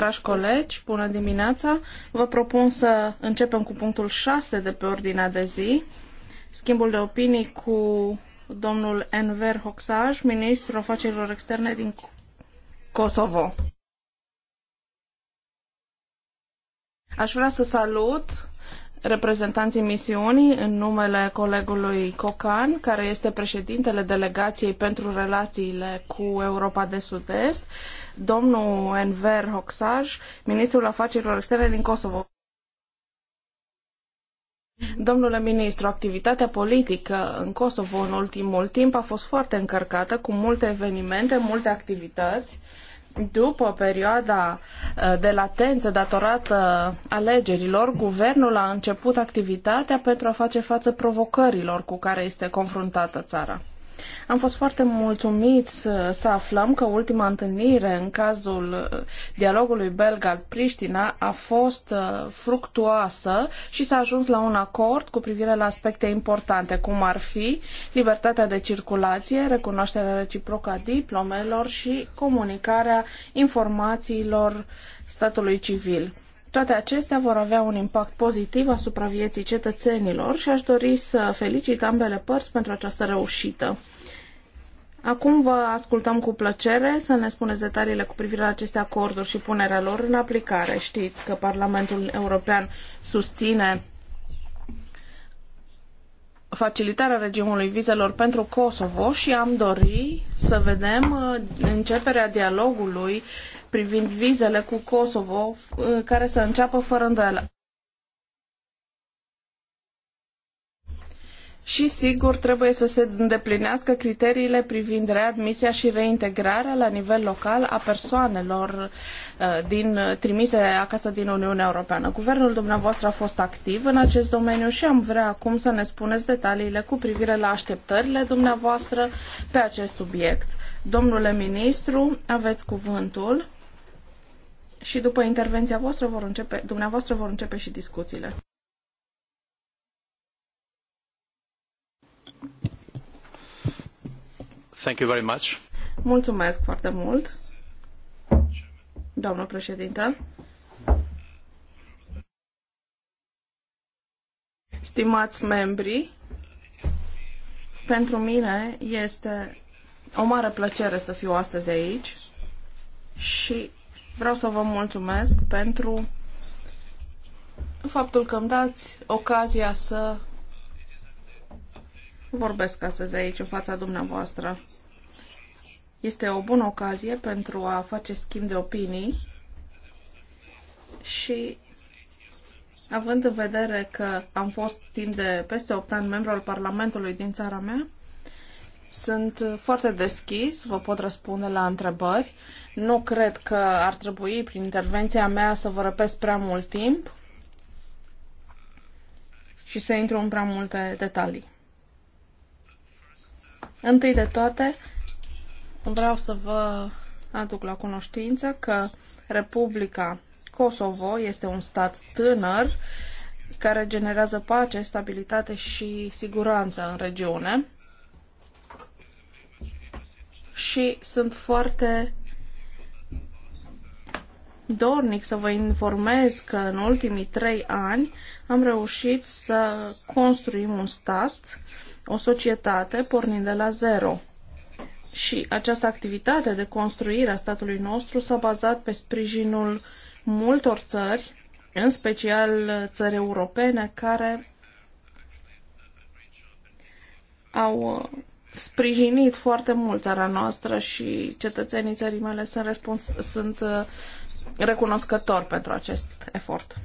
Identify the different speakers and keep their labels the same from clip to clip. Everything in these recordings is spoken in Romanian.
Speaker 1: Dragi colegi, bună dimineața! Vă propun să începem cu punctul 6 de pe ordinea de zi, schimbul de opinii cu domnul Enver Hoxaj, ministrul afacerilor externe din Kosovo. Aș vrea să salut reprezentanții misiunii în numele colegului Cocan, care este președintele delegației pentru relațiile cu Europa de Sud-Est, domnul Enver Hoxaj, ministrul afacerilor externe din Kosovo. Domnule ministru, activitatea politică în Kosovo în ultimul timp a fost foarte încărcată, cu multe evenimente, multe activități. Uh, după perioada uh, de latență datorată alegerilor, guvernul a început activitatea pentru a face față provocărilor cu care este confruntată țara. Am fost foarte mulțumiți să aflăm că ultima întâlnire în cazul uh, dialogului Belgrad-Priștina a fost uh, fructuoasă și s-a ajuns la un acord cu privire la aspecte importante, cum ar fi libertatea de circulație, recunoașterea reciprocă a diplomelor și comunicarea informațiilor statului civil. Toate acestea vor avea un impact pozitiv asupra vieții cetățenilor și aș dori să felicit ambele părți pentru această reușită. Acum vă ascultăm cu plăcere să ne spuneți detaliile cu privire la aceste acorduri și punerea lor în aplicare. Știți că Parlamentul European susține facilitarea regimului vizelor pentru Kosovo și am dori să vedem uh, începerea dialogului privind vizele cu Kosovo uh, care să înceapă fără îndoială. și, sigur, trebuie să se îndeplinească criteriile privind readmisia și reintegrarea la nivel local a persoanelor uh, din, trimise acasă din Uniunea Europeană. Guvernul dumneavoastră a fost activ în acest domeniu și am vrea acum să ne spuneți detaliile cu privire la așteptările dumneavoastră pe acest subiect. Domnule ministru, aveți cuvântul și după intervenția voastră vor începe, dumneavoastră vor începe și discuțiile. Mulțumesc foarte mult, doamnă președintă. Stimați membri, pentru mine este o mare plăcere să fiu astăzi aici și vreau să vă mulțumesc pentru faptul că îmi dați ocazia să vorbesc astăzi aici în fața dumneavoastră. Este o bună ocazie pentru a face schimb de opinii și având în vedere că am fost timp de peste 8 ani membru al Parlamentului din țara mea, sunt foarte deschis, vă pot răspunde la întrebări. Nu cred că ar trebui prin intervenția mea să vă răpesc prea mult timp și să intru în prea multe detalii. Întâi de toate, vreau să vă aduc la cunoștință că Republica Kosovo este un stat tânăr care generează pace, stabilitate și siguranță în regiune. Și sunt foarte dornic să vă informez că în ultimii trei ani am reușit să construim un stat o societate pornind de la zero. Și această activitate de construire a statului nostru s-a bazat pe sprijinul multor țări, în special țări europene, care au uh, sprijinit foarte mult țara noastră și cetățenii țării mele sunt, respons- sunt uh, recunoscători pentru acest efort.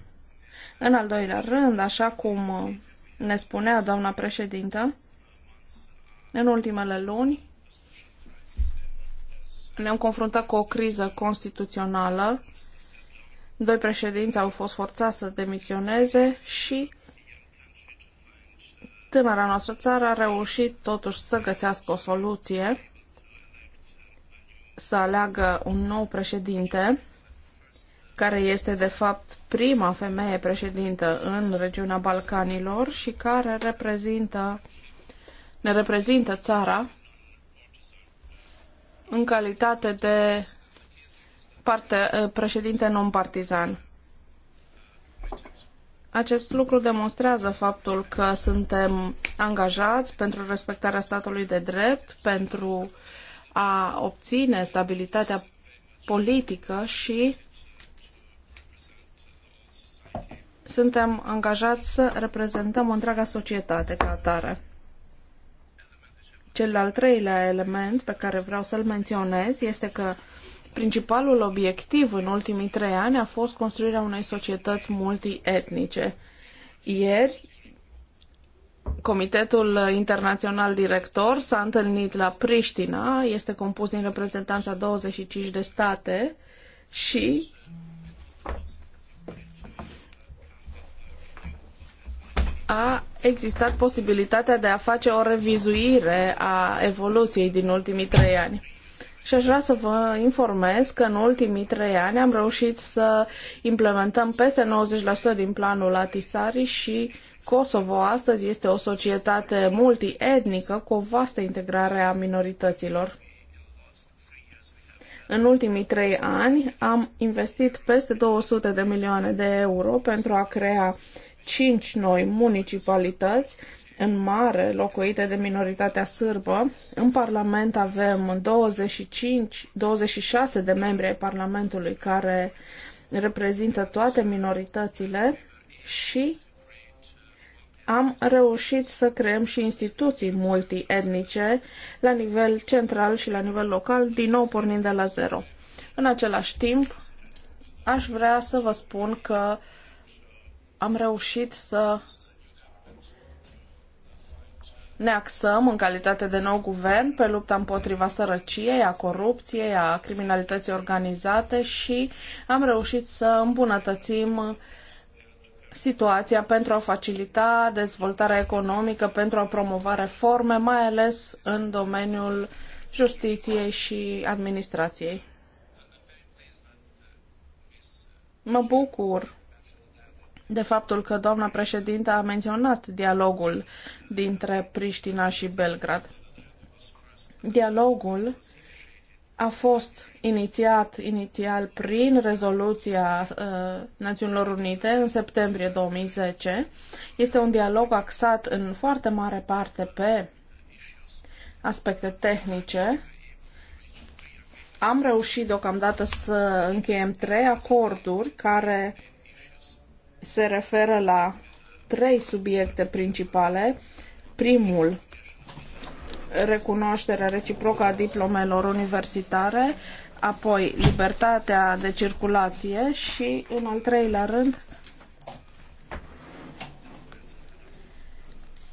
Speaker 1: În al doilea rând, așa cum uh, ne spunea doamna președintă, în ultimele luni ne-am confruntat cu o criză constituțională. Doi președinți au fost forțați să demisioneze și tânăra noastră țară a reușit totuși să găsească o soluție, să aleagă un nou președinte, care este de fapt prima femeie președintă în regiunea Balcanilor și care reprezintă ne reprezintă țara în calitate de parte, eh, președinte non-partizan. Acest lucru demonstrează faptul că suntem angajați pentru respectarea statului de drept, pentru a obține stabilitatea politică și suntem angajați să reprezentăm întreaga societate ca atare. Cel al treilea element pe care vreau să-l menționez este că principalul obiectiv în ultimii trei ani a fost construirea unei societăți multietnice. Ieri, Comitetul Internațional Director s-a întâlnit la Priștina, este compus din reprezentanța 25 de state și a existat posibilitatea de a face o revizuire a evoluției din ultimii trei ani. Și aș vrea să vă informez că în ultimii trei ani am reușit să implementăm peste 90% din planul Atisari și Kosovo astăzi este o societate multietnică cu o vastă integrare a minorităților. În ultimii trei ani am investit peste 200 de milioane de euro pentru a crea uh, cinci noi municipalități în mare locuite de minoritatea sârbă. În Parlament avem 25, 26 de membri ai Parlamentului care reprezintă toate minoritățile și am reușit să creăm și instituții multietnice la nivel central și la nivel local, din nou pornind de la zero. În același timp, aș vrea să vă spun că am reușit să ne axăm în calitate de nou guvern pe lupta împotriva sărăciei, a corupției, a criminalității organizate și am reușit să îmbunătățim situația pentru a facilita dezvoltarea economică, pentru a promova reforme, mai ales în domeniul justiției și administrației. Mă bucur de faptul că doamna președintă a menționat dialogul dintre Priștina și Belgrad. Dialogul a fost inițiat inițial prin rezoluția uh, Națiunilor Unite în septembrie 2010. Este un dialog axat în foarte mare parte pe aspecte tehnice. Am reușit deocamdată să încheiem trei acorduri care se referă la trei subiecte principale. Primul, recunoașterea reciprocă a diplomelor universitare, apoi libertatea de circulație și, în al treilea rând,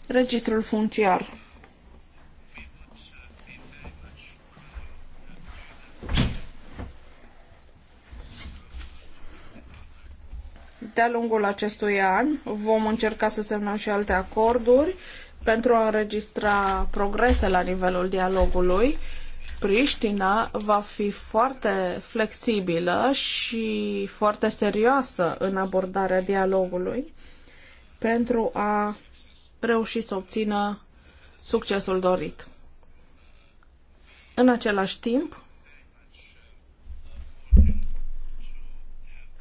Speaker 1: registrul funciar. De-a lungul acestui an vom încerca să semnăm și alte acorduri pentru a înregistra progrese la nivelul dialogului. Priștina va fi foarte flexibilă și foarte serioasă în abordarea dialogului pentru a reuși să obțină succesul dorit. În același timp,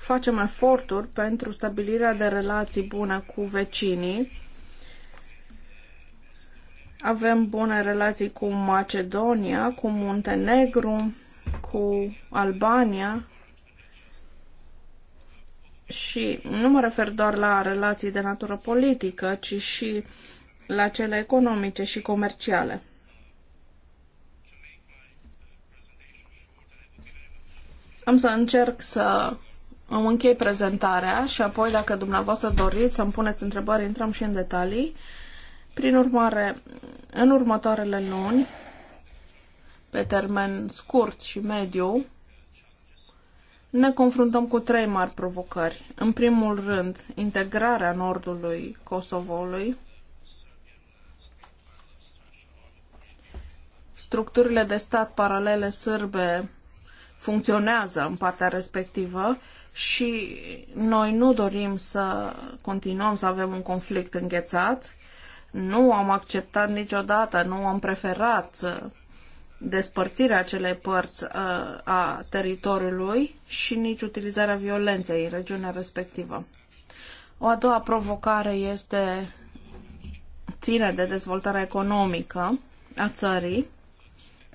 Speaker 1: facem eforturi pentru stabilirea de relații bune cu vecinii. Avem bune relații cu Macedonia, cu Muntenegru, cu Albania și nu mă refer doar la relații de natură politică, ci și la cele economice și comerciale. Am să încerc să am închei prezentarea și apoi, dacă dumneavoastră doriți să-mi puneți întrebări, intrăm și în detalii. Prin urmare, în următoarele luni, pe termen scurt și mediu, ne confruntăm cu trei mari provocări. În primul rând, integrarea nordului Kosovoului, structurile de stat paralele sârbe funcționează în partea respectivă, și noi nu dorim să continuăm să avem un conflict înghețat. Nu am acceptat niciodată, nu am preferat uh, despărțirea acelei părți uh, a teritoriului și nici utilizarea violenței în regiunea respectivă. O a doua provocare este ține de dezvoltarea economică a țării.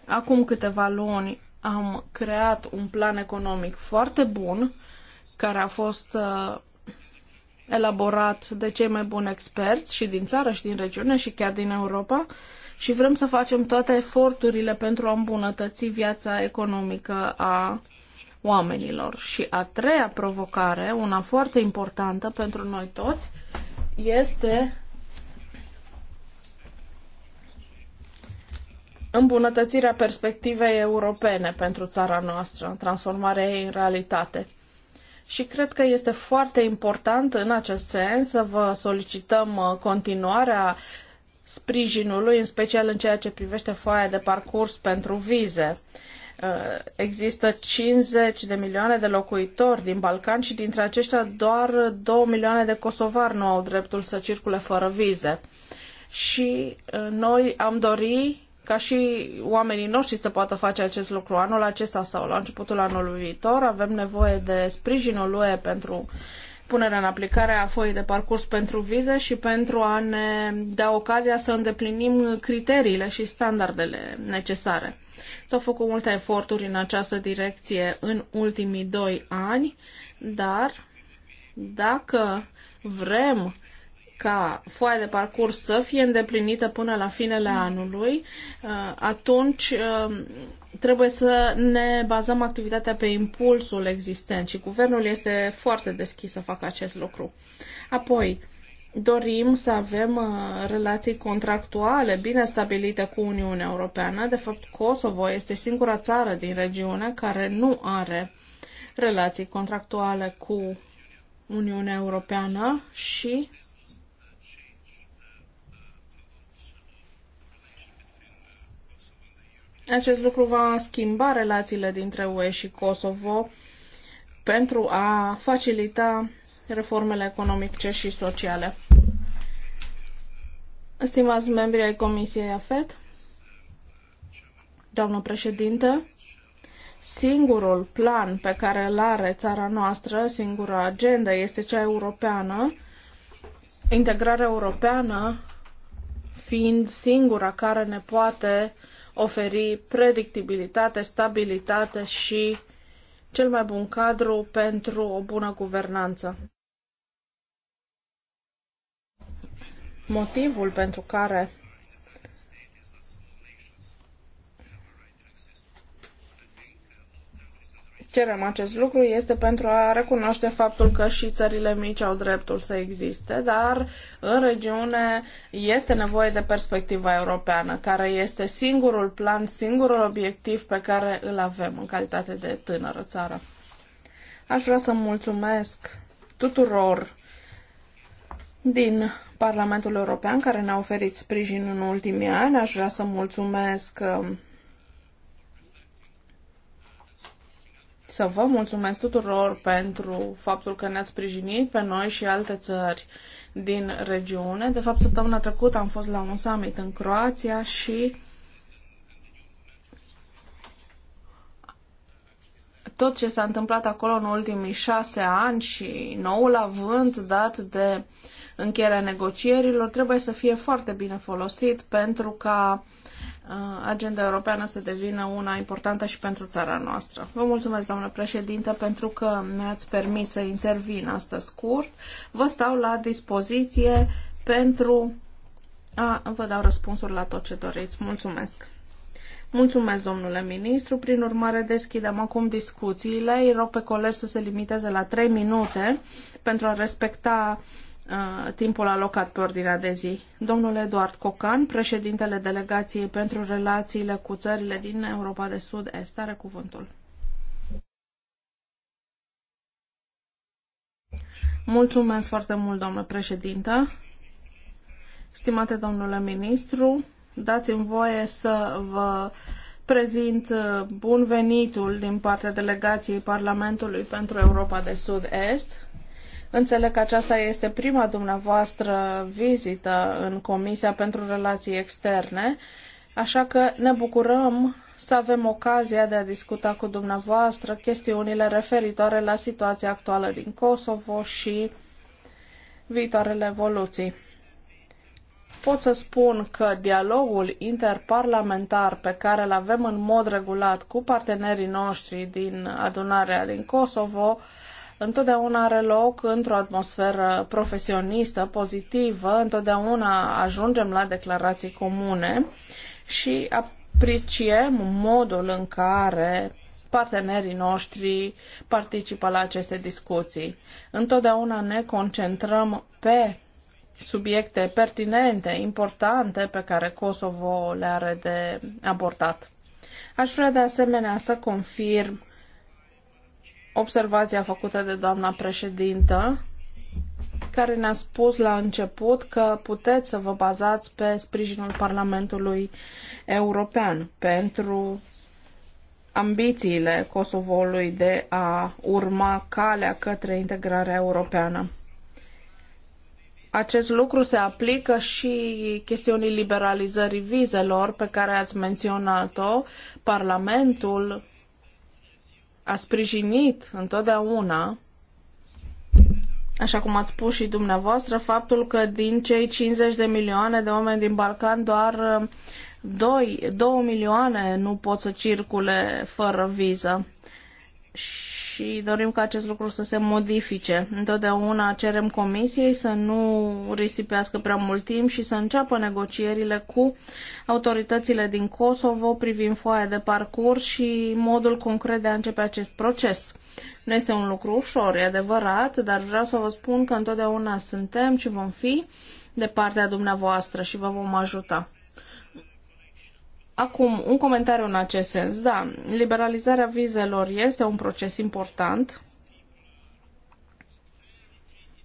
Speaker 1: Acum câteva luni am creat un plan economic foarte bun care a fost uh, elaborat de cei mai buni experți și din țară și din regiune și chiar din Europa și vrem să facem toate eforturile pentru a îmbunătăți viața economică a oamenilor. Și a treia provocare, una foarte importantă pentru noi toți, este îmbunătățirea perspectivei europene pentru țara noastră, transformarea ei în realitate și cred că este foarte important în acest sens să vă solicităm uh, continuarea sprijinului, în special în ceea ce privește foaia de parcurs pentru vize. Uh, există 50 de milioane de locuitori din Balcan și dintre aceștia doar 2 milioane de kosovari nu au dreptul să circule fără vize. Și uh, noi am dori ca și oamenii noștri să poată face acest lucru anul acesta sau la începutul anului viitor. Avem nevoie de sprijinul UE pentru punerea în aplicare a foii de parcurs pentru vize și pentru a ne da ocazia să îndeplinim criteriile și standardele necesare. S-au făcut multe eforturi în această direcție în ultimii doi ani, dar dacă vrem ca foaia de parcurs să fie îndeplinită până la finele mm. anului, uh, atunci um, trebuie să ne bazăm activitatea pe impulsul existent și guvernul este foarte deschis să facă acest lucru. Apoi, dorim să avem uh, relații contractuale bine stabilite cu Uniunea Europeană. De fapt, Kosovo este singura țară din regiune care nu are relații contractuale cu Uniunea Europeană și Acest lucru va schimba relațiile dintre UE și Kosovo pentru a facilita reformele economice și sociale. Stimați membri ai Comisiei AFET, doamnă președintă, singurul plan pe care îl are țara noastră, singura agenda este cea europeană, integrarea europeană fiind singura care ne poate oferi predictibilitate, stabilitate și cel mai bun cadru pentru o bună guvernanță. Motivul pentru care cerem acest lucru este pentru a recunoaște faptul că și țările mici au dreptul să existe, dar în regiune este nevoie de perspectiva europeană, care este singurul plan, singurul obiectiv pe care îl avem în calitate de tânără țară. Aș vrea să mulțumesc tuturor din Parlamentul European care ne-a oferit sprijin în ultimii ani. Aș vrea să mulțumesc um, să vă mulțumesc tuturor pentru faptul că ne-ați sprijinit pe noi și alte țări din regiune. De fapt, săptămâna trecută am fost la un summit în Croația și tot ce s-a întâmplat acolo în ultimii șase ani și noul avânt dat de încheierea negocierilor trebuie să fie foarte bine folosit pentru ca uh, Uh, agenda europeană să devină una importantă și pentru țara noastră. Vă mulțumesc, doamnă președintă, pentru că mi-ați permis să intervin astăzi scurt. Vă stau la dispoziție pentru a vă dau răspunsuri la tot ce doriți. Mulțumesc! Mulțumesc, domnule ministru. Prin urmare, deschidem acum discuțiile. Îi rog pe colegi să se limiteze la 3 minute pentru a respecta uh, Uh, timpul alocat pe ordinea de zi. Domnul Eduard Cocan, președintele Delegației pentru Relațiile cu țările din Europa de Sud-Est, are cuvântul. Mulțumesc foarte mult, doamnă președintă. Stimate domnule ministru, dați-mi voie să vă prezint uh, bun venitul din partea delegației Parlamentului pentru Europa de Sud-Est Înțeleg că aceasta este prima dumneavoastră vizită în Comisia pentru Relații Externe, așa că ne bucurăm să avem ocazia de a discuta cu dumneavoastră chestiunile referitoare la situația actuală din Kosovo și viitoarele evoluții. Pot să spun că dialogul interparlamentar pe care îl avem în mod regulat cu partenerii noștri din adunarea din Kosovo întotdeauna are loc într-o atmosferă profesionistă, pozitivă, întotdeauna ajungem la declarații comune și apreciem modul în care partenerii noștri participă la aceste discuții. Întotdeauna ne concentrăm pe subiecte pertinente, importante, pe care Kosovo le are de abordat. Aș vrea de asemenea să confirm observația făcută de doamna președintă, care ne-a spus la început că puteți să vă bazați pe sprijinul Parlamentului European pentru ambițiile Kosovoului de a urma calea către integrarea europeană. Acest lucru se aplică și chestiunii liberalizării vizelor pe care ați menționat-o. Parlamentul a sprijinit întotdeauna, așa cum ați spus și dumneavoastră, faptul că din cei 50 de milioane de oameni din Balcan doar 2, uh, 2 milioane nu pot să circule fără viză și dorim ca acest lucru să se modifice. Întotdeauna cerem comisiei să nu risipească prea mult timp și să înceapă negocierile cu autoritățile din Kosovo privind foaia de parcurs și modul concret de a începe acest proces. Nu este un lucru ușor, e adevărat, dar vreau să vă spun că întotdeauna suntem și vom fi de partea dumneavoastră și vă vom ajuta. Acum, un comentariu în acest sens. Da, liberalizarea vizelor este un proces important.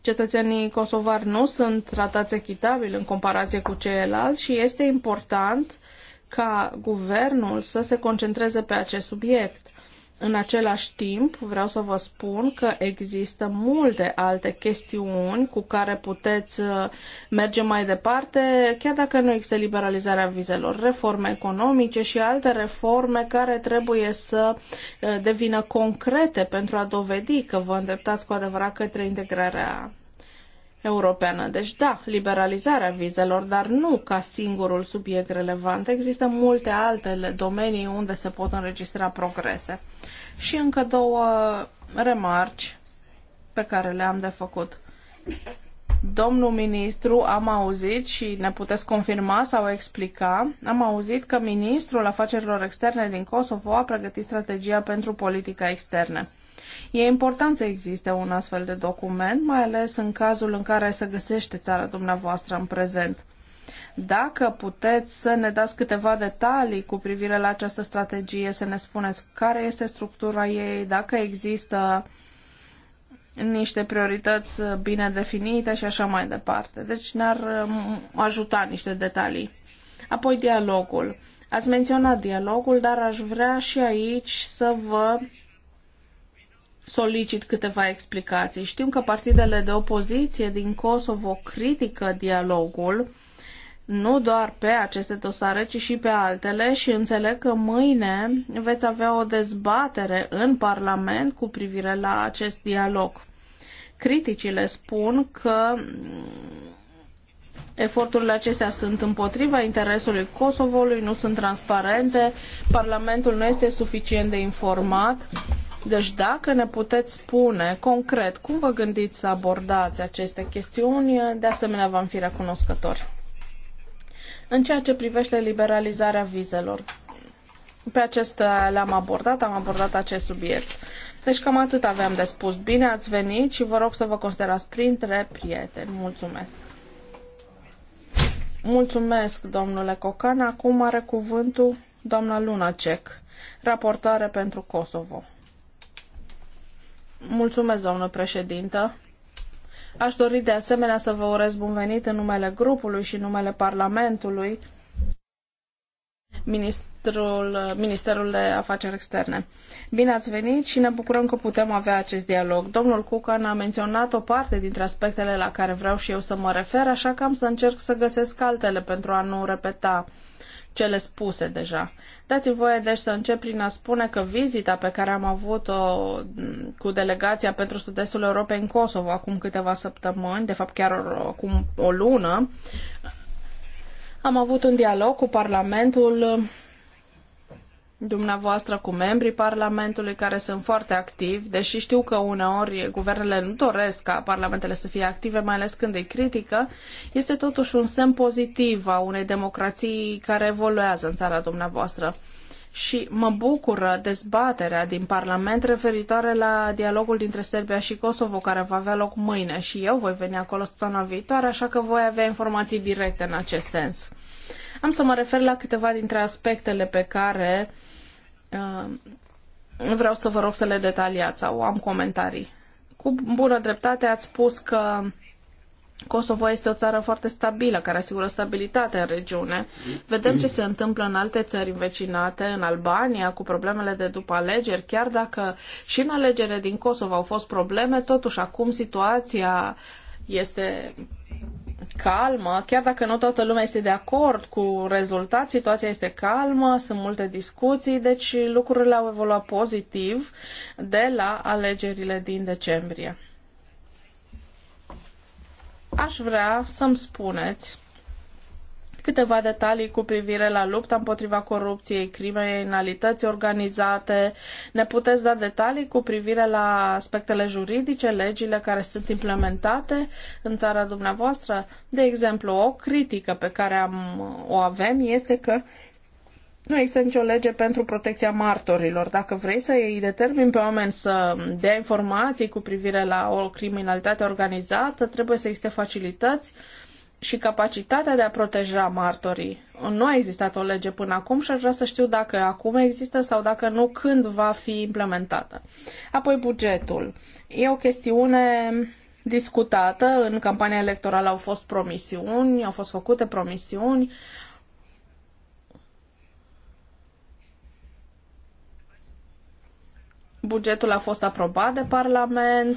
Speaker 1: Cetățenii kosovari nu sunt tratați echitabil în comparație cu ceilalți și este important ca guvernul să se concentreze pe acest subiect. În același timp, vreau să vă spun că există multe alte chestiuni cu care puteți uh, merge mai departe, chiar dacă nu există liberalizarea vizelor, reforme economice și alte reforme care trebuie să uh, devină concrete pentru a dovedi că vă îndreptați cu adevărat către integrarea europeană. Deci, da, liberalizarea vizelor, dar nu ca singurul subiect relevant. Există multe alte domenii unde se pot înregistra progrese. Și încă două remarci pe care le-am de făcut. Domnul ministru, am auzit și ne puteți confirma sau explica, am auzit că ministrul afacerilor externe din Kosovo a pregătit strategia pentru politica externă. E important să existe un astfel de document, mai ales în cazul în care se găsește țara dumneavoastră în prezent. Dacă puteți să ne dați câteva detalii cu privire la această strategie, să ne spuneți care este structura ei, dacă există niște priorități bine definite și așa mai departe. Deci ne-ar mm, ajuta niște detalii. Apoi dialogul. Ați menționat dialogul, dar aș vrea și aici să vă solicit câteva explicații. Știm că partidele de opoziție din Kosovo critică dialogul nu doar pe aceste dosare, ci și pe altele și înțeleg că mâine veți avea o dezbatere în Parlament cu privire la acest dialog. Criticile spun că Eforturile acestea sunt împotriva interesului Kosovoului, nu sunt transparente, Parlamentul nu este suficient de informat deci dacă ne puteți spune concret cum vă gândiți să abordați aceste chestiuni, de asemenea v-am fi recunoscători. În ceea ce privește liberalizarea vizelor, pe acesta le-am abordat, am abordat acest subiect. Deci cam atât aveam de spus. Bine ați venit și vă rog să vă considerați printre prieteni. Mulțumesc! Mulțumesc, domnule Cocan. Acum are cuvântul doamna Cec, raportoare pentru Kosovo. Mulțumesc, doamnă președintă. Aș dori de asemenea să vă urez bun venit în numele grupului și în numele Parlamentului, Ministrul, Ministerul de Afaceri Externe. Bine ați venit și ne bucurăm că putem avea acest dialog. Domnul Cucan a menționat o parte dintre aspectele la care vreau și eu să mă refer, așa că am să încerc să găsesc altele pentru a nu repeta uh, cele spuse deja. Dați-mi voie deci să încep prin a spune că vizita pe care am avut-o cu delegația pentru sud-estul Europei în Kosovo acum câteva săptămâni, de fapt chiar acum o lună, am avut un dialog cu Parlamentul dumneavoastră cu membrii Parlamentului care sunt foarte activi, deși știu că uneori guvernele nu doresc ca parlamentele să fie active, mai ales când îi critică, este totuși un semn pozitiv a unei democrații care evoluează în țara dumneavoastră. Și mă bucură dezbaterea din Parlament referitoare la dialogul dintre Serbia și Kosovo care va avea loc mâine și eu voi veni acolo săptămâna viitoare, așa că voi avea informații directe în acest sens. Am să mă refer la câteva dintre aspectele pe care uh, vreau să vă rog să le detaliați sau am comentarii. Cu bună dreptate ați spus că Kosovo este o țară foarte stabilă, care asigură stabilitate în regiune. Vedem ce se întâmplă în alte țări învecinate, în Albania, cu problemele de după alegeri, chiar dacă și în alegerile din Kosovo au fost probleme, totuși acum situația este calmă, chiar dacă nu toată lumea este de acord cu rezultat, situația este calmă, sunt multe discuții, deci lucrurile au evoluat pozitiv de la alegerile din decembrie. Aș vrea să-mi spuneți câteva detalii cu privire la lupta împotriva corupției, criminalității organizate. Ne puteți da detalii cu privire la aspectele juridice, legile care sunt implementate în țara dumneavoastră? De exemplu, o critică pe care am, o avem este că nu există nicio lege pentru protecția martorilor. Dacă vrei să îi determin pe oameni să dea informații cu privire la o criminalitate organizată, trebuie să existe facilități uh, și capacitatea de a proteja martorii. Nu a existat o lege până acum și aș vrea să știu dacă acum există sau dacă nu, când va fi implementată. Apoi bugetul. E o chestiune discutată. În campania electorală au fost promisiuni, au fost făcute promisiuni. Bugetul a fost aprobat de Parlament,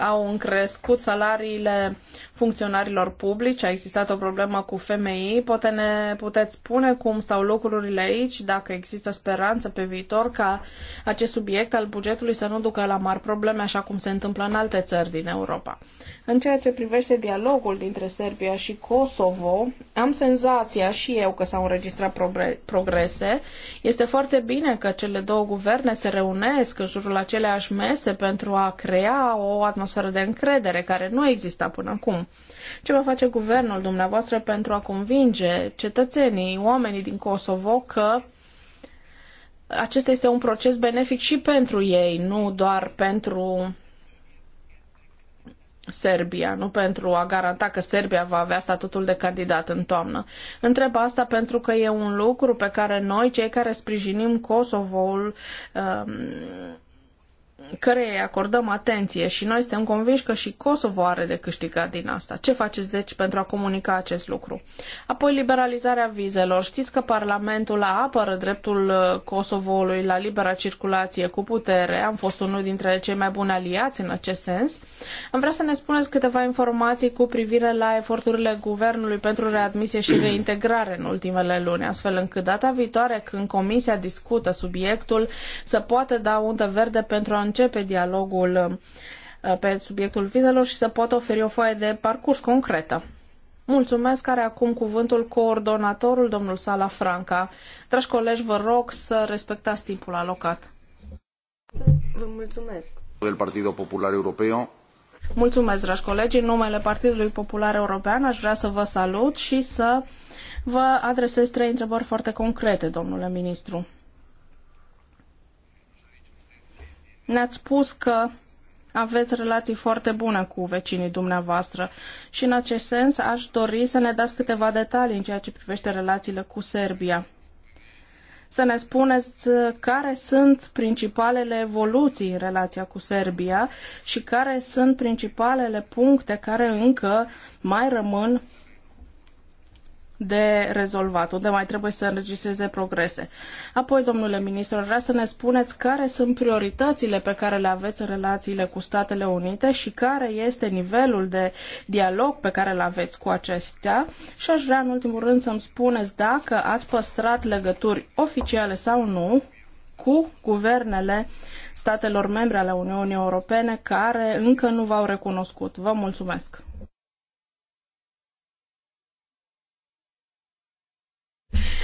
Speaker 1: au încrescut salariile funcționarilor publici, a existat o problemă cu FMI. Poate ne puteți spune cum stau lucrurile aici, dacă există speranță pe viitor ca acest subiect al bugetului să nu ducă la mari probleme, așa cum se întâmplă în alte țări din Europa. În ceea ce privește dialogul dintre Serbia și Kosovo, am senzația și eu că s-au înregistrat progrese. Este foarte bine că cele două guverne se reunesc în jurul aceleași mese pentru a crea o atmosferă de încredere care nu exista până acum. Ce va face guvernul dumneavoastră pentru a convinge cetățenii, oamenii din Kosovo că acesta este un proces benefic și pentru ei, nu doar pentru Serbia, nu pentru a garanta că Serbia va avea statutul de candidat în toamnă. Întreb asta pentru că e un lucru pe care noi, cei care sprijinim Kosovo, um, căreia îi acordăm atenție și noi suntem convinși că și Kosovo are de câștigat din asta. Ce faceți deci pentru a comunica acest lucru? Apoi liberalizarea vizelor. Știți că Parlamentul apără dreptul uh, Kosovoului la libera circulație cu putere. Am fost unul dintre cei mai buni aliați în acest sens. Am vrea să ne spuneți câteva informații cu privire la eforturile guvernului pentru readmisie și reintegrare în ultimele luni, astfel încât data viitoare când Comisia discută subiectul să poată da undă verde pentru a începe dialogul uh, pe subiectul vizelor și să poată oferi o foaie de parcurs concretă. Mulțumesc, are acum cuvântul coordonatorul, domnul Sala Franca. Dragi colegi, vă rog să respectați timpul alocat.
Speaker 2: Vă mulțumesc. Del Partidul
Speaker 1: Popular European. Mulțumesc, dragi colegi. În numele Partidului Popular European aș vrea să vă salut și să vă adresez trei întrebări foarte concrete, domnule ministru. Ne-ați spus că aveți relații foarte bune cu vecinii dumneavoastră și în acest sens aș dori să ne dați câteva detalii în ceea ce privește relațiile cu Serbia. Să ne spuneți care sunt principalele evoluții în relația cu Serbia și care sunt principalele puncte care încă mai rămân de rezolvat, unde mai trebuie să înregistreze progrese. Apoi, domnule ministru, vrea să ne spuneți care sunt prioritățile pe care le aveți în relațiile cu Statele Unite și care este nivelul de dialog pe care îl aveți cu acestea și aș vrea, în ultimul rând, să-mi spuneți dacă ați păstrat legături oficiale sau nu cu guvernele statelor membre ale Uniunii Europene care încă nu v-au recunoscut. Vă mulțumesc!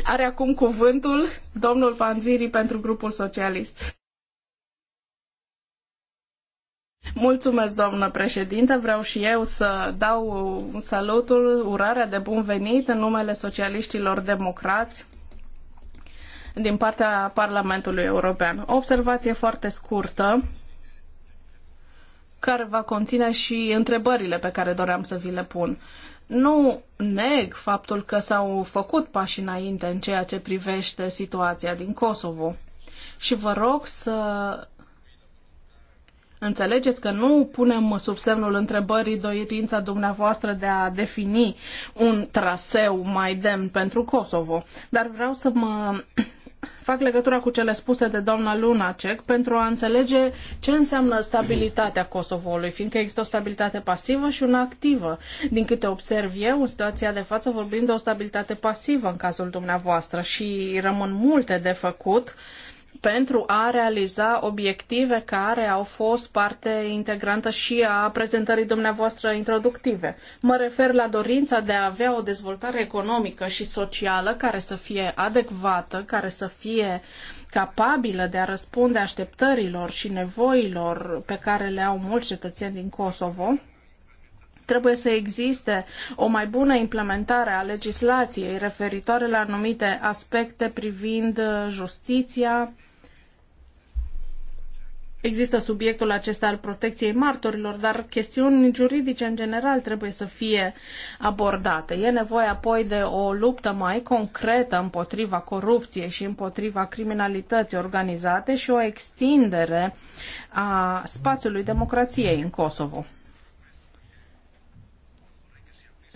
Speaker 1: Are acum cuvântul domnul Panziri pentru grupul socialist. Mulțumesc, doamnă președinte. Vreau și eu să dau salutul, urarea de bun venit în numele socialiștilor democrați din partea Parlamentului European. O observație foarte scurtă care va conține și întrebările pe care doream să vi le pun. Nu neg faptul că s-au făcut pași înainte în ceea ce privește situația din Kosovo. Și vă rog să Înțelegeți că nu punem sub semnul întrebării dorința dumneavoastră de a defini un traseu mai demn pentru Kosovo, dar vreau să mă fac legătura cu cele spuse de doamna Lunacek pentru a înțelege ce înseamnă stabilitatea Kosovoului, fiindcă există o stabilitate pasivă și una activă. Din câte observ eu, în situația de față vorbim de o stabilitate pasivă în cazul dumneavoastră și rămân multe de făcut uh, pentru a realiza obiective care au fost parte integrantă și a prezentării dumneavoastră introductive. Mă refer la dorința de a avea o dezvoltare economică și socială care să fie adecvată, care să fie capabilă de a răspunde așteptărilor și nevoilor pe care le au mulți cetățeni din Kosovo trebuie să existe o mai bună implementare a legislației referitoare la anumite aspecte privind uh, justiția. Există subiectul acesta al protecției martorilor, dar chestiuni juridice în general trebuie să fie abordate. E nevoie apoi de o luptă mai concretă împotriva corupției și împotriva criminalității organizate și o extindere a spațiului democrației în Kosovo.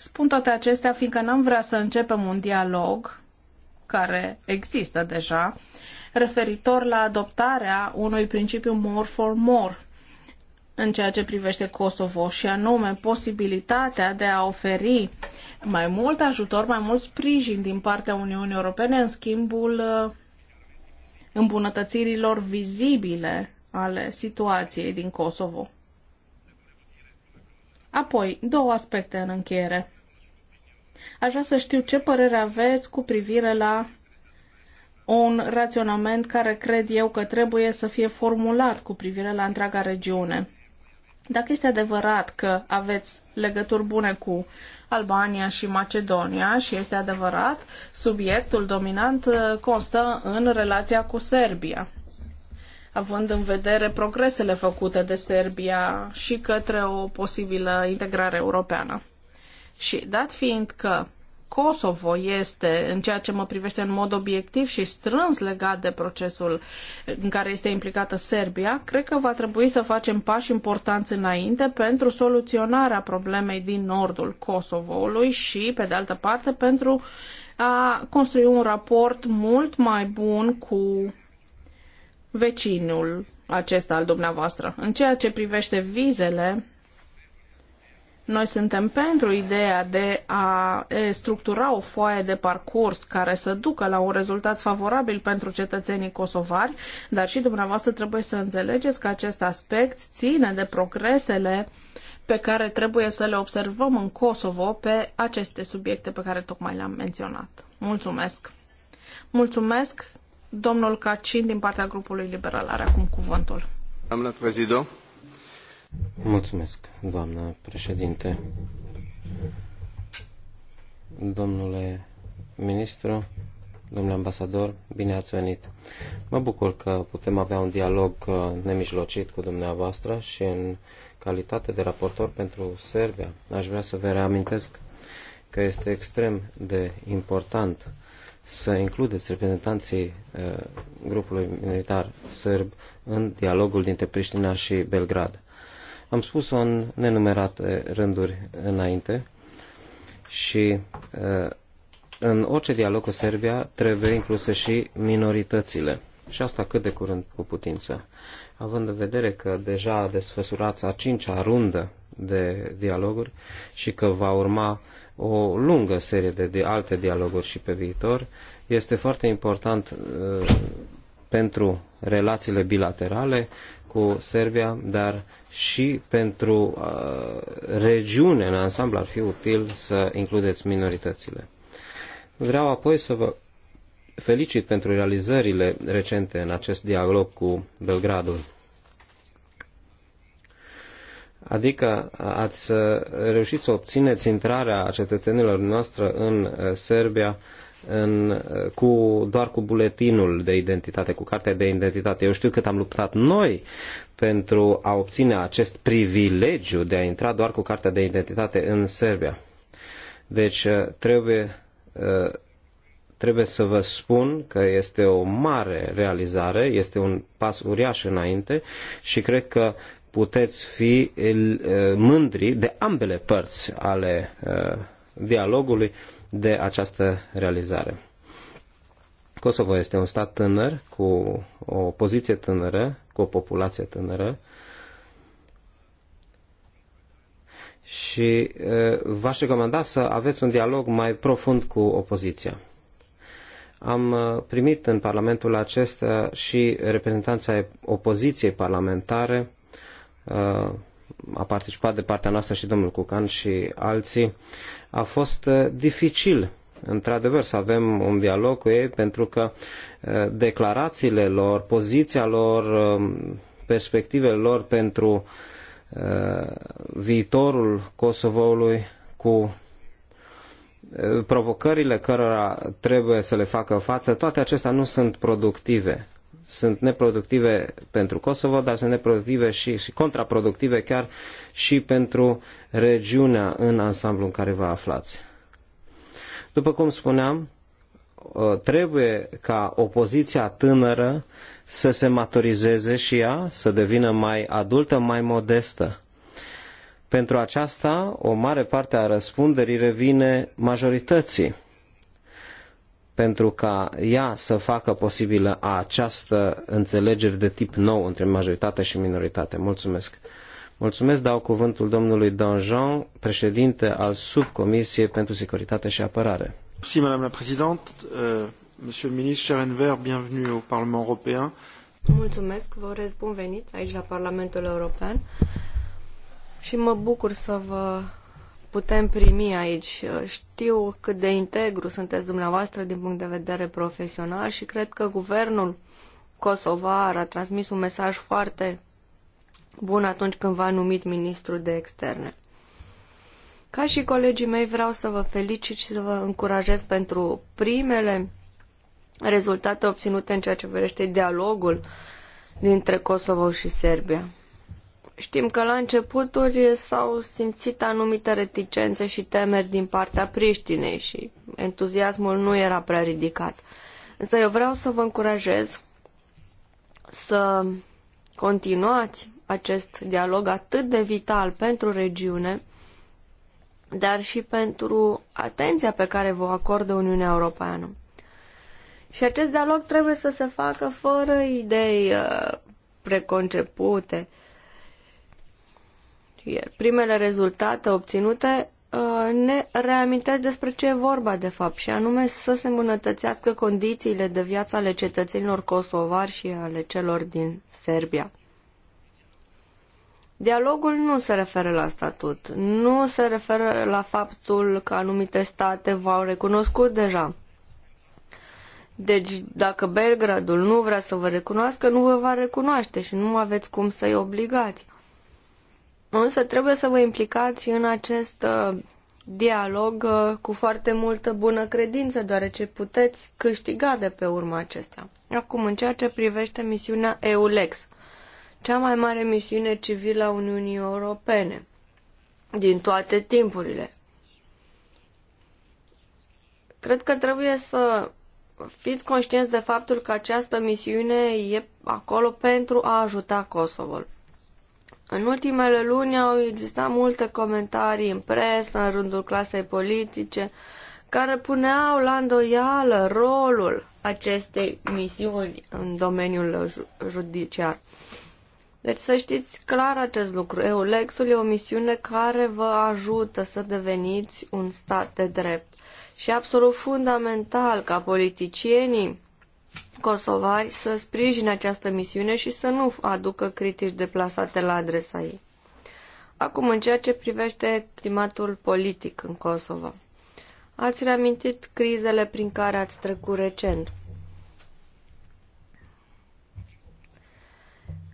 Speaker 1: Spun toate acestea fiindcă n-am vrea să începem un dialog care există deja referitor la adoptarea unui principiu more for more în ceea ce privește Kosovo și anume posibilitatea de a oferi mai mult ajutor, mai mult sprijin din partea Uniunii Europene în schimbul uh, îmbunătățirilor vizibile ale situației din Kosovo. Apoi, două aspecte în încheiere. Aș vrea să știu ce părere aveți cu privire la un raționament care cred eu că trebuie să fie formulat cu privire la întreaga regiune. Dacă este adevărat că aveți legături bune cu Albania și Macedonia și este adevărat, subiectul dominant uh, constă în relația cu Serbia având în vedere progresele făcute de Serbia și către o posibilă integrare europeană. Și dat fiind că Kosovo este, în ceea ce mă privește în mod obiectiv și strâns legat de procesul în care este implicată Serbia, cred că va trebui să facem pași importanți înainte pentru soluționarea problemei din nordul Kosovoului și, pe de altă parte, pentru a construi un raport mult mai bun cu vecinul acesta al dumneavoastră. În ceea ce privește vizele, noi suntem pentru ideea de a structura o foaie de parcurs care să ducă la un rezultat favorabil pentru cetățenii kosovari, dar și dumneavoastră trebuie să înțelegeți că acest aspect ține de progresele pe care trebuie să le observăm în Kosovo pe aceste subiecte pe care tocmai le-am menționat. Mulțumesc! Mulțumesc! Domnul Cacin, din partea grupului liberal, are acum cuvântul.
Speaker 3: Doamna prezido. Mulțumesc, doamna președinte. Domnule ministru, domnule ambasador, bine ați venit. Mă bucur că putem avea un dialog nemijlocit cu dumneavoastră și în calitate de raportor pentru Serbia, aș vrea să vă reamintesc că este extrem de important să includeți reprezentanții uh, grupului militar sârb în dialogul dintre Priștina și Belgrad. Am spus-o în nenumerate rânduri înainte și uh, în orice dialog cu Serbia trebuie incluse și minoritățile. Și asta cât de curând cu putință. Având în vedere că deja desfăsurat a cincea rundă de dialoguri și că va urma o lungă serie de alte dialoguri și pe viitor. Este foarte important uh, pentru relațiile bilaterale cu Serbia, dar și pentru uh, regiune în ansamblu ar fi util să includeți minoritățile. Vreau apoi să vă felicit pentru realizările recente în acest dialog cu Belgradul Adică ați reușit să obțineți intrarea cetățenilor noastre în Serbia în, cu, doar cu buletinul de identitate, cu cartea de identitate. Eu știu cât am luptat noi pentru a obține acest privilegiu de a intra doar cu cartea de identitate în Serbia. Deci trebuie, trebuie să vă spun că este o mare realizare, este un pas uriaș înainte și cred că puteți fi eh, mândri de ambele părți ale eh, dialogului de această realizare. Kosovo este un stat tânăr, cu o poziție tânără, cu o populație tânără și eh, v-aș recomanda să aveți un dialog mai profund cu opoziția. Am primit în Parlamentul acesta și reprezentanța opoziției parlamentare Uh, a participat de partea noastră și domnul Cucan și alții, a fost uh, dificil într-adevăr să avem un dialog cu ei pentru că uh, declarațiile lor, poziția lor, um, perspectivele lor pentru viitorul Kosovoului cu provocările cărora trebuie să le facă față, toate acestea nu sunt productive sunt neproductive pentru Kosovo, dar sunt neproductive și, și contraproductive chiar și pentru regiunea în ansamblu în care vă aflați. După cum spuneam, ă, trebuie ca opoziția tânără să se maturizeze și ea, să devină mai adultă, mai modestă. Pentru aceasta, o mare parte a răspunderii revine majorității pentru ca ea să facă posibilă această înțelegere de tip nou între majoritate și minoritate. Mulțumesc! Mulțumesc, dau cuvântul domnului Danjean, președinte al Subcomisiei pentru Securitate și Apărare. Merci, madame la euh, monsieur le ministre Scherenver, bienvenue au Parlement européen.
Speaker 2: Mulțumesc, vă urez bun venit aici la Parlamentul European și mă bucur să vă putem primi aici. Știu cât de integru sunteți dumneavoastră din punct de vedere profesional și cred că guvernul kosovar a transmis un mesaj foarte bun atunci când v-a numit ministru de externe. Ca și colegii mei vreau să vă felicit și să vă încurajez pentru primele rezultate obținute în ceea ce privește dialogul dintre Kosovo și Serbia. Știm că la începuturi s-au simțit anumite reticențe și temeri din partea Priștinei și entuziasmul nu era prea ridicat. Însă eu vreau să vă încurajez să continuați acest dialog atât de vital pentru regiune, dar și pentru atenția pe care vă acordă Uniunea Europeană. Și acest dialog trebuie să se facă fără idei uh, preconcepute, primele rezultate obținute uh, ne reamintesc despre ce e vorba de fapt și anume să se îmbunătățească condițiile de viață ale cetățenilor kosovari și ale celor din Serbia. Dialogul nu se referă la statut, nu se referă la faptul că anumite state v-au recunoscut deja. Deci, dacă Belgradul nu vrea să vă recunoască, nu vă va recunoaște și nu aveți cum să-i obligați. Însă trebuie să vă implicați în acest uh, dialog uh, cu foarte multă bună credință, deoarece puteți câștiga de pe urma acestea. Acum, în ceea ce privește misiunea EULEX, cea mai mare misiune civilă a Uniunii Europene din toate timpurile. Cred că trebuie să fiți conștienți de faptul că această misiune e acolo pentru a ajuta Kosovo. În ultimele luni au existat multe comentarii în presă, în rândul clasei politice, care puneau la îndoială rolul acestei misiuni în domeniul judiciar. Deci să știți clar acest lucru. Eulexul e o misiune care vă ajută să deveniți un stat de drept. Și absolut fundamental ca politicienii kosovari să sprijine această misiune și să nu aducă critici deplasate la adresa ei. Acum, în ceea ce privește climatul politic în Kosovo, ați reamintit crizele prin care ați trecut recent.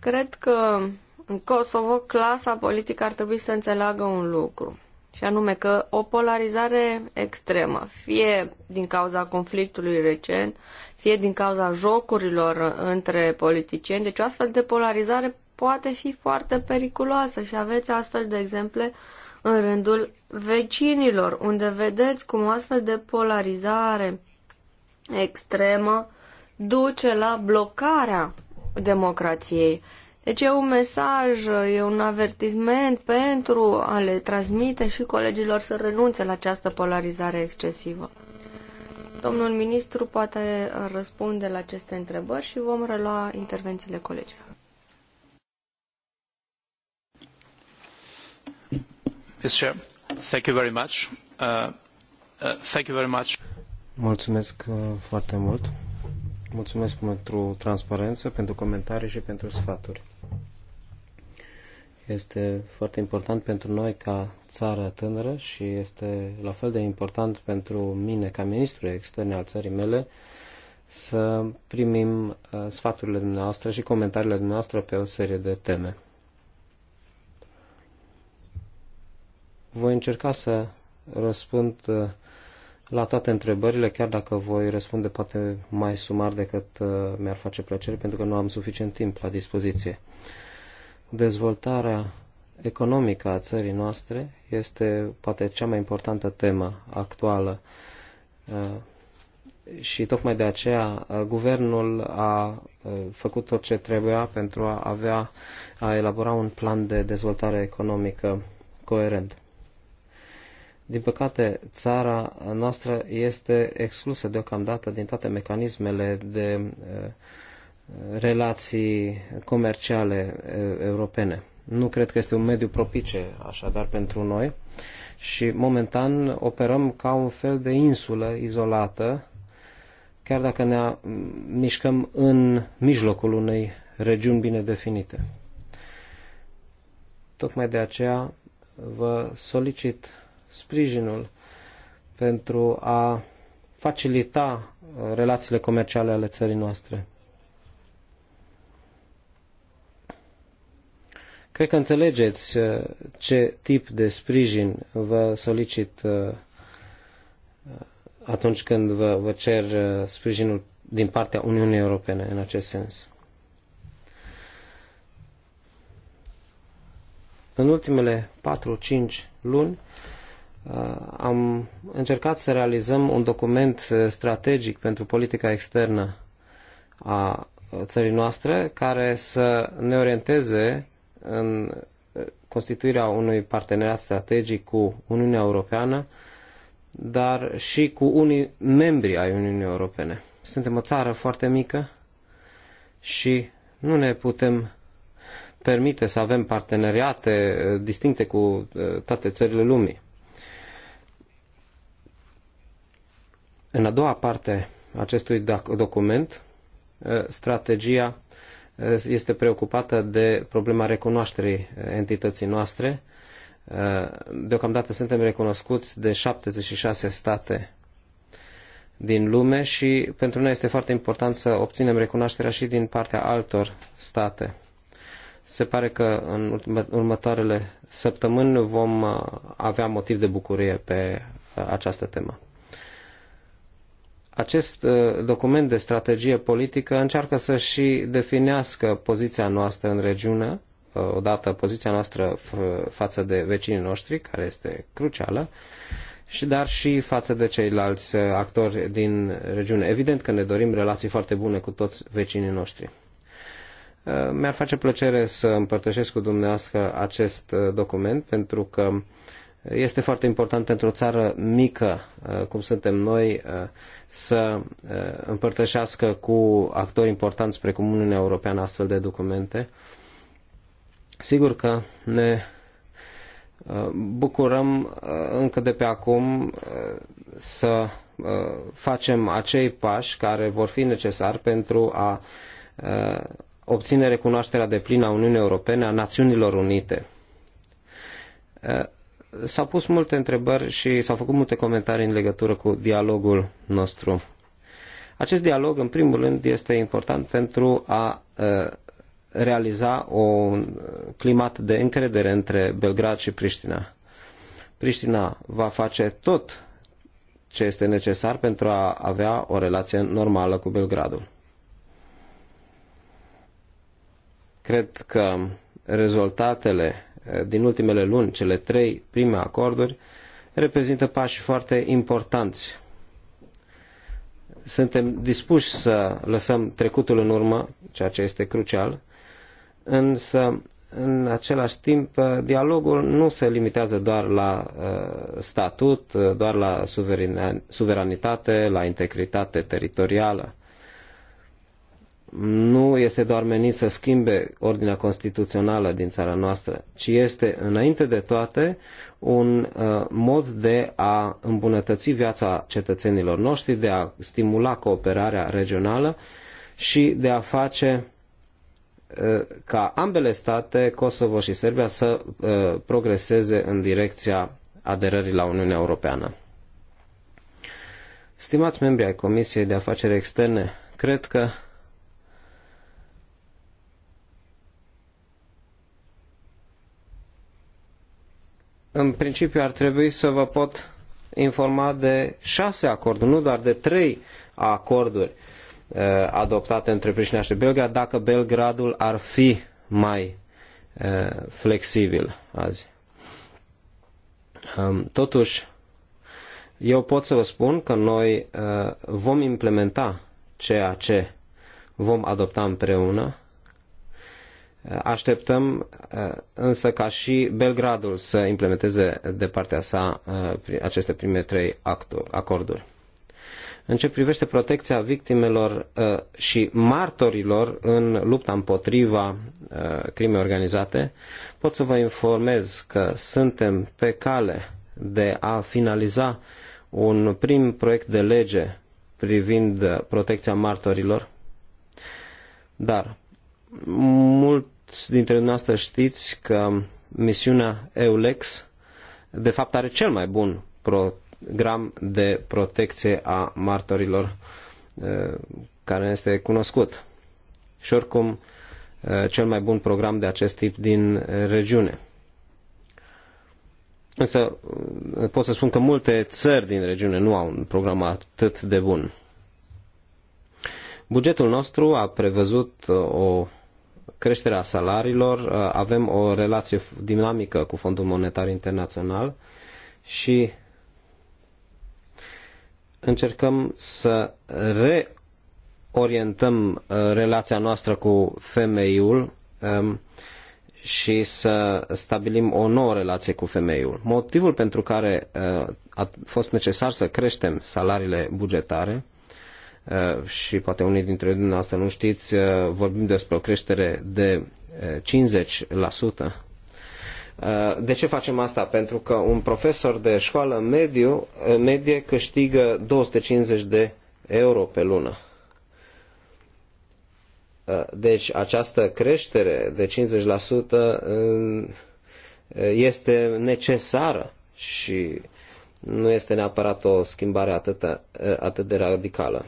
Speaker 2: Cred că în Kosovo clasa politică ar trebui să înțeleagă un lucru și anume că o polarizare extremă, fie din cauza conflictului recent, fie din cauza jocurilor între politicieni, deci o astfel de polarizare poate fi foarte periculoasă și aveți astfel de exemple în rândul vecinilor, unde vedeți cum o astfel de polarizare extremă duce la blocarea democrației. Deci e un mesaj, e un avertisment pentru a le transmite și colegilor să renunțe la această polarizare excesivă. Domnul ministru poate răspunde la aceste întrebări și vom relua intervențiile colegilor.
Speaker 3: Thank you very much. Uh, uh, thank you very much. Mulțumesc uh, foarte mult. Mulțumesc pentru transparență, pentru comentarii și pentru sfaturi. Este foarte important pentru noi ca țară tânără și este la fel de important pentru mine ca ministru extern al țării mele să primim uh, sfaturile dumneavoastră și comentariile dumneavoastră pe o serie de teme. Voi încerca să răspund uh, la toate întrebările, chiar dacă voi răspunde poate mai sumar decât uh, mi-ar face plăcere, pentru că nu am suficient timp la dispoziție dezvoltarea economică a țării noastre este poate cea mai importantă temă actuală uh, și tocmai de aceea uh, guvernul a uh, făcut tot ce trebuia pentru a avea, a elabora un plan de dezvoltare economică coerent. Din păcate, țara noastră este exclusă deocamdată din toate mecanismele de relații comerciale europene. Nu cred că este un mediu propice așadar pentru noi și momentan operăm ca un fel de insulă izolată, chiar dacă ne mișcăm în mijlocul unei regiuni bine definite. Tocmai de aceea vă solicit sprijinul pentru a facilita uh, relațiile comerciale ale țării noastre. Cred că înțelegeți uh, ce tip de sprijin vă solicit uh, uh, atunci când vă, vă cer sprijinul din partea Uniunii Europene în acest sens. În ultimele 4-5 luni am încercat să realizăm un document strategic pentru politica externă a țării noastre care să ne orienteze în eh, constituirea unui parteneriat strategic cu Uniunea Europeană, dar și cu unii membri ai Uniunii Europene. Suntem o țară foarte mică și nu ne putem permite să avem parteneriate eh, distincte cu eh, toate țările lumii. În a doua parte a acestui document, strategia este preocupată de problema recunoașterii eh, entității noastre. Eh, deocamdată suntem recunoscuți de 76 state din lume și pentru noi este foarte important să obținem recunoașterea și din partea altor state. Se pare că în următoarele săptămâni vom eh, avea motiv de bucurie pe această temă. Acest uh, document de strategie politică încearcă să și definească poziția noastră în regiune, uh, odată poziția noastră față de vecinii noștri, care este crucială, și dar și față de ceilalți uh, actori din regiune. Evident că ne dorim relații foarte bune cu toți vecinii noștri. Mi-ar face plăcere să împărtășesc cu dumneavoastră acest document pentru că este foarte important pentru o țară mică, uh, cum suntem noi, uh, să uh, împărtășească cu actori importanți precum Uniunea Europeană astfel de documente. Sigur că ne bucurăm încă de pe acum să facem acei pași care vor fi necesari pentru a obține recunoașterea deplină a Uniunii Europene a Națiunilor Unite s-au pus multe întrebări și s-au făcut multe comentarii în legătură cu dialogul nostru. Acest dialog, în primul rând, este important pentru a realiza un climat de încredere între Belgrad și Priștina. Priștina va face tot ce este necesar pentru a avea o relație normală cu Belgradul. Cred că rezultatele din ultimele luni, cele trei prime acorduri, reprezintă pași foarte importanți. Suntem dispuși să lăsăm trecutul în urmă, ceea ce este crucial, însă în același timp dialogul nu se limitează doar la uh, statut, uh, doar la suveranitate, la integritate teritorială nu este doar menit să schimbe ordinea constituțională din țara noastră, ci este, înainte de toate, un uh, mod de a îmbunătăți viața cetățenilor noștri, de a stimula cooperarea regională și de a face uh, ca ambele state, Kosovo și Serbia, să uh, progreseze în direcția aderării la Uniunea Europeană. Stimați membri ai Comisiei de Afaceri Externe, cred că în principiu ar trebui să vă pot informa de șase acorduri, nu doar de trei acorduri uh, adoptate între Priștina și Belgia, dacă Belgradul ar fi mai uh, flexibil azi. Um, totuși, eu pot să vă spun că noi uh, vom implementa ceea ce vom adopta împreună Așteptăm uh, însă ca și Belgradul să implementeze de partea sa uh, aceste prime trei acorduri. În ce privește protecția victimelor uh, și martorilor în lupta împotriva crimei organizate, pot să vă informez că suntem pe cale de a finaliza un prim proiect de lege privind protecția martorilor, dar Mulți dintre noastre știți că misiunea EULEX de fapt are cel mai bun program de protecție a martorilor uh, care este cunoscut. Și oricum, uh, cel mai bun program de acest tip din regiune. Însă uh, pot să spun că multe țări din regiune nu au un program atât de bun. Bugetul nostru a prevăzut o creșterea salariilor, uh, avem o relație dinamică cu Fondul Monetar Internațional și încercăm să reorientăm uh, relația noastră cu femeiul um, și să stabilim o nouă relație cu femeiul. Motivul pentru care uh, a fost necesar să creștem salariile bugetare Uh, și poate unii dintre dumneavoastră nu știți, uh, vorbim despre o creștere de 50%. Uh, de ce facem asta? Pentru că un profesor de școală mediu, medie câștigă 250 de euro pe lună. Deci această creștere de 50% este necesară și nu este neapărat o schimbare atât, atât de radicală.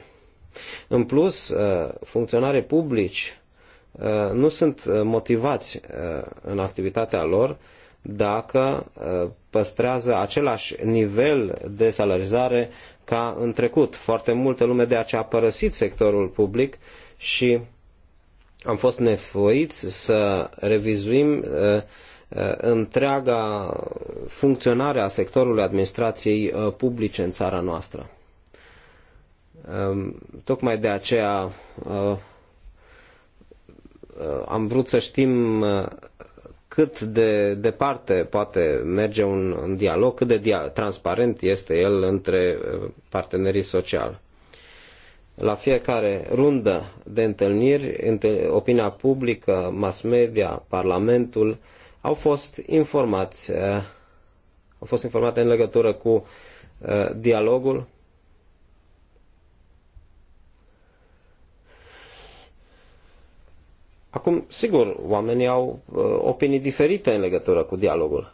Speaker 3: În plus, uh, funcționarii publici uh, nu sunt uh, motivați în activitatea lor dacă păstrează același nivel de salarizare ca în trecut. Foarte multă lume de aceea a părăsit sectorul public și am fost nevoiți să revizuim întreaga funcționare a sectorului administrației publice în țara noastră. Tocmai de aceea uh, uh, am vrut să știm uh, cât de departe poate merge un, dialog, cât de dia- transparent este el între partenerii sociali. La fiecare rundă de întâlniri, opinia publică, mass media, Parlamentul au fost informați, au fost informate în legătură cu dialogul Acum, sigur, oamenii au uh, opinii diferite în legătură cu dialogul.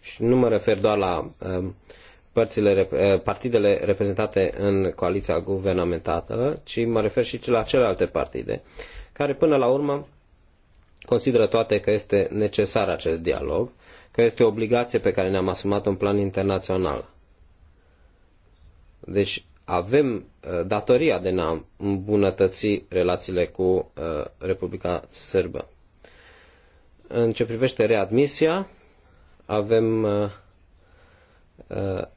Speaker 3: Și nu mă refer doar la uh, părțile, uh, partidele reprezentate în coaliția guvernamentată, ci mă refer și la celelalte partide, care până la urmă consideră toate că este necesar acest dialog, că este o obligație pe care ne-am asumat în plan internațional. Deci, avem uh, datoria de a îmbunătăți relațiile cu uh, Republica Sârbă. În ce privește readmisia, avem uh,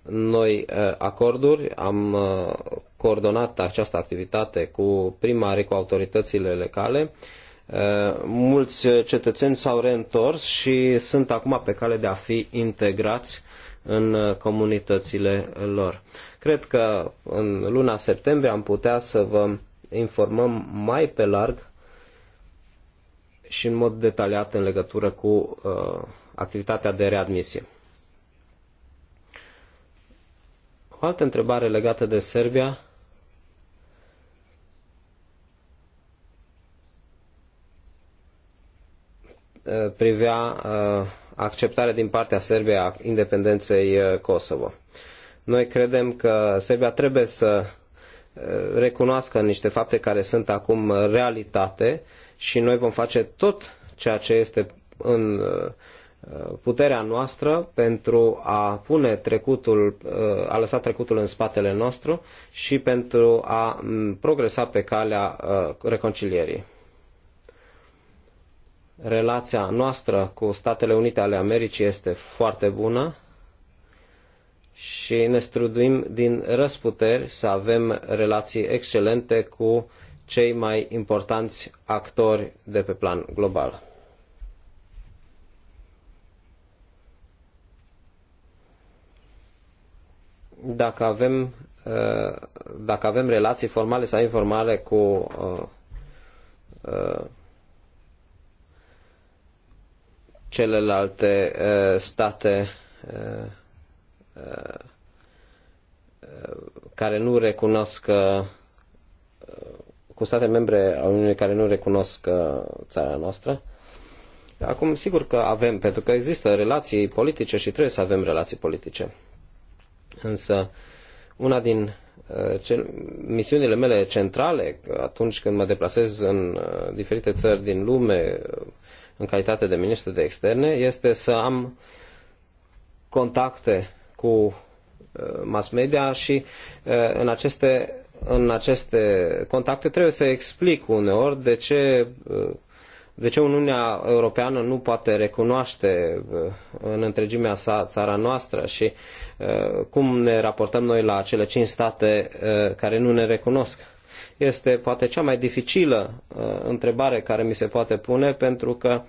Speaker 3: noi acorduri, am coordonat această activitate cu primarii, cu autoritățile locale. Mulți cetățeni s-au reîntors și sunt acum pe cale de a fi integrați în uh, comunitățile lor. Cred că în luna septembrie am putea să vă informăm mai pe larg și în mod detaliat în legătură cu uh, activitatea de readmisie. O altă întrebare legată de Serbia uh, privea uh, acceptare din partea Serbiei a independenței uh, Kosovo. Noi credem că Serbia trebuie să uh, recunoască niște fapte care sunt acum uh, realitate și noi vom face tot ceea ce este în puterea noastră pentru a pune trecutul, a lăsa trecutul în spatele nostru și pentru a mm, progresa pe calea reconcilierii. Relația noastră cu Statele Unite ale Americii este foarte bună și ne străduim din răsputeri să avem relații excelente cu cei mai importanți actori de pe plan global. Dacă avem, uh, dacă avem relații formale sau informale cu uh, uh, celelalte state care nu recunosc cu state membre ale Uniunii care nu recunosc țara noastră. Acum, sigur că avem, pentru că există relații politice și trebuie să avem relații politice. Însă, una din cel, misiunile mele centrale, atunci când mă deplasez în diferite țări din lume, în calitate de ministru de externe este să am contacte cu uh, mass media și uh, în aceste, în aceste contacte trebuie să explic uneori de ce, uh, de ce Uniunea Europeană nu poate recunoaște în întregimea sa țara noastră și cum ne raportăm noi la cele cinci state care nu ne recunosc este poate cea mai dificilă uh, întrebare care mi se poate pune pentru că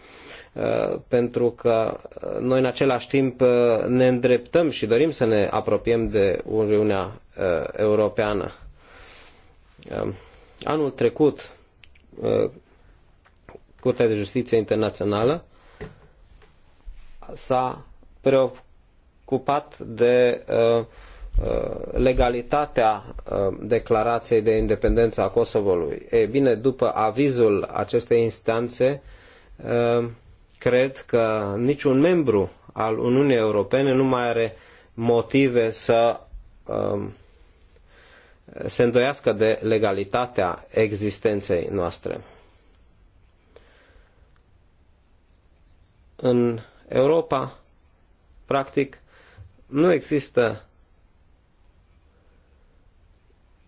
Speaker 3: uh, pentru că uh, noi în același timp uh, ne îndreptăm și dorim să ne apropiem de Uniunea Europeană. Anul trecut, Curtea de Justiție Internațională s-a preocupat de uh, Uh, legalitatea uh, declarației de independență a Kosovului. E bine, după avizul acestei instanțe, uh, cred că niciun membru al Uniunii Europene nu mai are motive să um, se îndoiască de legalitatea existenței noastre. În Europa, practic, nu există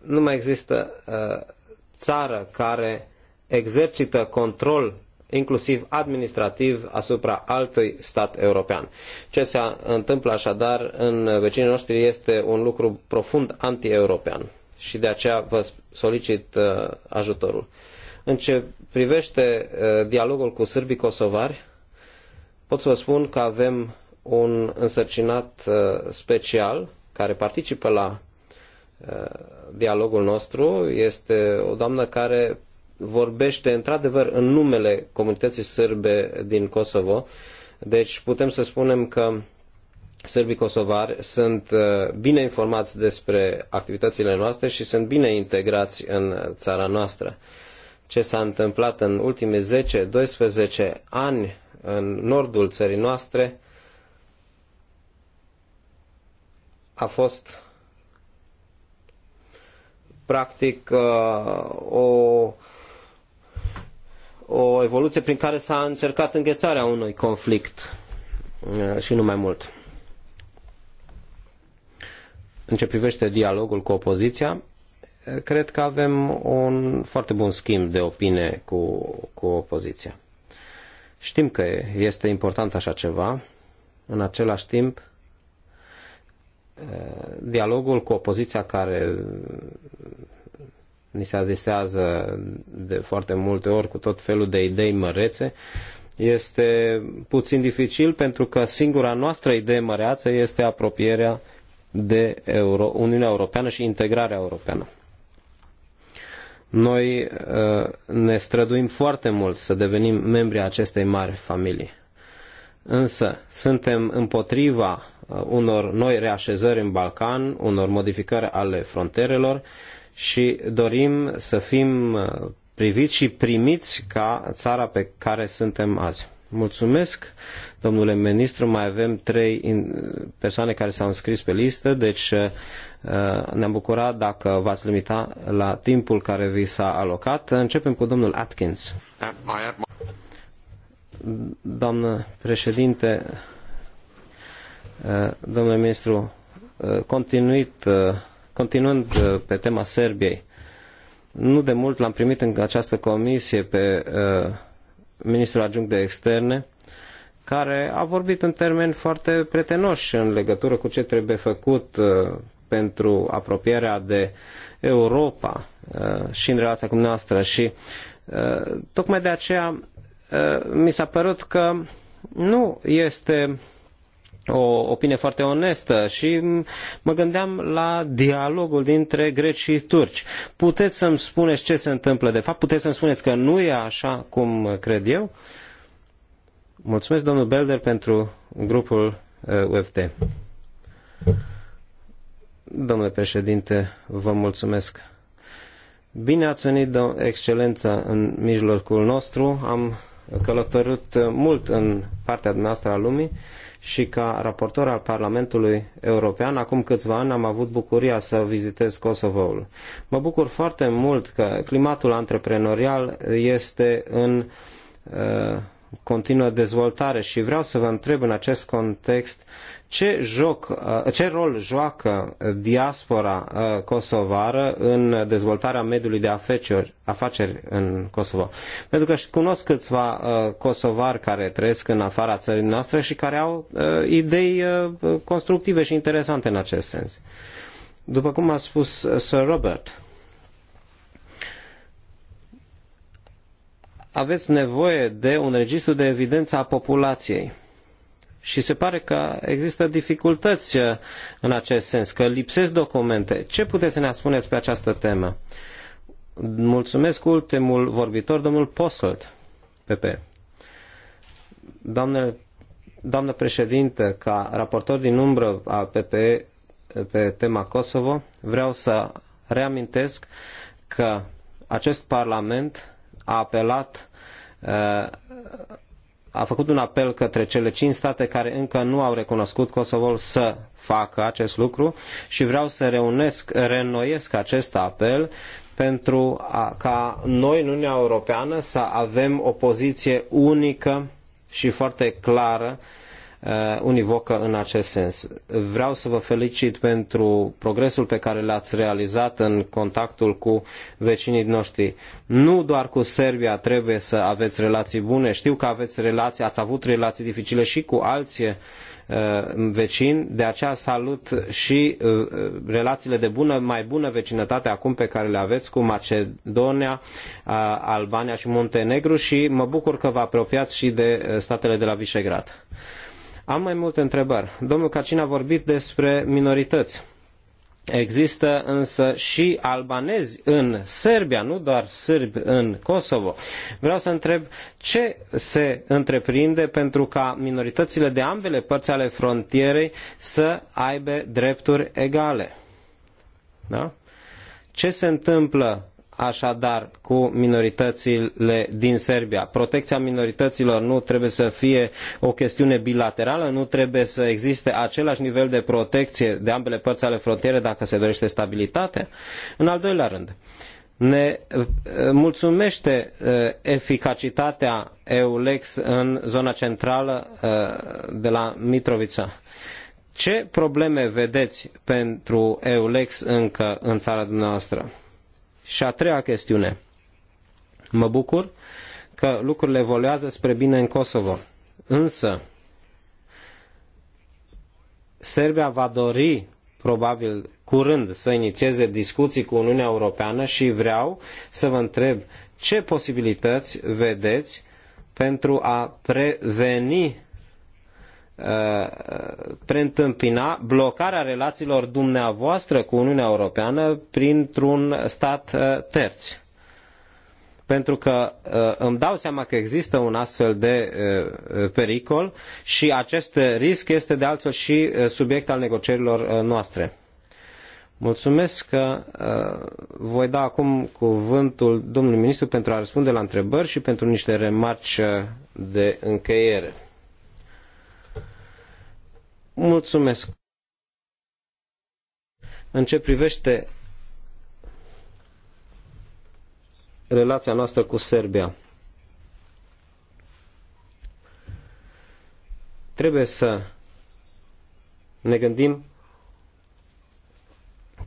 Speaker 3: nu mai există uh, țară care exercită control inclusiv administrativ asupra altui stat european. Ce se întâmplă așadar în vecinii noștri este un lucru profund anti-european și de aceea vă solicit uh, ajutorul. În ce privește uh, dialogul cu sârbii kosovari, pot să vă spun că avem un însărcinat special care participă la Uh, dialogul nostru este o doamnă care vorbește într-adevăr în numele comunității sârbe din Kosovo. Deci putem să spunem că sârbii kosovari sunt uh, bine informați despre activitățile noastre și sunt bine integrați în țara noastră. Ce s-a întâmplat în ultimii 10-12 ani în nordul țării noastre a fost practic uh, o o evoluție prin care s-a încercat înghețarea unui conflict uh, și nu mai mult. În ce privește dialogul cu opoziția, uh, cred că avem un foarte bun schimb de opinie cu, cu opoziția. Știm că este important așa ceva, în același timp dialogul cu opoziția care ni se adesează de foarte multe ori cu tot felul de idei mărețe, este puțin dificil pentru că singura noastră idee măreață este apropierea de Euro, Uniunea Europeană și integrarea europeană. Noi uh, ne străduim foarte mult să devenim membri acestei mari familii. Însă suntem împotriva Uh, unor noi reașezări în Balcan, unor modificări ale frontierelor și dorim să fim uh, priviți și primiți ca țara pe care suntem azi. Mulțumesc, domnule ministru. Mai avem trei persoane care s-au înscris pe listă, deci uh, ne-am bucurat dacă v-ați limita la timpul care vi s-a alocat. Începem cu domnul Atkins. Doamnă președinte, Eh, domnule ministru, eh, eh, continuând pe tema Serbiei, nu de mult l-am primit în această comisie pe ministrul adjunct de externe, care a vorbit în termeni foarte pretenoși în legătură cu ce trebuie făcut pentru apropierea de Europa și în relația cu noastră și tocmai de aceea mi s-a părut că nu este o opinie foarte onestă și mă gândeam la dialogul dintre greci și turci. Puteți să-mi spuneți ce se întâmplă de fapt? Puteți să-mi spuneți că nu e așa cum cred eu? Mulțumesc, domnul Belder, pentru grupul UFT uh, Domnule președinte, vă mulțumesc. Bine ați venit, excelență, în mijlocul nostru. Am călătorit mult în partea dumneavoastră a lumii și ca raportor al Parlamentului European, acum câțiva ani am avut bucuria să vizitez Kosovoul. Mă bucur foarte mult că climatul antreprenorial este în uh, continuă dezvoltare și vreau să vă întreb în acest context ce, joc, uh, ce rol joacă diaspora uh, kosovară în dezvoltarea mediului de afaceri, afaceri în Kosovo. Pentru că cunosc câțiva uh, kosovari care trăiesc în afara țării noastre și care au idei constructive și interesante în acest sens. După cum a spus Sir Robert, aveți nevoie de un registru de evidență a populației. Și se pare că există dificultăți uh, în acest sens, că lipsesc documente. Ce puteți să ne spuneți pe această temă? Mulțumesc ultimul vorbitor, domnul Posselt, PP. Doamne, doamnă președinte, ca raportor din umbră a PPE pe tema Kosovo, vreau să reamintesc că acest Parlament a apelat uh, a făcut un apel către cele cinci state care încă nu au recunoscut Kosovoul să facă acest lucru și vreau să reunesc, reînnoiesc acest apel pentru a, ca noi în Uniunea Europeană să avem o poziție unică și foarte clară Uh, univocă în acest sens. Vreau să vă felicit pentru progresul pe care l-ați realizat în contactul cu vecinii noștri. Nu doar cu Serbia trebuie să aveți relații bune, știu că aveți relații, ați avut relații dificile și cu alții uh, vecini, de aceea salut și uh, relațiile de bună, mai bună vecinătate acum pe care le aveți cu Macedonia, Albania și Muntenegru și mă bucur că vă apropiați și de statele de la Visegrad. Am mai multe întrebări. Domnul Cacin a vorbit despre minorități. Există însă și albanezi în Serbia, nu doar sârbi în Kosovo. Vreau să întreb ce se întreprinde pentru ca minoritățile de ambele părți ale frontierei să aibă drepturi egale. Da? Ce se întâmplă așadar cu minoritățile din Serbia. Protecția minorităților nu trebuie să fie o chestiune bilaterală, nu trebuie să existe același nivel de protecție de ambele părți ale frontierei dacă se dorește stabilitate. În al doilea rând, ne eh, mulțumește eh, eficacitatea EULEX în zona centrală eh, de la Mitrovica. Ce probleme vedeți pentru EULEX încă în țara dumneavoastră? Și a treia chestiune. Mă bucur că lucrurile evoluează spre bine în Kosovo. Însă, Serbia va dori probabil curând să inițieze discuții cu Uniunea Europeană și vreau să vă întreb ce posibilități vedeți pentru a preveni Uh, preîntâmpina blocarea relațiilor dumneavoastră cu Uniunea Europeană printr-un stat uh, terț. Pentru că uh, îmi dau seama că există un astfel de pericol și acest risc este de altfel și subiect al negocierilor noastre. Mulțumesc că voi da acum cuvântul domnului ministru pentru a răspunde la întrebări și pentru niște remarci de încheiere. Mulțumesc. În ce privește relația noastră cu Serbia, trebuie să ne gândim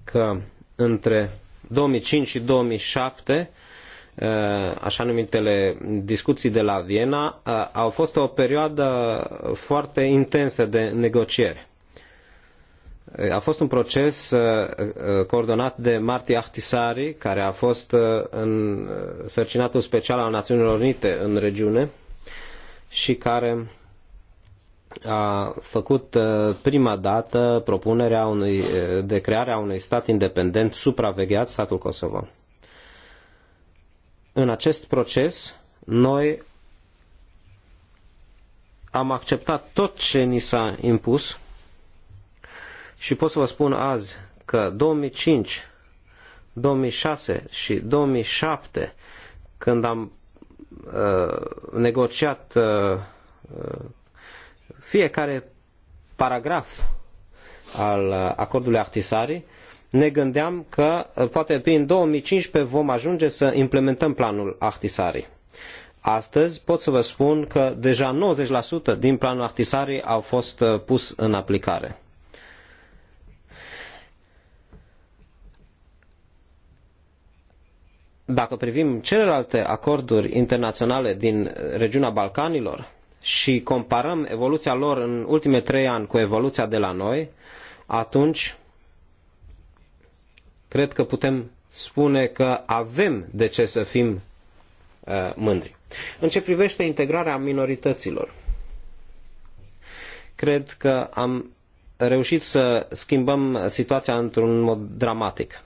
Speaker 3: că între 2005 și 2007 Uh, așa numitele discuții de la Viena, uh, au fost o perioadă foarte intensă de negocieri. Uh, a fost un proces coordonat de Marti Ahtisari, care a fost în sărcinatul special al Națiunilor Unite în regiune și care a făcut prima dată propunerea unui, de crearea unui stat independent supravegheat, statul Kosovo în acest proces noi am acceptat tot ce ni s-a impus și pot să vă spun azi că 2005, 2006 și 2007, când am uh, negociat uh, uh fiecare paragraf al uh, acordului uh, ne gândeam că uh, poate prin 2015 vom ajunge să implementăm planul Ahtisari. Astăzi pot să vă spun că deja 90% din planul Ahtisari au fost uh, pus în aplicare. Dacă privim celelalte acorduri internaționale din uh, regiunea Balcanilor și comparăm evoluția lor în ultimele trei ani cu evoluția de la noi, atunci cred că putem spune că avem de ce să fim uh, mândri. În ce privește integrarea minorităților, cred că am reușit să schimbăm situația într-un mod dramatic.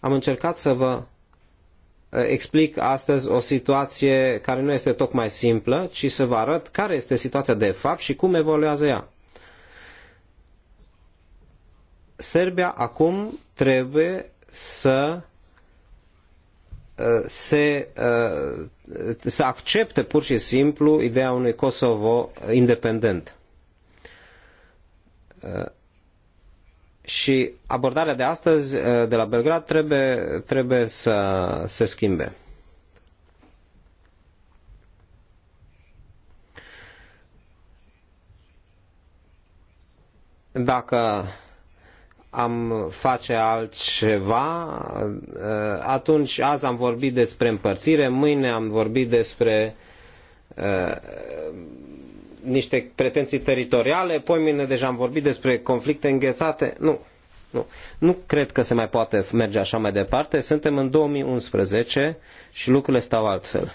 Speaker 3: Am încercat să vă uh, explic astăzi o situație care nu este tocmai simplă, ci să vă arăt care este situația de fapt și cum evoluează ea. Serbia acum trebuie să uh, se, uh, să accepte pur și simplu ideea unui Kosovo independent. Uh, și abordarea de astăzi de la Belgrad trebuie, trebuie să se schimbe. Dacă am face altceva, uh, atunci azi am vorbit despre împărțire, mâine am vorbit despre uh, niște pretenții teritoriale, Poi mâine deja am vorbit despre conflicte înghețate. Nu, nu. Nu cred că se mai poate merge așa mai departe. Suntem în 2011 și lucrurile stau altfel.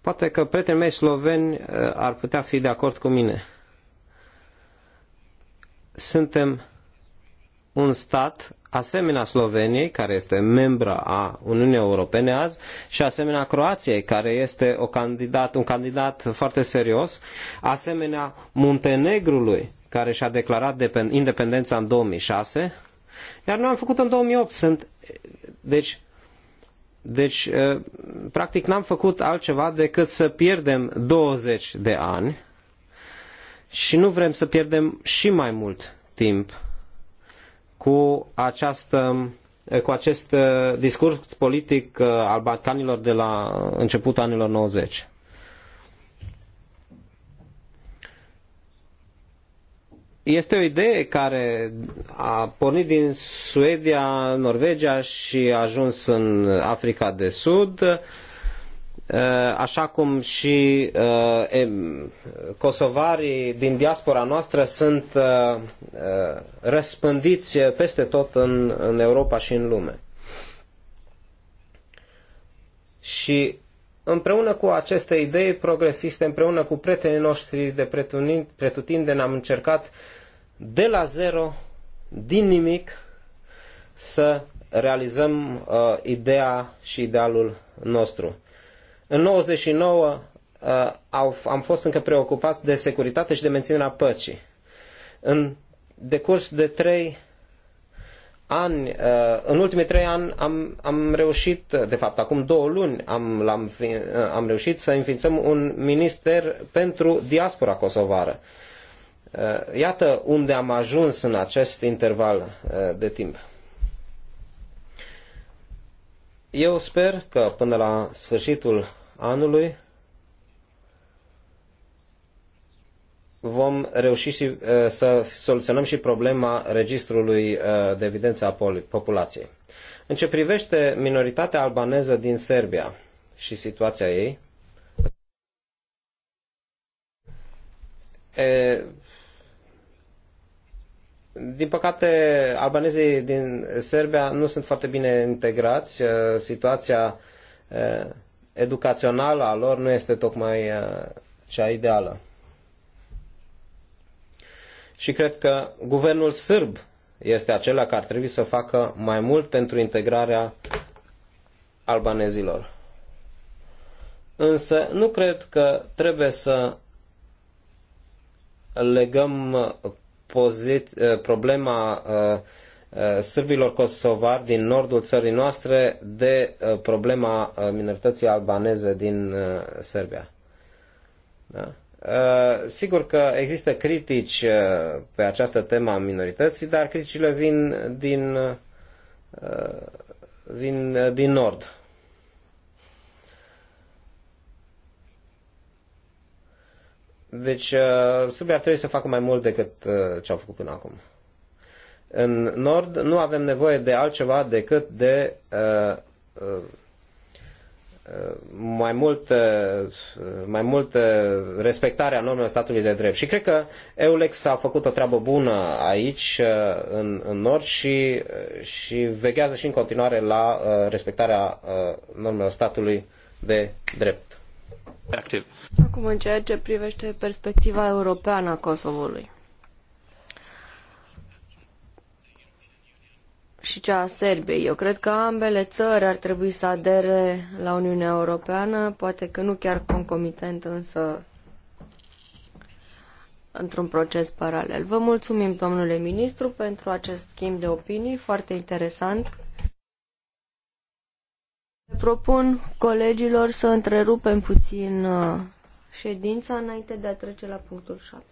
Speaker 3: Poate că prietenii mei sloveni uh, ar putea fi de acord cu mine suntem un stat asemenea Sloveniei, care este membra a Uniunii Europene azi, și asemenea Croației, care este o candidat, un candidat foarte serios, asemenea Muntenegrului, care și-a declarat independența în 2006, iar noi am făcut în 2008. Sunt, deci, deci, eh, practic n-am făcut altceva decât să pierdem 20 de ani și nu vrem să pierdem și mai mult timp cu, această, cu acest uh, discurs politic uh, al Balcanilor de la începutul anilor 90. Este o idee care a pornit din Suedia, Norvegia și a ajuns în Africa de Sud Eh, așa cum și eh, kosovarii din diaspora noastră sunt eh, răspândiți peste tot în, în Europa și în lume. Și împreună cu aceste idei progresiste, împreună cu prietenii noștri de pretutindeni, am încercat de la zero, din nimic, să realizăm uh, ideea și idealul nostru. În 99 uh, au, am fost încă preocupați de securitate și de menținerea păcii. În decurs de trei ani, uh, în ultimii trei ani am, am reușit, de fapt acum două luni am, am uh, am reușit să înființăm un minister pentru diaspora kosovară. Iată unde am ajuns în acest interval de timp. Eu sper că până la sfârșitul anului vom reuși și, uh, să soluționăm și problema registrului uh, de evidență a populației. În ce privește minoritatea albaneză din Serbia și situația ei, e, din păcate, albanezii din Serbia nu sunt foarte bine integrați. Uh, situația uh, educațională a lor nu este tocmai uh, cea ideală. Și cred că guvernul sârb este acela care ar trebui să facă mai mult pentru integrarea albanezilor. Însă nu cred că trebuie să legăm uh, uh, problema uh, Uh, sârbilor kosovari din nordul țării noastre de uh, problema uh, minorității albaneze din Serbia. Da? Sigur că există critici pe această temă a minorității, dar criticile vin din, vin din nord. Deci, Serbia trebuie să facă mai mult decât ce au făcut până acum în nord nu avem nevoie de altceva decât de uh, uh, uh, mai mult, mai mult respectarea normelor statului de drept. Și cred că Eulex a făcut o treabă bună aici, în, în Nord, și, și veghează și în continuare la respectarea normelor statului de drept. Activ.
Speaker 2: Acum, în ceea ce privește perspectiva europeană a Kosovului. și cea a Serbiei. Eu cred că ambele țări ar trebui să adere la Uniunea Europeană, poate că nu chiar concomitent, însă într-un proces paralel. Vă mulțumim, domnule ministru, pentru acest schimb de opinii foarte interesant. Propun colegilor să întrerupem puțin uh, ședința înainte de a trece la punctul 7.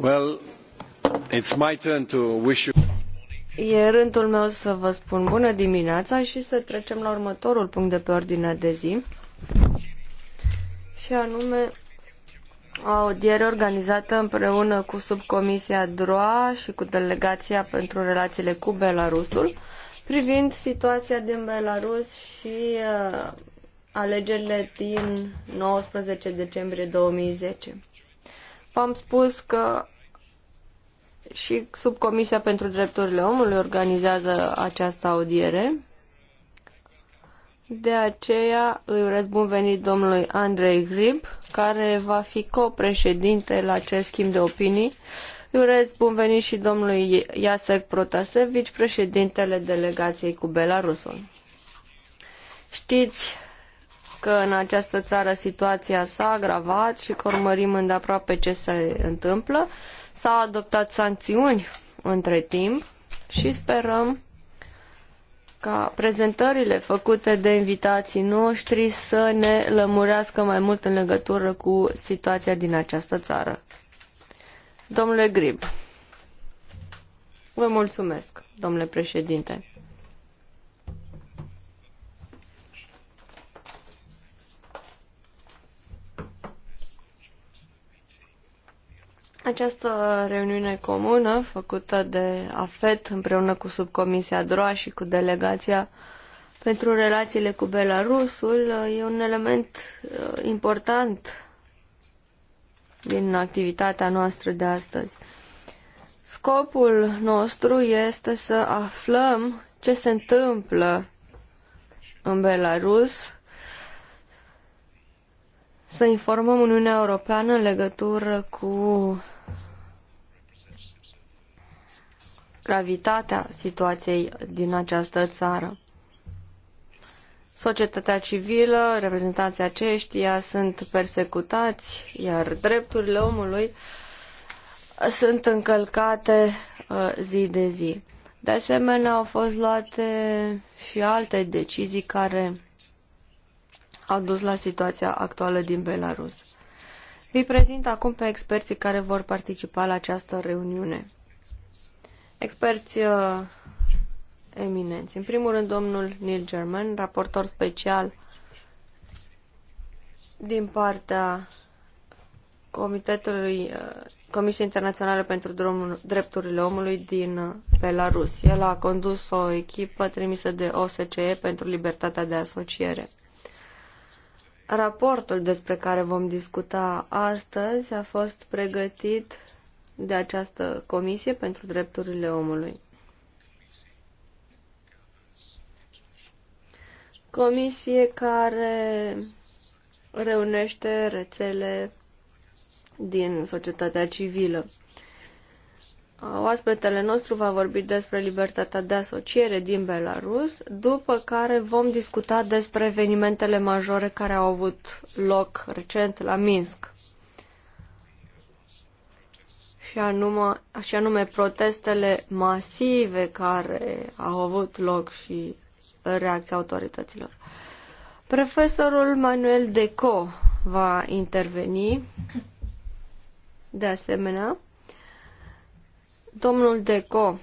Speaker 2: Well, E rândul meu să vă spun bună dimineața și să trecem la următorul punct de pe ordinea de zi și anume o audiere organizată împreună cu subcomisia DROA și cu delegația pentru relațiile cu Belarusul privind situația din Belarus și uh, alegerile din 19 decembrie 2010 v-am spus că și Subcomisia pentru Drepturile Omului organizează această audiere. De aceea îi urez bun venit domnului Andrei Grib, care va fi copreședinte la acest schimb de opinii. Îi urez bun venit și domnului Iasek Protasevici, președintele delegației cu Belarusul. Știți că în această țară situația s-a agravat și că urmărim îndeaproape ce se întâmplă. S-au adoptat sancțiuni între timp și sperăm ca prezentările făcute de invitații noștri să ne lămurească mai mult în legătură cu situația din această țară. Domnule Grib, vă mulțumesc, domnule președinte. Această reuniune comună făcută de AFET împreună cu subcomisia DROA și cu delegația pentru relațiile cu Belarusul e un element uh, important din activitatea noastră de astăzi. Scopul nostru este să aflăm ce se întâmplă în Belarus, să informăm Uniunea Europeană în legătură cu gravitatea situației din această țară. Societatea civilă, reprezentanții aceștia sunt persecutați, iar drepturile omului sunt încălcate uh, zi de zi. De asemenea, au fost luate și alte decizii care au dus la situația actuală din Belarus. Vi prezint acum pe experții care vor participa la această reuniune experți uh, eminenți. În primul rând, domnul Neil German, raportor special din partea Comitetului uh, Comisiei Internaționale pentru Drepturile Omului din uh, Belarus. El a condus o echipă trimisă de OSCE pentru libertatea de asociere. Raportul despre care vom discuta astăzi a fost pregătit de această Comisie pentru Drepturile Omului. Comisie care reunește rețele din societatea civilă. Oaspetele nostru va vorbi despre libertatea de asociere din Belarus, după care vom discuta despre evenimentele majore care au avut loc recent la Minsk și anume, și anume protestele masive care au avut loc și reacția autorităților. Profesorul Manuel Deco va interveni de asemenea. Domnul Deco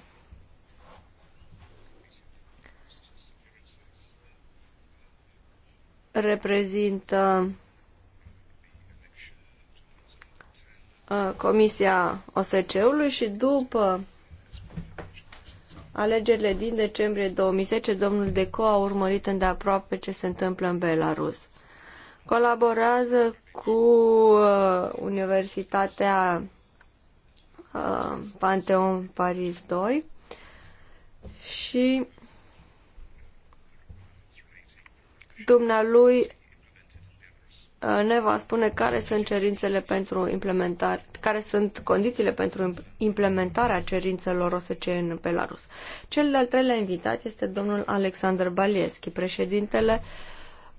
Speaker 2: reprezintă Uh, Comisia OSCE-ului și după alegerile din decembrie 2010, domnul Deco a urmărit îndeaproape ce se întâmplă în Belarus. Colaborează cu uh, Universitatea uh, Panteon Paris 2 și dumnealui Uh, ne va spune care sunt cerințele pentru implementare, care sunt condițiile pentru implementarea cerințelor OSCE în Belarus. Cel de-al treilea invitat este domnul Alexander Balieschi, președintele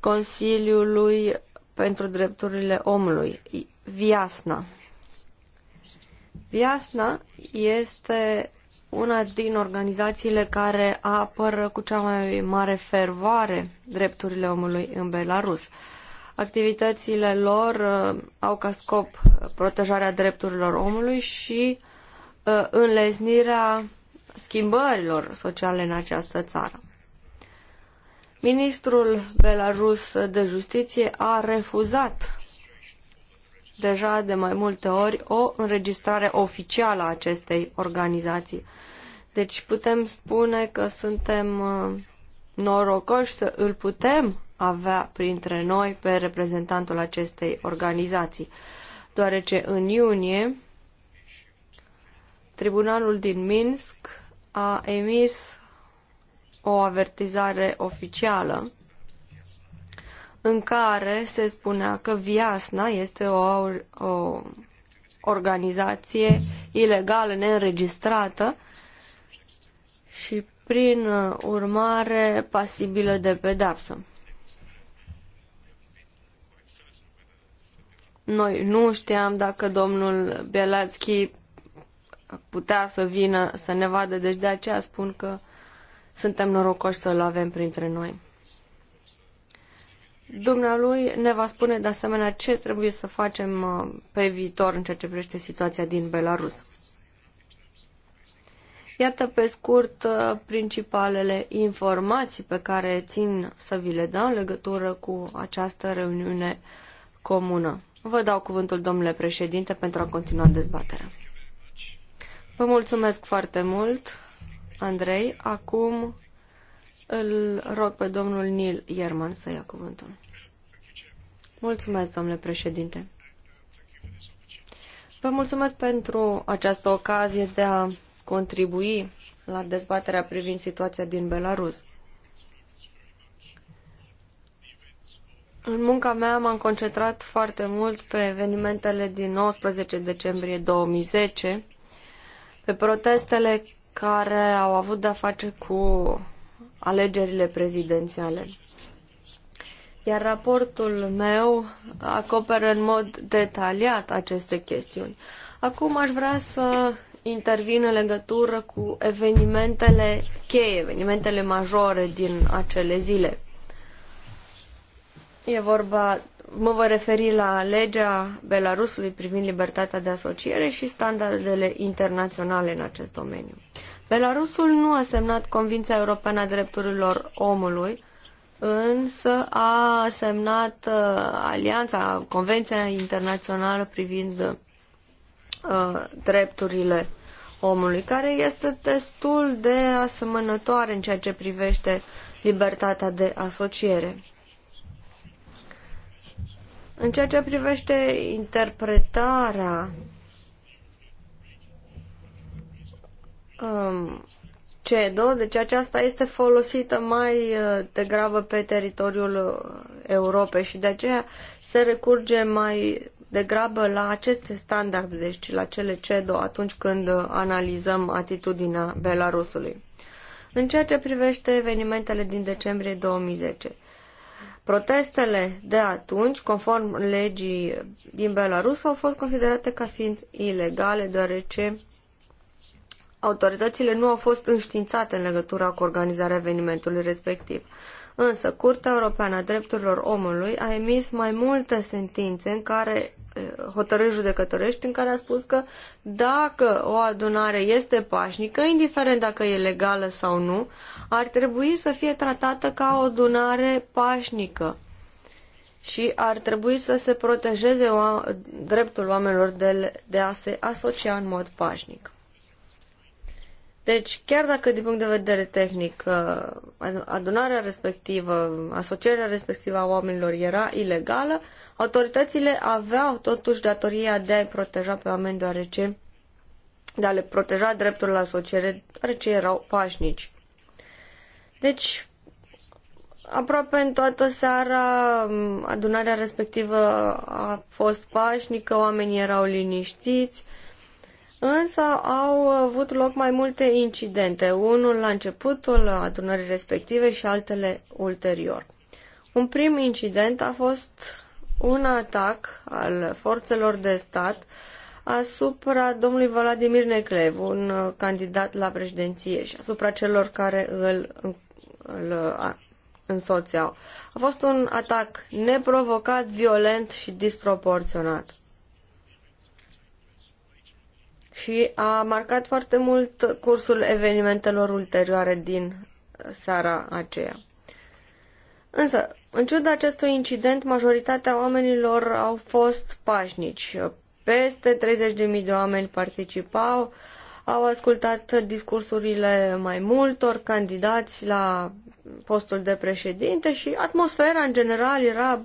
Speaker 2: Consiliului pentru Drepturile Omului, Viasna. Viasna este una din organizațiile care apără cu cea mai mare fervoare drepturile omului în Belarus. Uh, Activitățile lor uh, au ca scop uh, protejarea drepturilor omului și uh, înlesnirea schimbărilor sociale în această țară. Ministrul belarus de justiție a refuzat deja de mai multe ori o înregistrare oficială a acestei organizații. Deci putem spune că suntem uh, norocoși să îl putem avea printre noi pe reprezentantul acestei organizații, deoarece în iunie tribunalul din Minsk a emis o avertizare oficială în care se spunea că Viasna este o, o organizație ilegală, neînregistrată și prin urmare pasibilă de pedapsă. Noi nu știam dacă domnul Belațchi putea să vină să ne vadă, deci de aceea spun că suntem norocoși să-l avem printre noi. Dumnealui ne va spune de asemenea ce trebuie să facem uh, pe viitor în ceea ce privește situația din Belarus. Iată pe scurt uh, principalele informații pe care țin să vi le dau în legătură cu această reuniune comună. Vă dau cuvântul, domnule președinte, pentru a continua dezbaterea. Vă mulțumesc foarte mult, Andrei. Acum îl rog pe domnul Nil Ierman să ia cuvântul. Mulțumesc, domnule președinte. Vă mulțumesc pentru această ocazie de a contribui la dezbaterea privind situația din Belarus. În munca mea m-am concentrat foarte mult pe evenimentele din 19 decembrie 2010, pe protestele care au avut de-a face cu alegerile prezidențiale. Iar raportul meu acoperă în mod detaliat aceste chestiuni. Acum aș vrea să intervin în legătură cu evenimentele cheie, evenimentele majore din acele zile. E vorba, mă voi referi la legea Belarusului privind libertatea de asociere și standardele internaționale în acest domeniu. Belarusul nu a semnat Convinția Europeană a Drepturilor Omului, însă a semnat uh, alianța, Convenția Internațională privind uh, drepturile omului, care este destul de asemănătoare în ceea ce privește libertatea de asociere. În ceea ce privește interpretarea um, CEDO, deci aceasta este folosită mai uh, degrabă pe teritoriul uh, Europei și de aceea se recurge mai degrabă la aceste standarde, deci la cele CEDO atunci când uh, analizăm atitudinea Belarusului. În ceea ce privește evenimentele din decembrie 2010, Protestele de atunci, conform legii din Belarus, au fost considerate ca fiind ilegale, deoarece autoritățile nu au fost înștiințate în legătură cu organizarea evenimentului respectiv. Însă, Curtea Europeană a Drepturilor Omului a emis mai multe sentințe în care hotărâri judecătorești în care a spus că dacă o adunare este pașnică, indiferent dacă e legală sau nu, ar trebui să fie tratată ca o adunare pașnică și ar trebui să se protejeze dreptul oamenilor de, de a se asocia în mod pașnic. Deci, chiar dacă din punct de vedere tehnic uh, adunarea respectivă, asocierea respectivă a oamenilor era ilegală, autoritățile aveau totuși datoria de a-i proteja pe oameni, deoarece de a le proteja dreptul la asociere, deoarece erau pașnici. Deci, aproape în toată seara um, adunarea respectivă a fost pașnică, oamenii erau liniștiți, însă au avut loc mai multe incidente, unul la începutul adunării respective și altele ulterior. Un prim incident a fost un atac al forțelor de stat asupra domnului Vladimir Neclev, un candidat la președinție și asupra celor care îl, îl însoțeau. A fost un atac neprovocat, violent și disproporționat și a marcat foarte mult cursul evenimentelor ulterioare din seara aceea. Însă, în ciuda acestui incident, majoritatea oamenilor au fost pașnici. Peste 30.000 de oameni participau, au ascultat discursurile mai multor candidați la postul de președinte și atmosfera în general era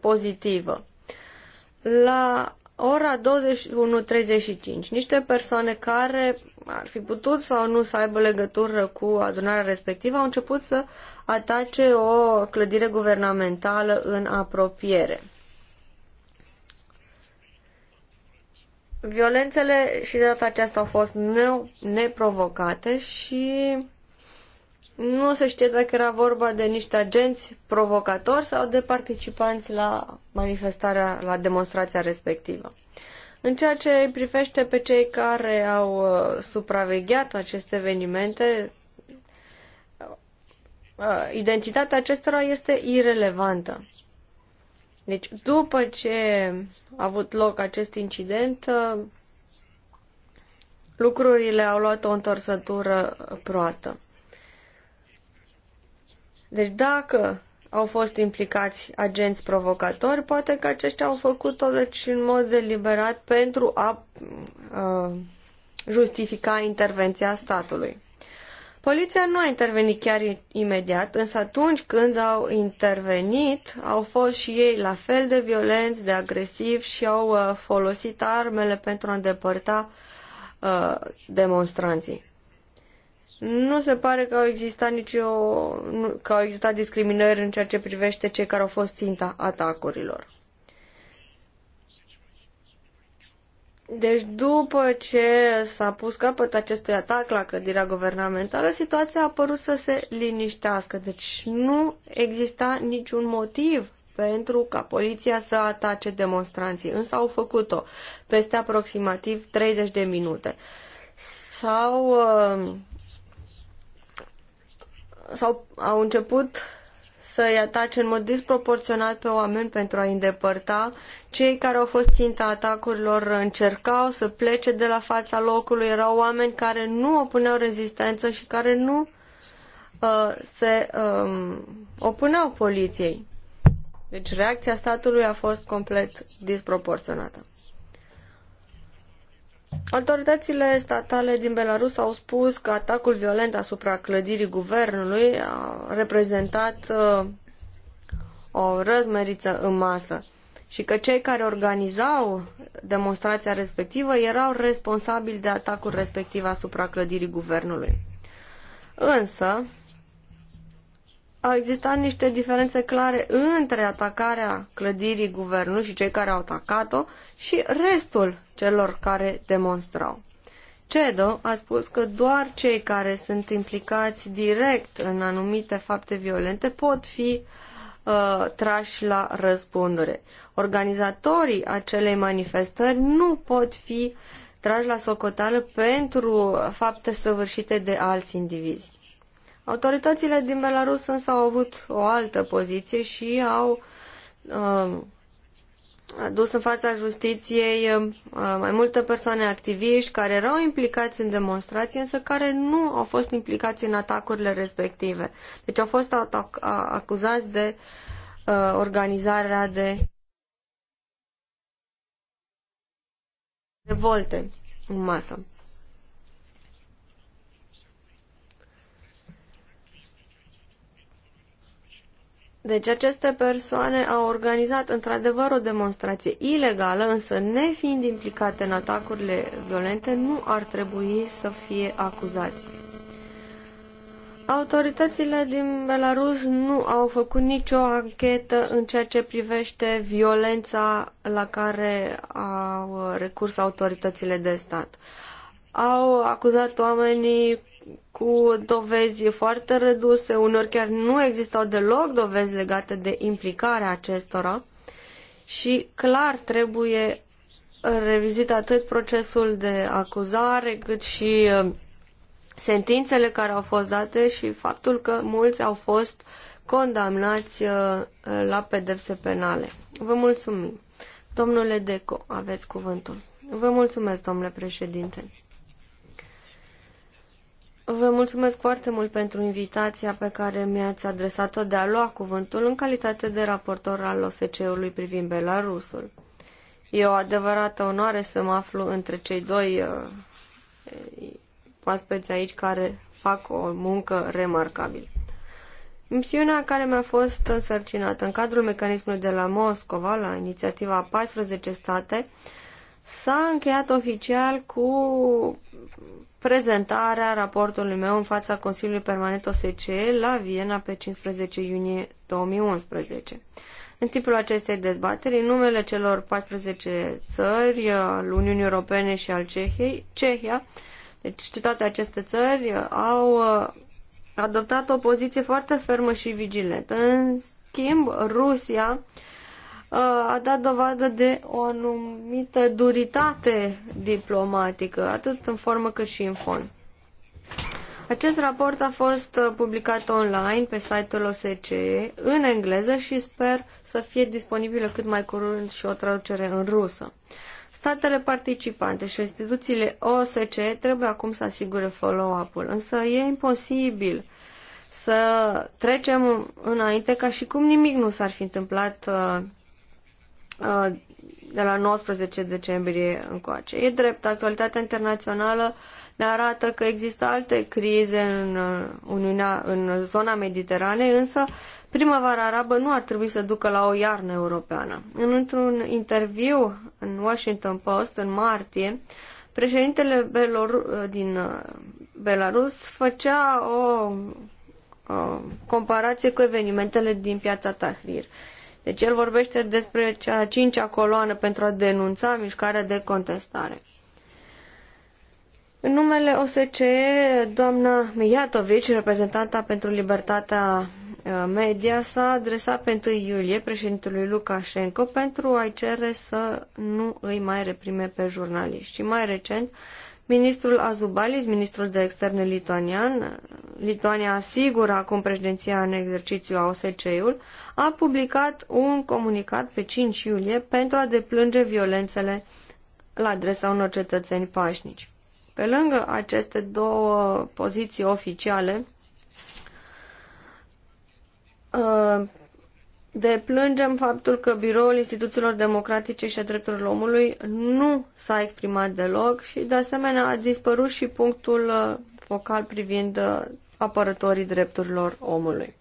Speaker 2: pozitivă. La ora 21.35, niște persoane care ar fi putut sau nu să aibă legătură cu adunarea respectivă au început să atace o clădire guvernamentală în apropiere. Violențele și de data aceasta au fost neprovocate și nu se știe dacă era vorba de niște agenți provocatori sau de participanți la manifestarea, la demonstrația respectivă. În ceea ce îi privește pe cei care au uh, supravegheat aceste evenimente, uh, identitatea acestora este irelevantă. Deci, după ce a avut loc acest incident, uh, lucrurile au luat o întorsătură proastă. Deci dacă au fost implicați agenți provocatori, poate că aceștia au făcut-o deci în mod deliberat pentru a, uh, justifica intervenția statului. Poliția nu a intervenit chiar imediat, însă atunci când au intervenit, au fost și ei la fel de violenți, de agresivi și au uh, folosit armele pentru a îndepărta uh, demonstranții. Nu se pare că au existat nicio, că au existat discriminări în ceea ce privește cei care au fost ținta atacurilor. Deci după ce s-a pus capăt acestui atac la clădirea guvernamentală, situația a apărut să se liniștească. Deci nu exista niciun motiv pentru ca poliția să atace demonstranții, însă au făcut-o peste aproximativ 30 de minute. S-au uh, sau au început să-i atace în mod disproporționat pe oameni pentru a-i îndepărta. Cei care au fost ținta atacurilor încercau să plece de la fața locului. Erau oameni care nu opuneau rezistență și care nu uh, se um, opuneau poliției. Deci reacția statului a fost complet disproporționată. Autoritățile statale din Belarus au spus că atacul violent asupra clădirii guvernului a reprezentat uh, o răzmeriță în masă și că cei care organizau demonstrația respectivă erau responsabili de atacul respectiv asupra clădirii guvernului. Însă, au existat niște diferențe clare între atacarea clădirii guvernului și cei care au atacat-o și restul celor care demonstrau. CEDO a spus că doar cei care sunt implicați direct în anumite fapte violente pot fi uh, trași la răspundere. Organizatorii acelei manifestări nu pot fi trași la socoteală pentru fapte săvârșite de alți indivizi. Autoritățile din Belarus însă au avut o altă poziție și au uh, dus în fața justiției um, uh, mai multe persoane activiști care erau implicați în demonstrații, însă care nu au fost implicați în atacurile respective. Deci au fost atac- acuzați de uh, organizarea de revolte în masă. Deci aceste persoane au organizat într-adevăr o demonstrație ilegală, însă nefiind implicate în atacurile violente, nu ar trebui să fie acuzați. Autoritățile din Belarus nu au făcut nicio anchetă în ceea ce privește violența la care au recurs autoritățile de stat. Au acuzat oamenii cu dovezi foarte reduse, uneori chiar nu existau deloc dovezi legate de implicarea acestora și clar trebuie revizit atât procesul de acuzare cât și uh, sentințele care au fost date și faptul că mulți au fost condamnați uh, la pedepse penale. Vă mulțumim. Domnule Deco, aveți cuvântul. Vă mulțumesc, domnule președinte. Vă mulțumesc foarte mult pentru invitația pe care mi-ați adresat-o de a lua cuvântul în calitate de raportor al OSCE-ului privind Belarusul. E o adevărată onoare să mă aflu între cei doi uh, aspeți aici care fac o muncă remarcabilă. Misiunea care mi-a fost însărcinată în cadrul mecanismului de la Moscova, la inițiativa 14 state, s-a încheiat oficial cu prezentarea raportului meu în fața Consiliului Permanent OSCE la Viena pe 15 iunie 2011. În timpul acestei dezbateri, în numele celor 14 țări, uh, al Uniunii Europene și al Cehiei, Cehia, deci toate aceste țări uh, au uh, adoptat o poziție foarte fermă și vigilentă. În schimb, Rusia a dat dovadă de o anumită duritate diplomatică, atât în formă cât și în fond. Acest raport a fost uh, publicat online pe site-ul OSCE în engleză și sper să fie disponibilă cât mai curând și o traducere în rusă. Statele participante și instituțiile OSCE trebuie acum să asigure follow-up-ul, însă e imposibil să trecem înainte ca și cum nimic nu s-ar fi întâmplat uh, Uh, de la 19 decembrie încoace. E drept, actualitatea internațională ne arată că există alte crize în, uh, Uniunea, în zona Mediteranei, însă primăvara arabă nu ar trebui să ducă la o iarnă europeană. În, într-un interviu în Washington Post în martie, președintele Belor- uh, din Belarus făcea o, o comparație cu evenimentele din piața Tahrir. Deci el vorbește despre cea cincea coloană pentru a denunța mișcarea de contestare. În numele OSCE, doamna Mijatovici, reprezentanta pentru libertatea uh, media, s-a adresat pe 1 iulie președintelui Lukashenko pentru a-i cere să nu îi mai reprime pe jurnaliști. Și mai recent, Ministrul Azubalis, ministrul de externe lituanian, Lituania asigură acum președinția în exercițiu a OSCE-ul, a publicat un comunicat pe 5 iulie pentru a deplânge violențele la adresa unor cetățeni pașnici. Pe lângă aceste două poziții oficiale, uh, deplângem faptul că biroul instituțiilor democratice și a drepturilor omului nu s-a exprimat deloc și, de asemenea, a dispărut și punctul uh, focal privind uh, apărătorii drepturilor omului.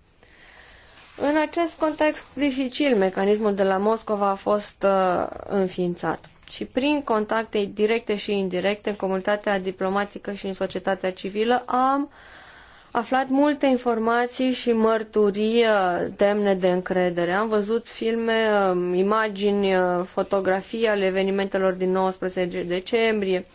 Speaker 2: În acest context dificil, mecanismul de la Moscova a fost uh, înființat și prin contacte directe și indirecte în comunitatea diplomatică și în societatea civilă am uh, aflat multe informații și mărturii uh, demne de încredere. Am văzut filme, uh, imagini, uh, fotografii ale evenimentelor din 19 decembrie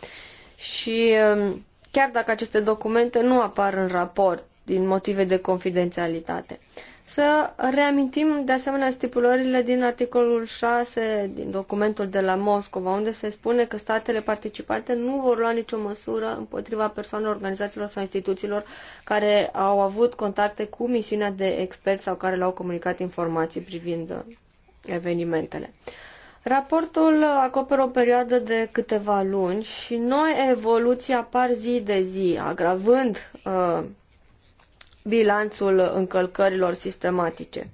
Speaker 2: și um, chiar dacă aceste documente nu apar în raport din motive de confidențialitate. Să reamintim de asemenea stipulările din articolul 6 din documentul de la Moscova, unde se spune că statele participante nu vor lua nicio măsură împotriva persoanelor, organizațiilor sau instituțiilor care au avut contacte cu misiunea de experți sau care le-au comunicat informații privind evenimentele. Raportul acoperă o perioadă de câteva luni și noi evoluții apar zi de zi, agravând uh, bilanțul încălcărilor sistematice.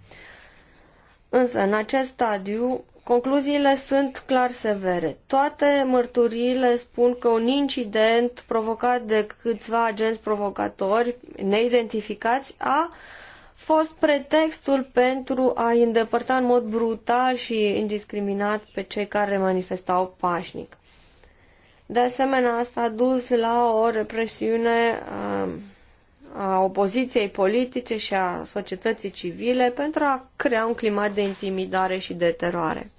Speaker 2: Însă, în acest stadiu, concluziile sunt clar severe. Toate mărturiile spun că un incident provocat de câțiva agenți provocatori neidentificați a fost pretextul pentru a îndepărta în mod brutal și indiscriminat pe cei care manifestau pașnic. De asemenea, asta a dus la o represiune um, a opoziției politice și a societății civile pentru a crea un climat de intimidare și de teroare.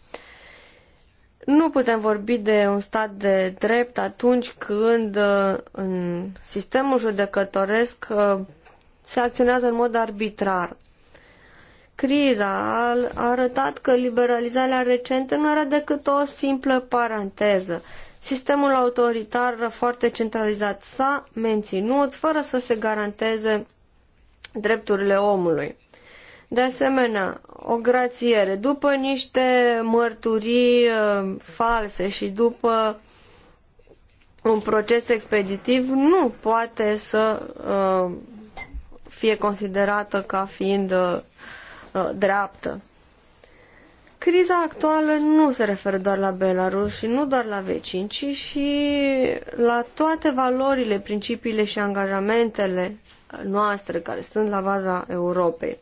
Speaker 2: Nu putem vorbi de un stat de drept atunci când uh, în sistemul judecătoresc uh, se acționează în mod arbitrar. Criza a arătat că liberalizarea recentă nu era decât o simplă paranteză. Sistemul autoritar foarte centralizat s-a menținut fără să se garanteze drepturile omului. De asemenea, o grațiere după niște mărturii uh, false și după un proces expeditiv nu poate să uh, fie considerată ca fiind uh, dreaptă. Criza actuală nu se referă doar la Belarus și nu doar la vecini, ci și la toate valorile, principiile și angajamentele noastre care sunt la baza Europei.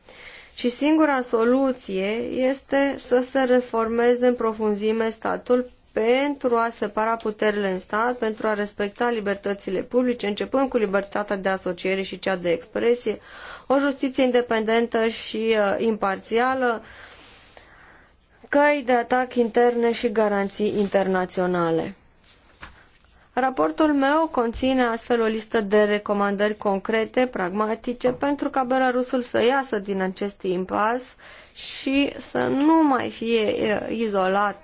Speaker 2: Și singura soluție este să se reformeze în profunzime statul pentru a separa puterile în stat, pentru a respecta libertățile publice, începând cu libertatea de asociere și cea de expresie, o justiție independentă și uh, imparțială, uh, căi de atac interne și garanții internaționale. Raportul meu conține astfel o listă de recomandări concrete, pragmatice, pentru ca Belarusul să iasă din acest impas și să nu mai fie izolat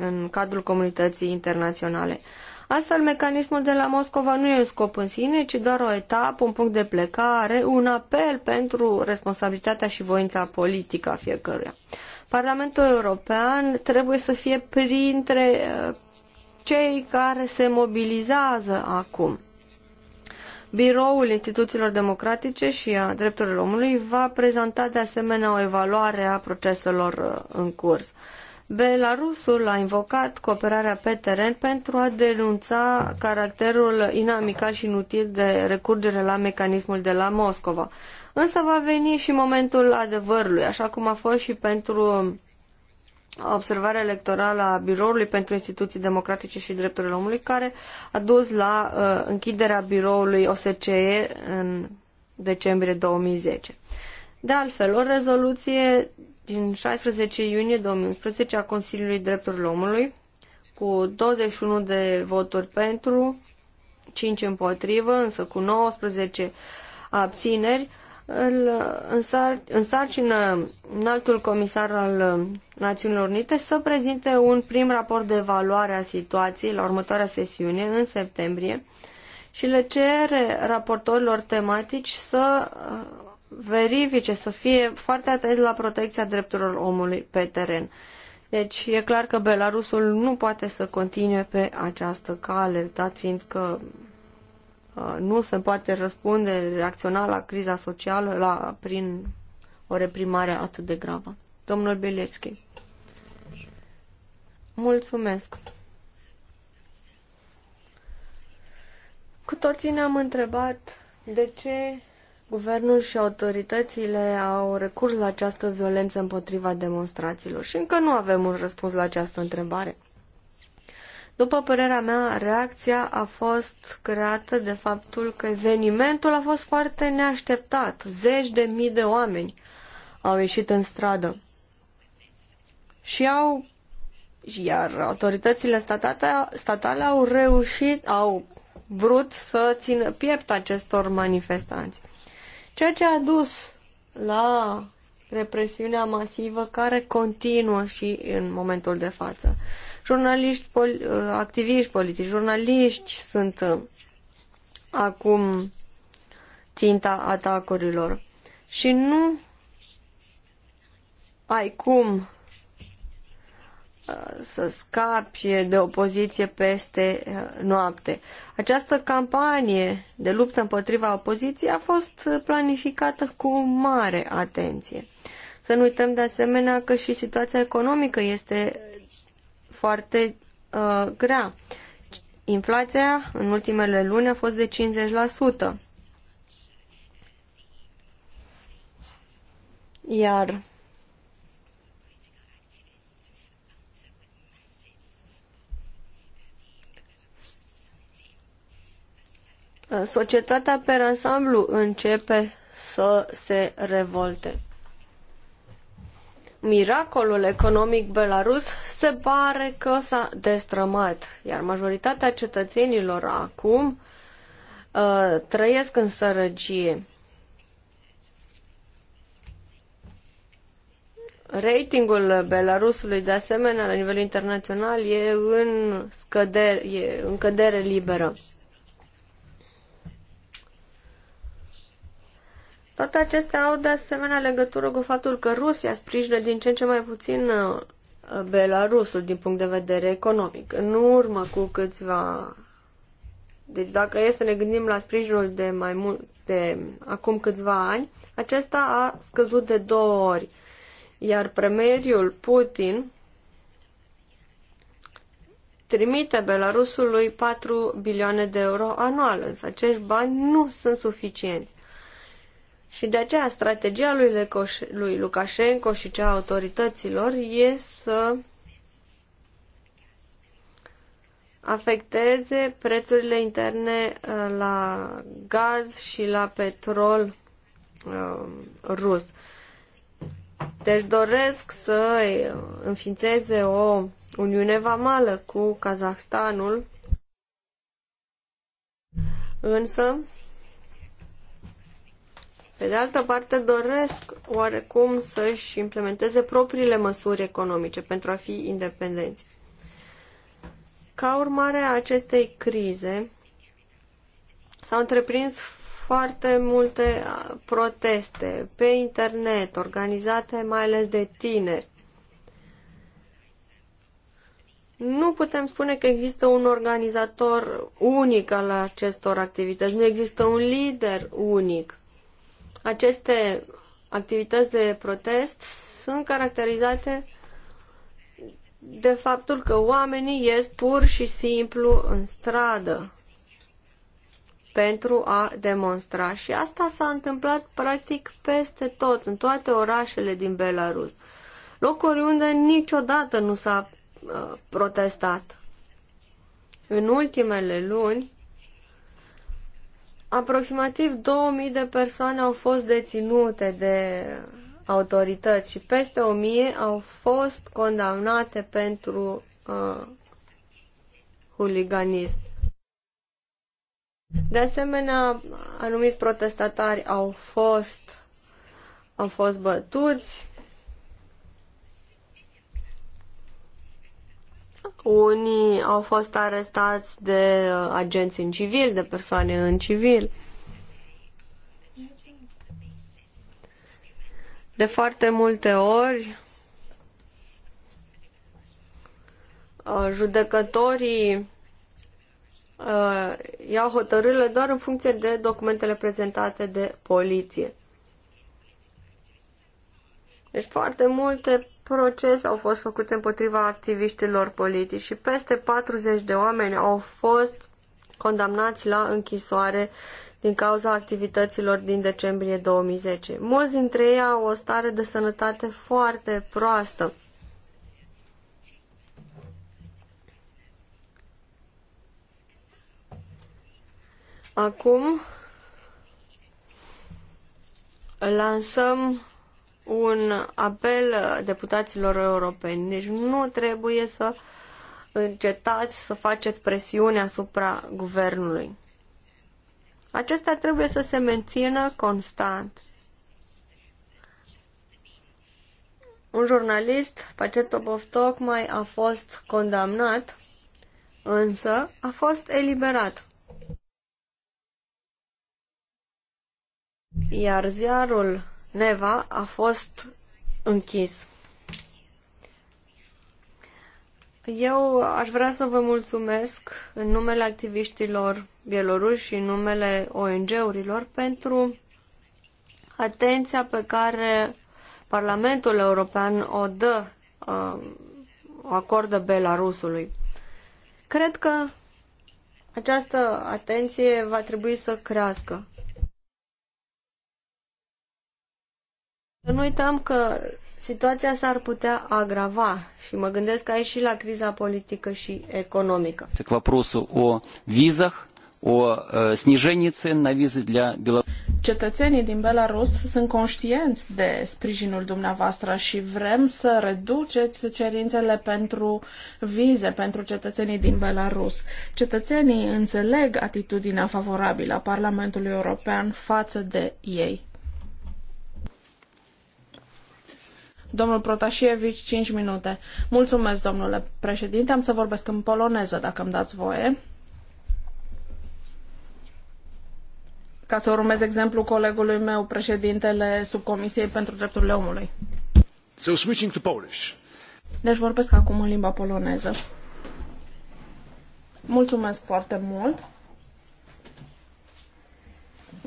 Speaker 2: în cadrul comunității internaționale. Astfel, mecanismul de la Moscova nu e un scop în sine, ci doar o etapă, un punct de plecare, un apel pentru responsabilitatea și voința politică a fiecăruia. Parlamentul European trebuie să fie printre uh, cei care se mobilizează acum. Biroul Instituțiilor Democratice și a Drepturilor Omului va prezenta de asemenea o evaluare a proceselor uh, în curs. Belarusul a invocat cooperarea pe teren pentru a denunța caracterul inamical și inutil de recurgere la mecanismul de la Moscova. Însă va veni și momentul adevărului, așa cum a fost și pentru uh, observarea electorală a Biroului pentru Instituții Democratice și Drepturile Omului, care a dus la uh, închiderea biroului OSCE în decembrie 2010. De altfel, o rezoluție din 16 iunie 2011 a Consiliului Drepturilor Omului, cu 21 de voturi pentru, 5 împotrivă, însă cu 19 abțineri, uh, îl însar, însarcină înaltul comisar al um, Națiunilor Unite să prezinte un prim raport de evaluare a situației la următoarea sesiune, în septembrie, și le cere raportorilor tematici să uh, verifice, să fie foarte atenți la protecția drepturilor omului pe teren. Deci e clar că Belarusul nu poate să continue pe această cale, dat fiind că Uh, nu se poate răspunde, reacționa la criza socială la, prin o reprimare atât de gravă. Domnul Bilețchi. Mulțumesc. Cu toții ne-am întrebat de ce guvernul și autoritățile au recurs la această violență împotriva demonstrațiilor și încă nu avem un răspuns la această întrebare. După părerea mea, reacția a fost creată de faptul că evenimentul a fost foarte neașteptat. Zeci de mii de oameni au ieșit în stradă și au iar autoritățile statale, statale au reușit, au vrut să țină piept acestor manifestanți. Ceea ce a dus la represiunea masivă care continuă și în momentul de față. Jurnaliști, pol, uh, activiști politici, jurnaliști sunt uh, acum ținta atacurilor. Și nu ai cum uh, să scapi de opoziție peste noapte. Această campanie de luptă împotriva opoziției a fost planificată cu mare atenție. Să nu uităm de asemenea că și situația economică este foarte uh, grea. Inflația în ultimele luni a fost de 50%. Iar societatea pe ansamblu începe să se revolte miracolul economic belarus se pare că s-a destrămat, iar majoritatea cetățenilor acum uh, trăiesc în sărăcie. Ratingul Belarusului, de asemenea, la nivel internațional, e în, scădere, e în cădere liberă. Toate acestea au de asemenea legătură cu faptul că Rusia sprijină din ce în ce mai puțin uh, Belarusul din punct de vedere economic. În urmă cu câțiva... Deci dacă e să ne gândim la sprijinul de mai mult de acum câțiva ani, acesta a scăzut de două ori. Iar premierul Putin trimite Belarusului 4 bilioane de euro anual, însă acești bani nu sunt suficienți. Și de aceea strategia lui, Lecoș, lui Lukashenko și cea a autorităților e să afecteze prețurile interne uh, la gaz și la petrol um, rus. Deci doresc să uh, înființeze o uniune vamală cu Kazahstanul, însă pe de altă parte, doresc oarecum să-și implementeze propriile măsuri economice pentru a fi independenți. Ca urmare a acestei crize, s-au întreprins foarte multe proteste pe internet, organizate mai ales de tineri. Nu putem spune că există un organizator unic al acestor activități, nu există un lider unic. Aceste activități de protest sunt caracterizate de faptul că oamenii ies pur și simplu în stradă pentru a demonstra. Și asta s-a întâmplat practic peste tot, în toate orașele din Belarus. Locuri unde niciodată nu s-a uh, protestat. În ultimele luni, Aproximativ 2000 de persoane au fost deținute de autorități și peste 1000 au fost condamnate pentru uh, huliganism. De asemenea, anumiți protestatari au fost, au fost bătuți, Unii au fost arestați de uh, agenți în civil, de persoane în civil. De foarte multe ori, uh, judecătorii uh, iau hotărârile doar în funcție de documentele prezentate de poliție. Deci foarte multe proces au fost făcute împotriva activiștilor politici și peste 40 de oameni au fost condamnați la închisoare din cauza activităților din decembrie 2010. Mulți dintre ei au o stare de sănătate foarte proastă. Acum lansăm un apel deputaților europeni. Deci nu trebuie să încetați să faceți presiune asupra guvernului. Acestea trebuie să se mențină constant. Un jurnalist, Pacetobov, tocmai a fost condamnat, însă a fost eliberat. Iar ziarul Neva a fost închis. Eu aș vrea să vă mulțumesc în numele activiștilor bieloruși și în numele ONG-urilor pentru atenția pe care Parlamentul European o dă, um, o acordă Belarusului. Cred că această atenție va trebui să crească. Nu uităm că situația s-ar putea agrava și mă gândesc aici și la criza politică și economică.
Speaker 3: К o viză, o о э, снижении цен на визы для Belarus. Cetățenii
Speaker 1: din Belarus sunt conștienți de sprijinul dumneavoastră și vrem să reduceți cerințele pentru vize pentru cetățenii din Belarus. Cetățenii înțeleg atitudinea favorabilă a Parlamentului European față de ei. Domnul Protasievici, 5 minute. Mulțumesc, domnule președinte. Am să vorbesc în poloneză, dacă îmi dați voie. Ca să urmez exemplu colegului meu, președintele Subcomisiei pentru Drepturile Omului. So switching to Polish. Deci vorbesc acum în limba poloneză. Mulțumesc foarte mult.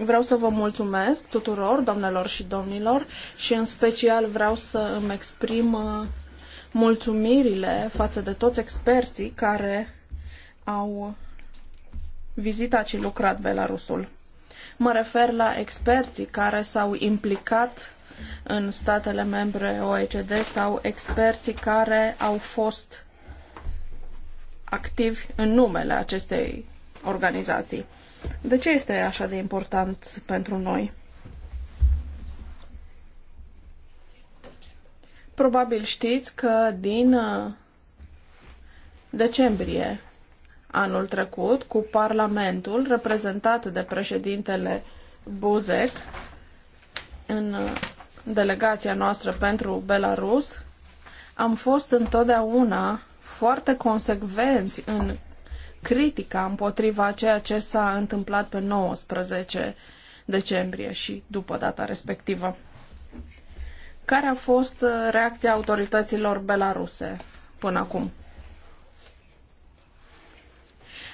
Speaker 1: Vreau să vă mulțumesc tuturor, doamnelor și domnilor, și în special vreau să îmi exprim uh, mulțumirile față de toți experții care au vizitat și lucrat Belarusul. Mă refer la experții care s-au implicat în statele membre OECD sau experții care au fost activi în numele acestei organizații. De ce este așa de important pentru noi? Probabil știți că din uh, decembrie anul trecut, cu Parlamentul reprezentat de președintele Buzek în uh, delegația noastră pentru Belarus, am fost întotdeauna foarte consecvenți în critica împotriva ceea ce s-a întâmplat pe 19 decembrie și după data respectivă. Care a fost uh, reacția autorităților belaruse până acum?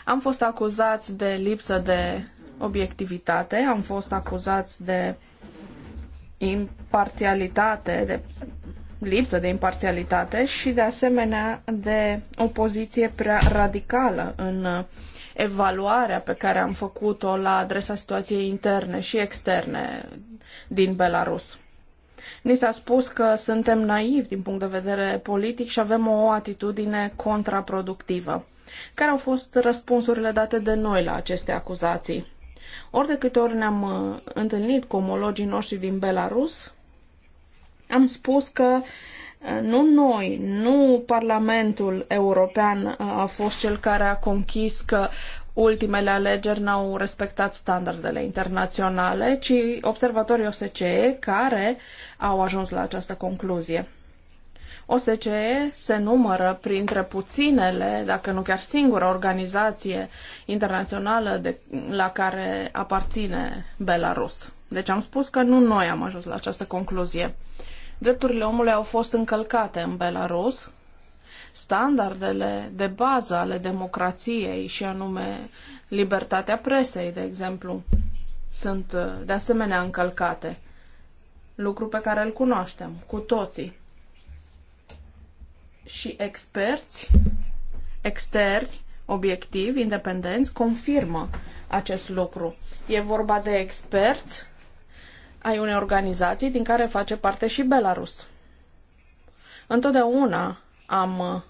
Speaker 1: Am fost acuzați de lipsă de obiectivitate, am fost acuzați de imparțialitate, de lipsă de imparțialitate și, de asemenea, de o poziție prea radicală în uh, evaluarea pe care am făcut-o la adresa situației interne și externe din Belarus. Ni s-a spus că suntem naivi din punct de vedere politic și avem o atitudine contraproductivă. Care au fost răspunsurile date de noi la aceste acuzații? Ori de câte ori ne-am uh, întâlnit cu omologii noștri din Belarus, am spus că uh, nu noi, nu Parlamentul European uh, a fost cel care a conchis că ultimele alegeri n-au respectat standardele internaționale, ci observatorii OSCE care au ajuns la această concluzie. OSCE se numără printre puținele, dacă nu chiar singura organizație internațională de, la care aparține Belarus. Deci am spus că nu noi am ajuns la această concluzie. Drepturile omului au fost încălcate în Belarus, standardele de bază ale democrației și anume libertatea presei, de exemplu, sunt uh, de asemenea încălcate. Lucru pe care îl cunoaștem cu toții. Și experți externi, obiectivi, independenți, confirmă acest lucru. E vorba de experți ai unei organizații din care face parte și Belarus. Întotdeauna am uh,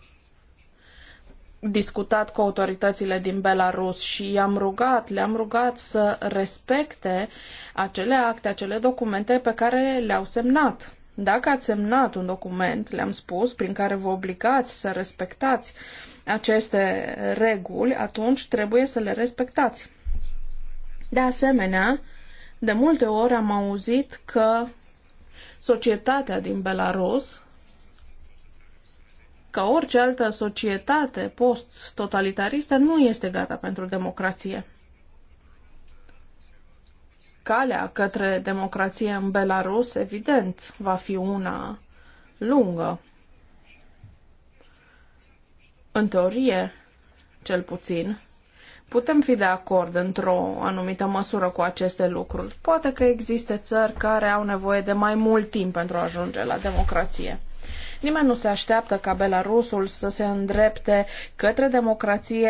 Speaker 1: discutat cu autoritățile din Belarus și i-am rugat, le-am rugat să respecte acele acte, acele documente pe care le-au semnat. Dacă ați semnat un document, le-am spus, prin care vă obligați să respectați aceste reguli, atunci trebuie să le respectați. De asemenea, de multe ori am auzit că societatea din Belarus, ca orice altă societate post-totalitaristă, nu este gata pentru democrație. Calea către democrație în Belarus, evident, va fi una lungă. În teorie, cel puțin, putem fi de acord într-o anumită măsură cu aceste lucruri. Poate că există țări care au nevoie de mai mult timp pentru a ajunge la democrație. Nimeni nu se așteaptă ca Belarusul să se îndrepte către democrație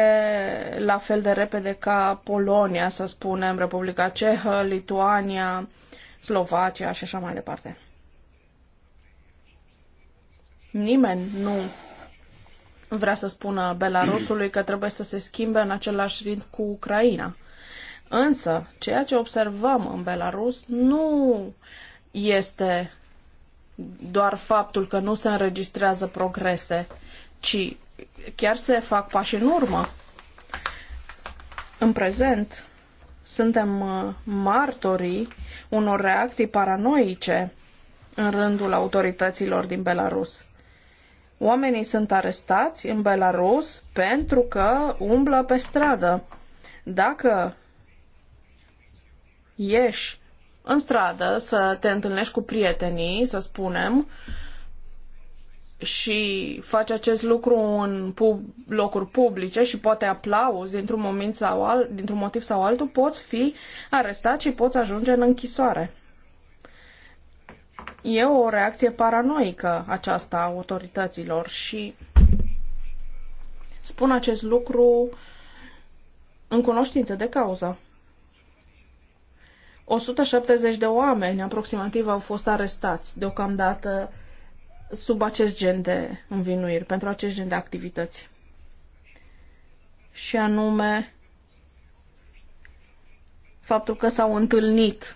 Speaker 1: la fel de repede ca Polonia, să spunem, Republica Cehă, Lituania, Slovacia și așa mai departe. Nimeni nu vrea să spună Belarusului că trebuie să se schimbe în același ritm cu Ucraina. Însă, ceea ce observăm în Belarus nu este doar faptul că nu se înregistrează progrese, ci chiar se fac pași în urmă. În prezent, suntem uh, martorii unor reacții paranoice în rândul autorităților din Belarus. Oamenii sunt arestați în Belarus pentru că umblă pe stradă. Dacă ieși în stradă să te întâlnești cu prietenii, să spunem, și faci acest lucru în pub, locuri publice și poate aplauzi dintr-un, moment sau alt, dintr-un motiv sau altul, poți fi arestat și poți ajunge în închisoare. E o reacție paranoică aceasta a autorităților și spun acest lucru în cunoștință de cauză. 170 de oameni aproximativ au fost arestați deocamdată sub acest gen de învinuiri, pentru acest gen de activități. Și anume faptul că s-au întâlnit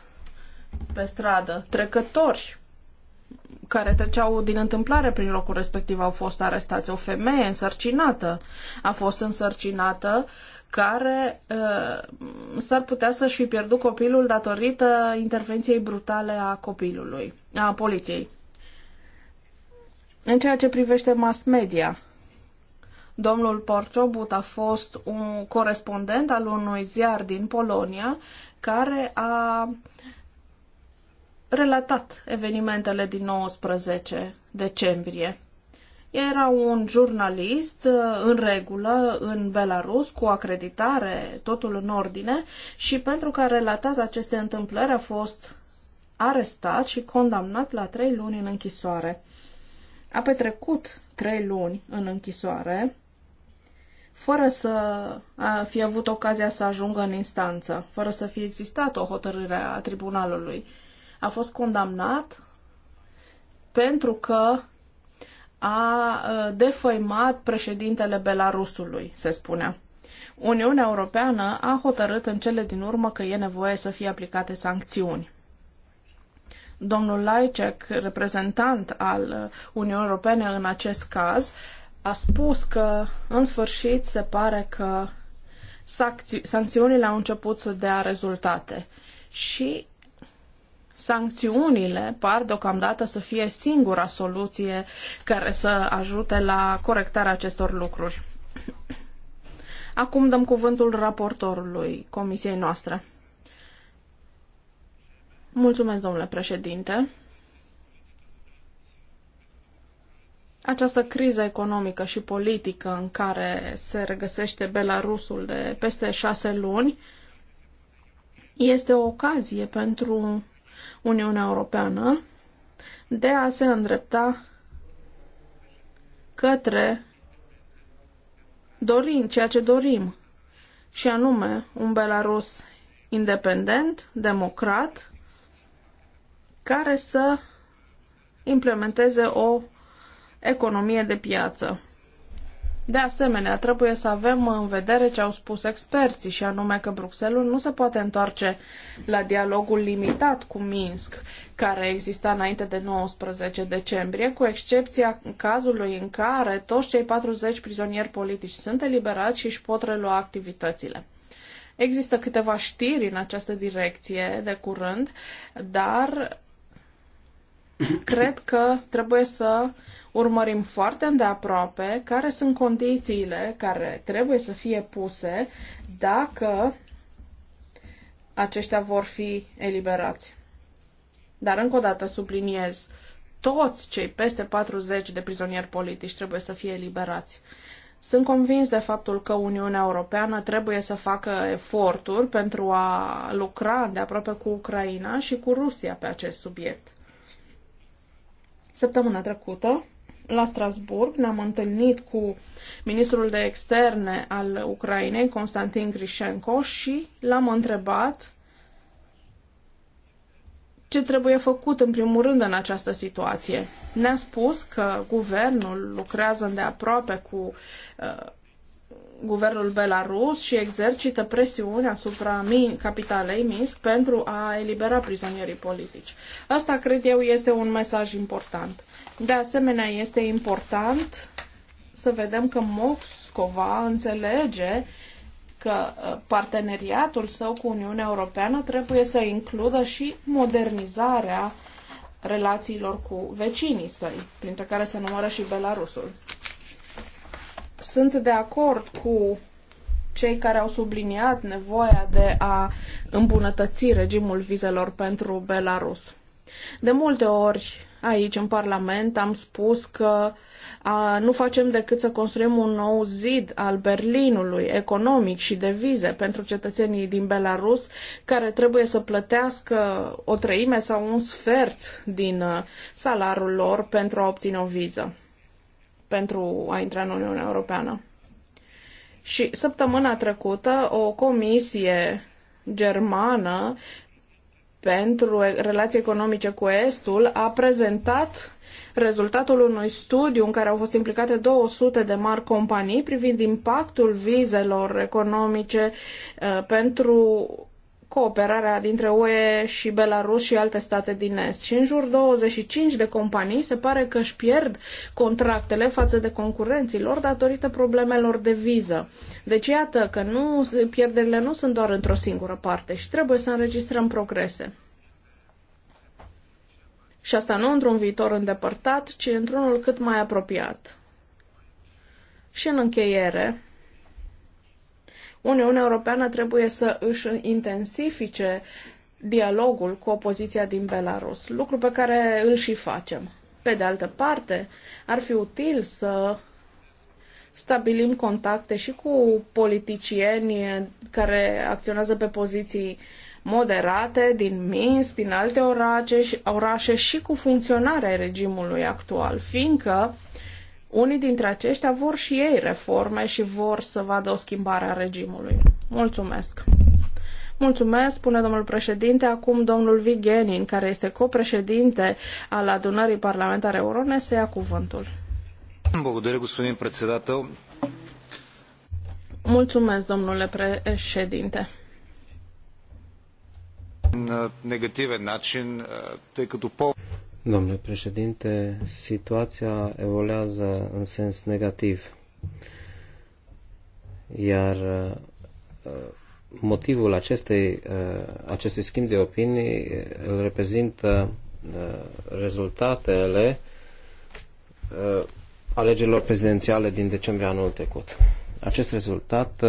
Speaker 1: pe stradă, trecători care treceau din întâmplare prin locul respectiv au fost arestați. O femeie însărcinată a fost însărcinată care uh, s-ar putea să-și fi pierdut copilul datorită intervenției brutale a copilului, a poliției. În ceea ce privește mass media, domnul Porciobut a fost un corespondent al unui ziar din Polonia care a uh, relatat evenimentele din 19 decembrie. Era un jurnalist uh, în regulă în Belarus, cu acreditare, totul în ordine, și pentru că a relatat aceste întâmplări a fost arestat și condamnat la trei luni în închisoare. A petrecut trei luni în închisoare, fără să fie avut ocazia să ajungă în instanță, fără să fie existat o hotărâre a tribunalului a fost condamnat pentru că a defăimat președintele Belarusului, se spunea. Uniunea Europeană a hotărât în cele din urmă că e nevoie să fie aplicate sancțiuni. Domnul Lajcek, reprezentant al Uniunii Europene în acest caz, a spus că, în sfârșit, se pare că sancțiunile au început să dea rezultate. Și sancțiunile par deocamdată să fie singura soluție care să ajute la corectarea acestor lucruri. Acum dăm cuvântul raportorului comisiei noastre. Mulțumesc, domnule președinte. Această criză economică și politică în care se regăsește Belarusul de peste șase luni este o ocazie pentru Uniunea Europeană de a se îndrepta către dorim ceea ce dorim, și anume un Belarus independent, democrat, care să implementeze o economie de piață. De asemenea, trebuie să avem în vedere ce au spus experții, și anume că Bruxelles nu se poate întoarce la dialogul limitat cu Minsk, care exista înainte de 19 decembrie, cu excepția cazului în care toți cei 40 prizonieri politici sunt eliberați și își pot relua activitățile. Există câteva știri în această direcție de curând, dar cred că trebuie să uh, urmărim foarte îndeaproape care sunt condițiile care trebuie să fie puse dacă aceștia vor fi eliberați. Dar încă o dată subliniez, toți cei peste 40 de prizonieri politici trebuie să fie eliberați. Sunt convins de faptul că Uniunea Europeană trebuie să facă eforturi pentru a lucra de aproape cu Ucraina și cu Rusia pe acest subiect. Săptămâna trecută la Strasburg. Ne-am întâlnit cu ministrul de externe al Ucrainei, Constantin Grishenko, și l-am întrebat ce trebuie făcut în primul rând în această situație. Ne-a spus că guvernul lucrează îndeaproape cu uh, guvernul belarus și exercită presiuni asupra min, capitalei Minsk pentru a elibera prizonierii politici. Asta, cred eu, este un mesaj important. De asemenea, este important să vedem că Moscova înțelege că uh, parteneriatul său cu Uniunea Europeană trebuie să includă și modernizarea relațiilor cu vecinii săi, printre care se numără și Belarusul. Sunt de acord cu cei care au subliniat nevoia de a îmbunătăți regimul vizelor pentru Belarus. De multe ori aici în Parlament am spus că a, nu facem decât să construim un nou zid al Berlinului, economic și de vize pentru cetățenii din Belarus, care trebuie să plătească o treime sau un sfert din uh, salarul lor pentru a obține o viză, pentru a intra în Uniunea Europeană. Și săptămâna trecută o comisie germană pentru relații economice cu Estul a prezentat rezultatul unui studiu în care au fost implicate 200 de mari companii privind impactul vizelor economice uh, pentru cooperarea dintre UE și Belarus și alte state din Est. Și în jur 25 de companii se pare că își pierd contractele față de concurenții lor datorită problemelor de viză. Deci iată că nu, pierderile nu sunt doar într-o singură parte și trebuie să înregistrăm progrese. Și asta nu într-un viitor îndepărtat, ci într-unul cât mai apropiat. Și în încheiere, Uniunea Europeană trebuie să își intensifice dialogul cu opoziția din Belarus, lucru pe care îl și facem. Pe de altă parte, ar fi util să stabilim contacte și cu politicieni care acționează pe poziții moderate din Minsk, din alte orașe, orașe și cu funcționarea regimului actual, fiindcă uh, unii dintre aceștia vor și ei reforme și vor să vadă o schimbare a regimului. Mulțumesc! Mulțumesc, spune domnul președinte. Acum domnul Vigenin, care este copreședinte al adunării parlamentare Eurone, să ia cuvântul. Mulțumesc, domnule președinte.
Speaker 3: Negative, начин, тъй като Domnule președinte, situația evoluează în sens negativ, iar uh, motivul acestei, uh, acestui schimb de opinii uh, îl reprezintă rezultatele alegerilor prezidențiale din decembrie anul trecut. Acest rezultat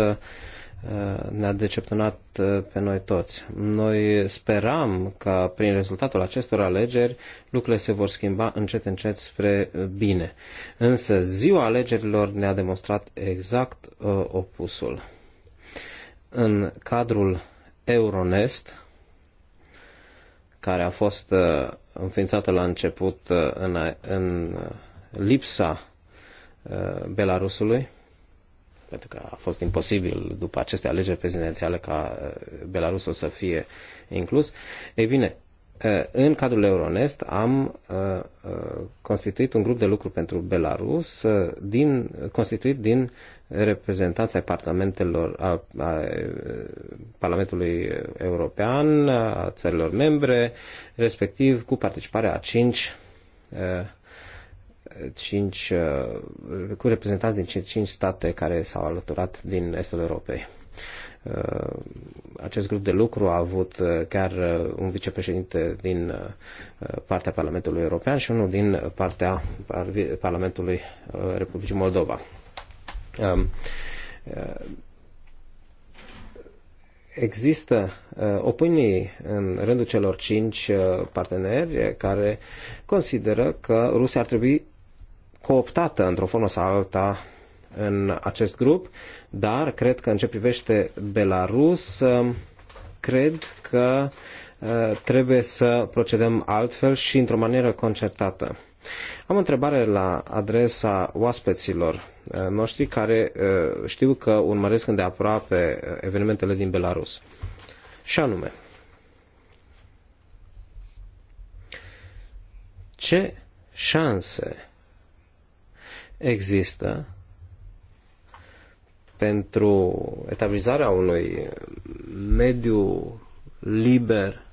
Speaker 3: Uh, ne-a decepționat uh, pe noi toți. Noi speram că prin rezultatul acestor alegeri lucrurile se vor schimba încet încet spre uh, bine. Însă ziua alegerilor ne-a demonstrat exact opusul. În cadrul Euronest, care a fost înființată la început în, lipsa Belarusului, pentru că a fost imposibil după aceste alegeri prezidențiale ca eh, Belarusul să fie inclus. Ei bine, eh, în cadrul Euronest am eh, constituit un grup de lucru pentru Belarus, din, constituit din reprezentanța ai parlamentelor, a, a Parlamentului European, a țărilor membre, respectiv cu participarea a cinci a, cinci, uh, cu reprezentanți din cele cinci state care s-au alăturat din estul Europei. Uh, acest grup de lucru a avut uh, chiar un vicepreședinte din partea Parlamentului European și unul din partea Parlamentului Republicii Moldova um, există uh, opinii în rândul celor cinci uh, parteneri care consideră că Rusia ar trebui cooptată într-o formă sau alta în acest grup, dar cred că în ce privește Belarus, um, cred că uh, trebuie să procedăm altfel și într-o manieră concertată. Am o întrebare la adresa oaspeților uh, noștri care uh, știu că urmăresc îndeaproape evenimentele din Belarus. Și anume, ce șanse există pentru etablizarea unui mediu liber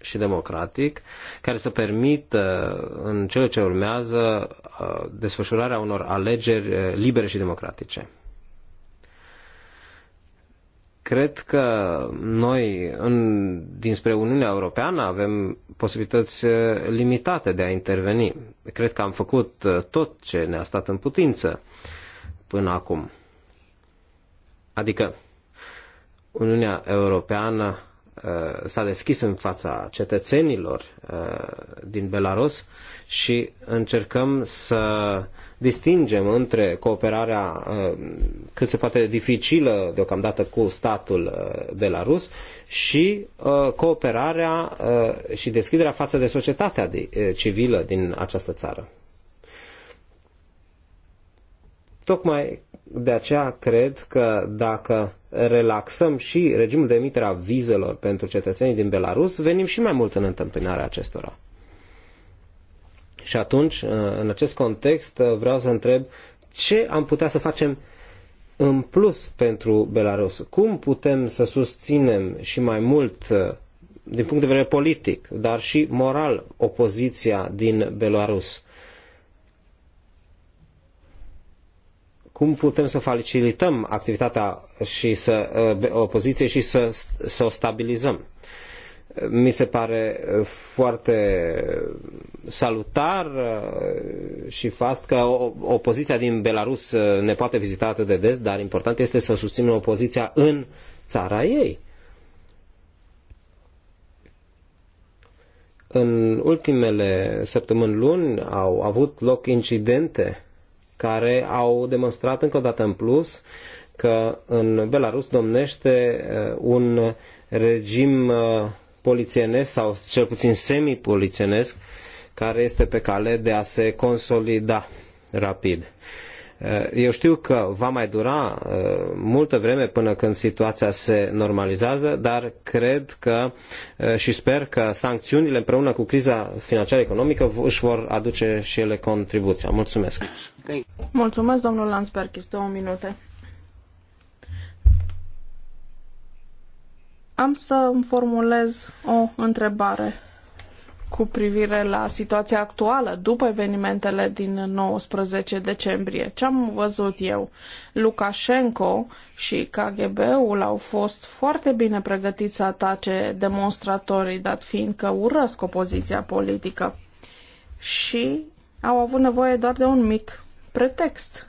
Speaker 3: și democratic, care să permită în cele ce urmează uh, desfășurarea unor alegeri uh, libere și democratice. Cred că noi, în, dinspre Uniunea Europeană, avem posibilități eh, limitate de a interveni. Cred că am făcut eh, tot ce ne-a stat în putință până acum. Adică, Uniunea Europeană Uh, s-a deschis în fața cetățenilor uh, din Belarus și încercăm să distingem între cooperarea uh, cât se poate dificilă deocamdată cu statul Belarus și cooperarea și deschiderea față de societatea civilă din această țară. Tocmai de aceea cred că dacă relaxăm și regimul de emitere a vizelor pentru cetățenii din Belarus, venim și mai mult în întâmpinarea acestora. Și atunci, în acest context, vreau să întreb ce am putea să facem în plus pentru Belarus. Cum putem să susținem și mai mult, din punct de vedere politic, dar și moral, opoziția din Belarus? cum putem să facilităm activitatea și să, eh, opoziție și să, să o stabilizăm. Mi se pare foarte salutar eh, și fast că opoziția din Belarus eh, ne poate vizita atât de des, dar important este să susținem opoziția în țara ei. În ultimele săptămâni luni au avut loc incidente care au demonstrat încă o dată în plus că în Belarus domnește uh, un regim uh, polițienesc sau cel puțin semi-polițienesc care este pe cale de a se consolida rapid. Eh, eu știu că va mai dura eh, multă vreme până când situația se normalizează, dar cred că eh, și sper că sancțiunile împreună cu criza financiară economică își vor aduce și ele contribuția. Mulțumesc!
Speaker 1: Mulțumesc, domnul Lansberg, Lansbergis. Două minute. Am să îmi formulez o întrebare cu privire la situația actuală după evenimentele din 19 decembrie. Ce am văzut eu? Lukashenko și KGB-ul au fost foarte bine pregătiți să atace demonstratorii, dat fiind că urăsc opoziția politică. Și au avut nevoie doar de un mic pretext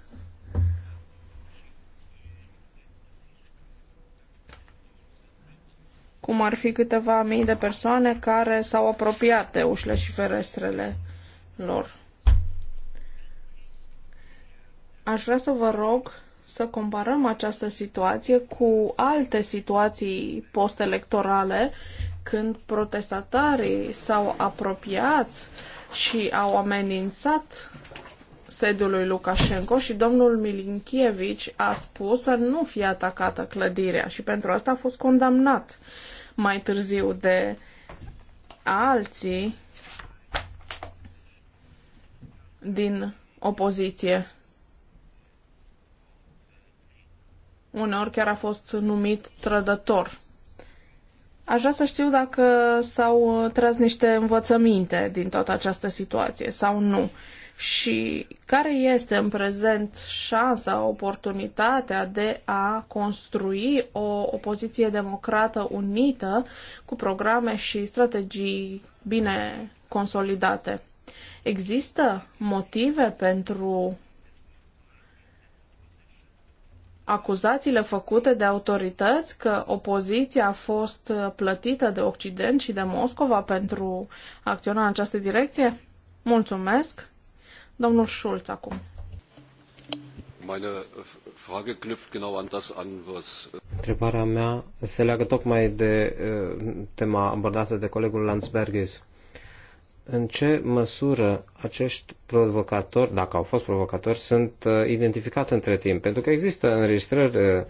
Speaker 1: cum ar fi câteva mii de persoane care s-au apropiat de ușile și ferestrele lor. Aș vrea să vă rog să comparăm această situație cu alte situații postelectorale când protestatarii s-au apropiat și au amenințat sediul lui Lukashenko și domnul Milinkievici a spus să nu fie atacată clădirea și pentru asta a fost condamnat mai târziu de alții din opoziție. Uneori chiar a fost numit trădător. Aș vrea să știu dacă s-au tras niște învățăminte din toată această situație sau nu și care este în prezent șansa, oportunitatea de a construi o opoziție democrată unită cu programe și strategii bine consolidate. Există motive pentru acuzațiile făcute de autorități că opoziția a fost plătită de Occident și de Moscova pentru a acționa în această direcție? Mulțumesc! Domnul Schulz acum.
Speaker 3: Întrebarea mea se leagă tocmai de uh, tema abordată de colegul Landsbergis. În ce măsură acești provocatori, dacă au fost provocatori, sunt uh, identificați între timp? Pentru că există înregistrări uh,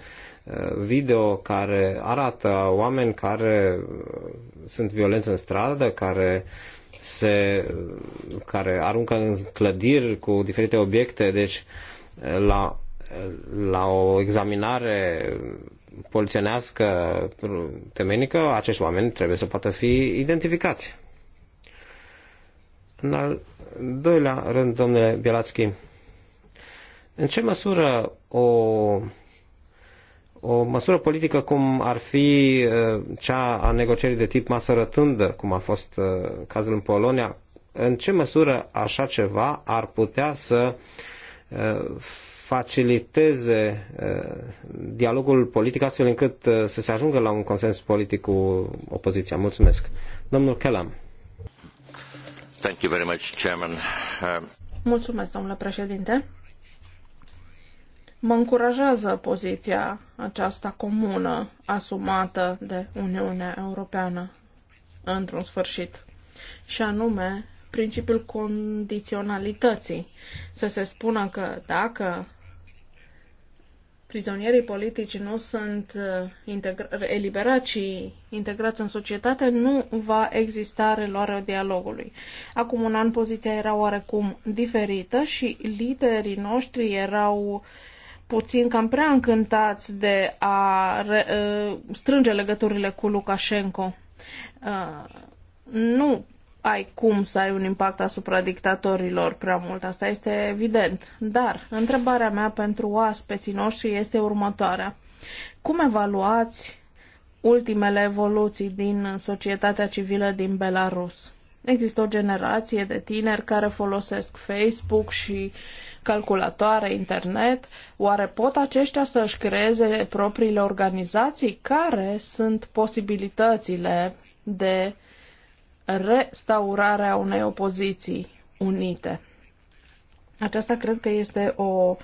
Speaker 3: video care arată oameni care sunt violenți în stradă, care uh, se, care aruncă în clădiri cu diferite obiecte, deci la, la o examinare poliționească temenică, acești oameni trebuie să poată fi identificați. În al doilea rând, domnule Bielațchi, în ce măsură o o măsură politică cum ar fi uh, cea a negocierii de tip masă rotundă, cum a fost uh, cazul în Polonia, în ce măsură așa ceva ar putea să uh, faciliteze dialogul politic astfel încât să se ajungă la un consens politic cu opoziția. Mulțumesc. Domnul Kellam. Thank you very much, Chairman.
Speaker 1: Mulțumesc, domnule președinte. Mă încurajează poziția aceasta comună asumată de Uniunea Europeană într-un sfârșit, și anume principiul condiționalității. Să se spună că dacă prizonierii politici nu sunt uh, eliberați, și integrați în societate, nu va exista reluarea dialogului. Acum un an poziția era oarecum diferită și liderii noștri erau uh, puțin cam prea încântați de a re, uh, strânge legăturile cu Lukashenko. Uh, nu ai cum să ai un impact asupra dictatorilor prea mult, asta este evident. Dar întrebarea mea pentru oaspeții noștri este următoarea. Cum evaluați ultimele evoluții din societatea civilă din Belarus? Există o generație de tineri care folosesc Facebook și uh, calculatoare internet, oare pot aceștia să-și creeze propriile organizații? Care sunt posibilitățile de restaurare a unei opoziții unite? Aceasta cred că este o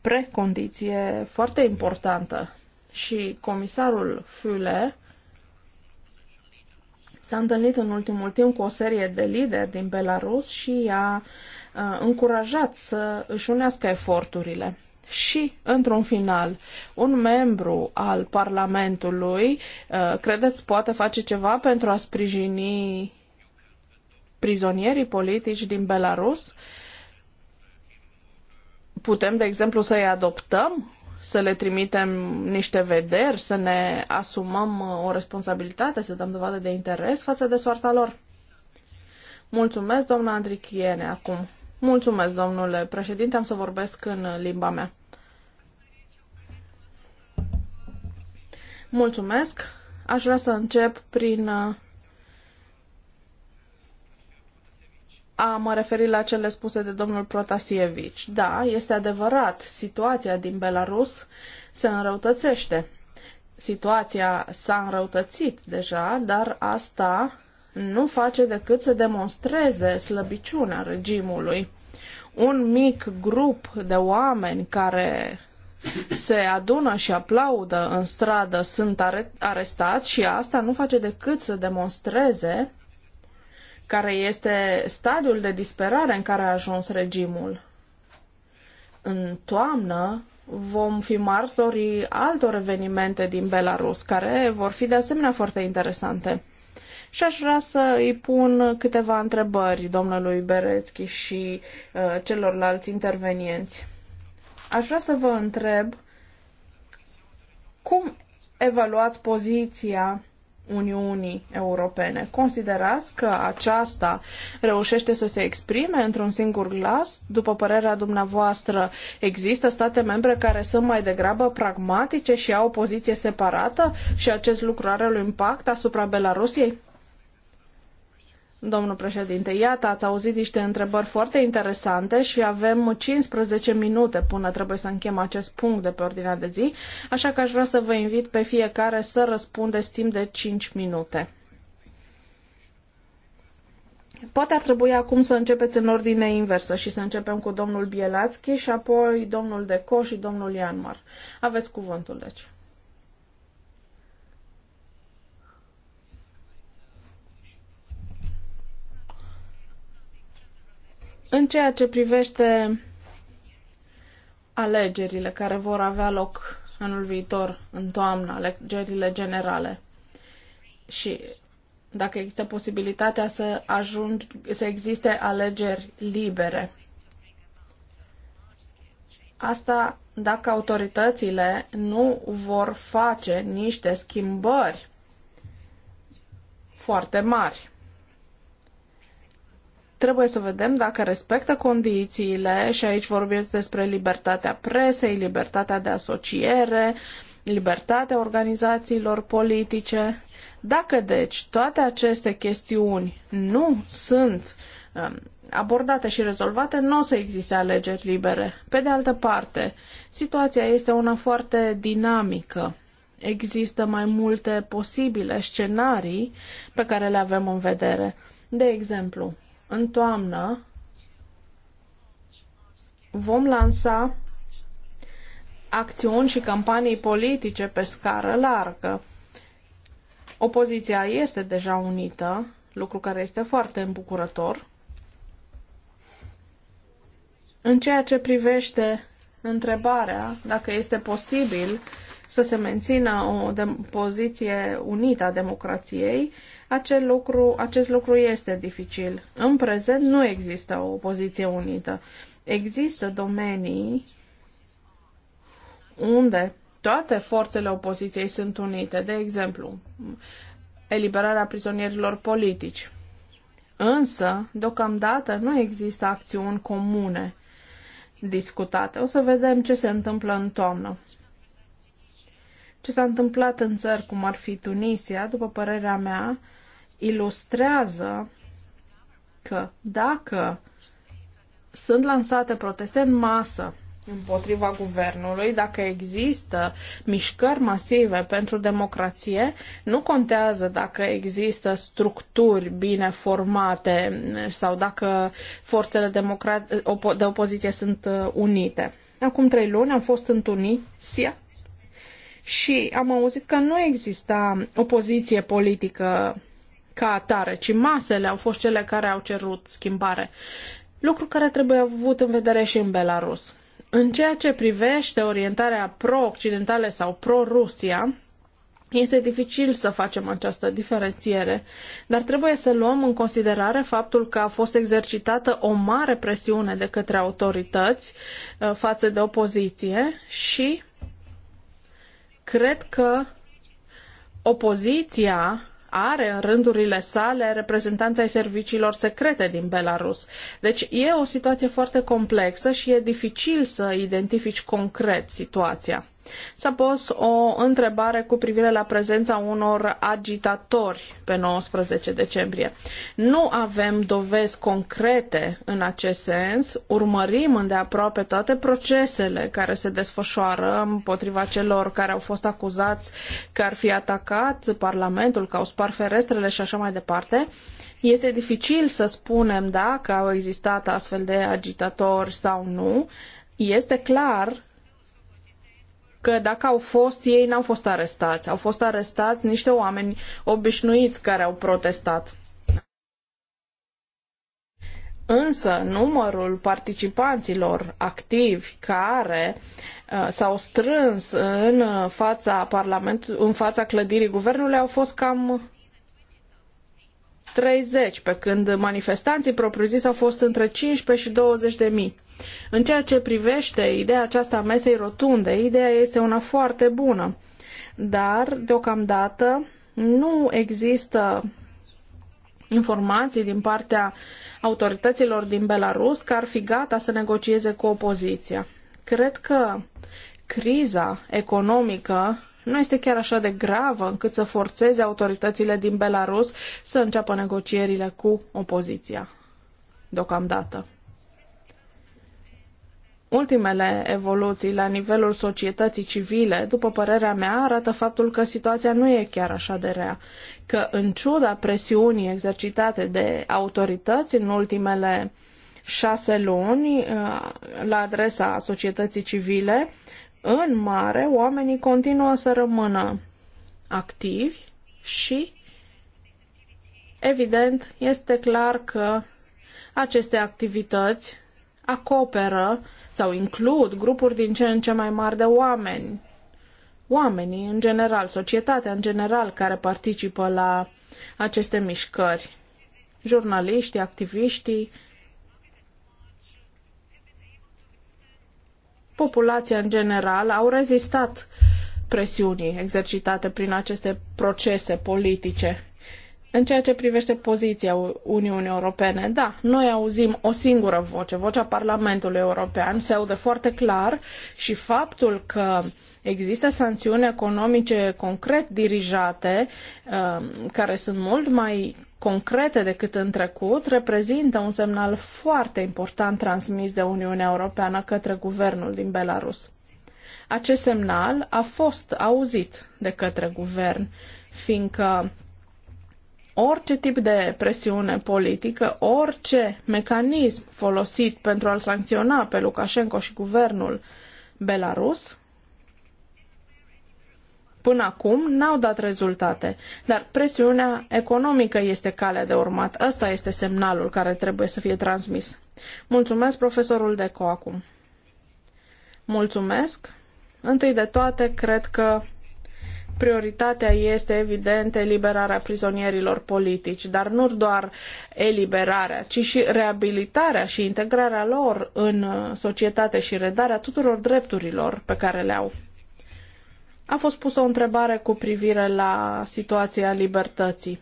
Speaker 1: precondiție foarte importantă și comisarul Füle s-a întâlnit în ultimul timp cu o serie de lideri din Belarus și a Uh, încurajat să își unească eforturile. Și, într-un final, un membru al Parlamentului, uh, credeți, poate face ceva pentru a sprijini prizonierii politici din Belarus? Putem, de exemplu, să-i adoptăm? Să le trimitem niște vederi? Să ne asumăm uh, o responsabilitate? Să dăm dovadă de interes față de soarta lor? Mulțumesc, doamna Andrichiene, acum. Mulțumesc, domnule președinte, am să vorbesc în limba mea. Mulțumesc. Aș vrea să încep prin a mă referi la cele spuse de domnul Protasievici. Da, este adevărat, situația din Belarus se înrăutățește. Situația s-a înrăutățit deja, dar asta nu face decât să demonstreze slăbiciunea regimului. Un mic grup de oameni care se adună și aplaudă în stradă sunt are- arestați și asta nu face decât să demonstreze care este stadiul de disperare în care a ajuns regimul. În toamnă vom fi martorii altor evenimente din Belarus, care vor fi de asemenea foarte interesante și aș vrea să îi pun câteva întrebări domnului Berețchi și uh, celorlalți intervenienți. Aș vrea să vă întreb cum evaluați poziția Uniunii Europene. Considerați că aceasta reușește să se exprime într-un singur glas? După părerea dumneavoastră, există state membre care sunt mai degrabă pragmatice și au o poziție separată și acest lucru are un impact asupra Belarusiei? Domnul președinte, iată, ați auzit niște întrebări foarte interesante și avem 15 minute până trebuie să închem acest punct de pe ordinea de zi, așa că aș vrea să vă invit pe fiecare să răspundeți timp de 5 minute. Poate ar trebui acum să începeți în ordine inversă și să începem cu domnul Bielatski și apoi domnul Deco și domnul Ianmar. Aveți cuvântul, deci. În ceea ce privește alegerile care vor avea loc anul viitor, în toamnă, alegerile generale, și dacă există posibilitatea să ajung, să existe alegeri libere. Asta dacă autoritățile nu vor face niște schimbări foarte mari. Trebuie să vedem dacă respectă condițiile și aici vorbim despre libertatea presei, libertatea de asociere, libertatea organizațiilor politice. Dacă deci toate aceste chestiuni nu sunt um, abordate și rezolvate, nu o să existe alegeri libere. Pe de altă parte, situația este una foarte dinamică. Există mai multe posibile scenarii pe care le avem în vedere. De exemplu, în toamnă vom lansa acțiuni și campanii politice pe scară largă. Opoziția este deja unită, lucru care este foarte îmbucurător. În ceea ce privește întrebarea dacă este posibil să se mențină o poziție unită a democrației, acel lucru, acest lucru este dificil. În prezent nu există o poziție unită. Există domenii unde toate forțele opoziției sunt unite, de exemplu, eliberarea prizonierilor politici. Însă, deocamdată, nu există acțiuni comune discutate. O să vedem ce se întâmplă în toamnă. Ce s-a întâmplat în țări cum ar fi Tunisia, după părerea mea, ilustrează că dacă sunt lansate proteste în masă împotriva guvernului, dacă există mișcări masive pentru democrație, nu contează dacă există structuri bine formate sau dacă forțele de opoziție sunt uh, unite. Acum trei luni am fost în Tunisia și am auzit că nu exista opoziție politică ca atare, ci masele au fost cele care au cerut schimbare. Lucru care trebuie avut în vedere și în Belarus. În ceea ce privește orientarea pro-occidentale sau pro-Rusia, este dificil să facem această diferențiere, dar trebuie să luăm în considerare faptul că a fost exercitată o mare presiune de către autorități uh, față de opoziție și cred că opoziția are în rândurile sale reprezentanța ai serviciilor secrete din Belarus. Deci e o situație foarte complexă și e dificil să identifici concret situația. S-a pus o întrebare cu privire la prezența unor agitatori pe 19 decembrie. Nu avem dovezi concrete în acest sens. Urmărim îndeaproape toate procesele care se desfășoară împotriva celor care au fost acuzați că ar fi atacat Parlamentul, că au spart ferestrele și așa mai departe. Este dificil să spunem dacă au existat astfel de agitatori sau nu. Este clar că dacă au fost, ei n-au fost arestați. Au fost arestați niște oameni obișnuiți care au protestat. Însă numărul participanților activi care uh, s-au strâns în uh, fața, parlament, în fața clădirii guvernului au fost cam 30, pe când manifestanții propriu-zis au fost între 15 și 20 de mii. În ceea ce privește ideea aceasta a mesei rotunde, ideea este una foarte bună, dar deocamdată nu există informații din partea autorităților din Belarus că ar fi gata să negocieze cu opoziția. Cred că criza economică nu este chiar așa de gravă încât să forțeze autoritățile din Belarus să înceapă negocierile cu opoziția. Deocamdată. Ultimele evoluții la nivelul societății civile, după părerea mea, arată faptul că situația nu e chiar așa de rea, că în ciuda presiunii exercitate de autorități în ultimele șase luni uh, la adresa societății civile, în mare, oamenii continuă să rămână activi și, evident, este clar că aceste activități acoperă sau includ grupuri din ce în ce mai mari de oameni, oamenii în general, societatea în general care participă la aceste mișcări, jurnaliștii, activiștii, populația în general au rezistat presiunii exercitate prin aceste procese politice. În ceea ce privește poziția Uniunii Europene, da, noi auzim o singură voce, vocea Parlamentului European, se aude foarte clar și faptul că există sancțiuni economice concret dirijate, um, care sunt mult mai concrete decât în trecut, reprezintă un semnal foarte important transmis de Uniunea Europeană către guvernul din Belarus. Acest semnal a fost auzit de către guvern, fiindcă orice tip de presiune politică, orice mecanism folosit pentru a-l sancționa pe Lukashenko și guvernul Belarus până acum n-au dat rezultate, dar presiunea economică este calea de urmat. Asta este semnalul care trebuie să fie transmis. Mulțumesc, profesorul Deco, acum. Mulțumesc. Întâi de toate, cred că prioritatea este, evident, eliberarea prizonierilor politici, dar nu doar eliberarea, ci și reabilitarea și integrarea lor în uh, societate și redarea tuturor drepturilor pe care le au a fost pusă o întrebare cu privire la situația libertății.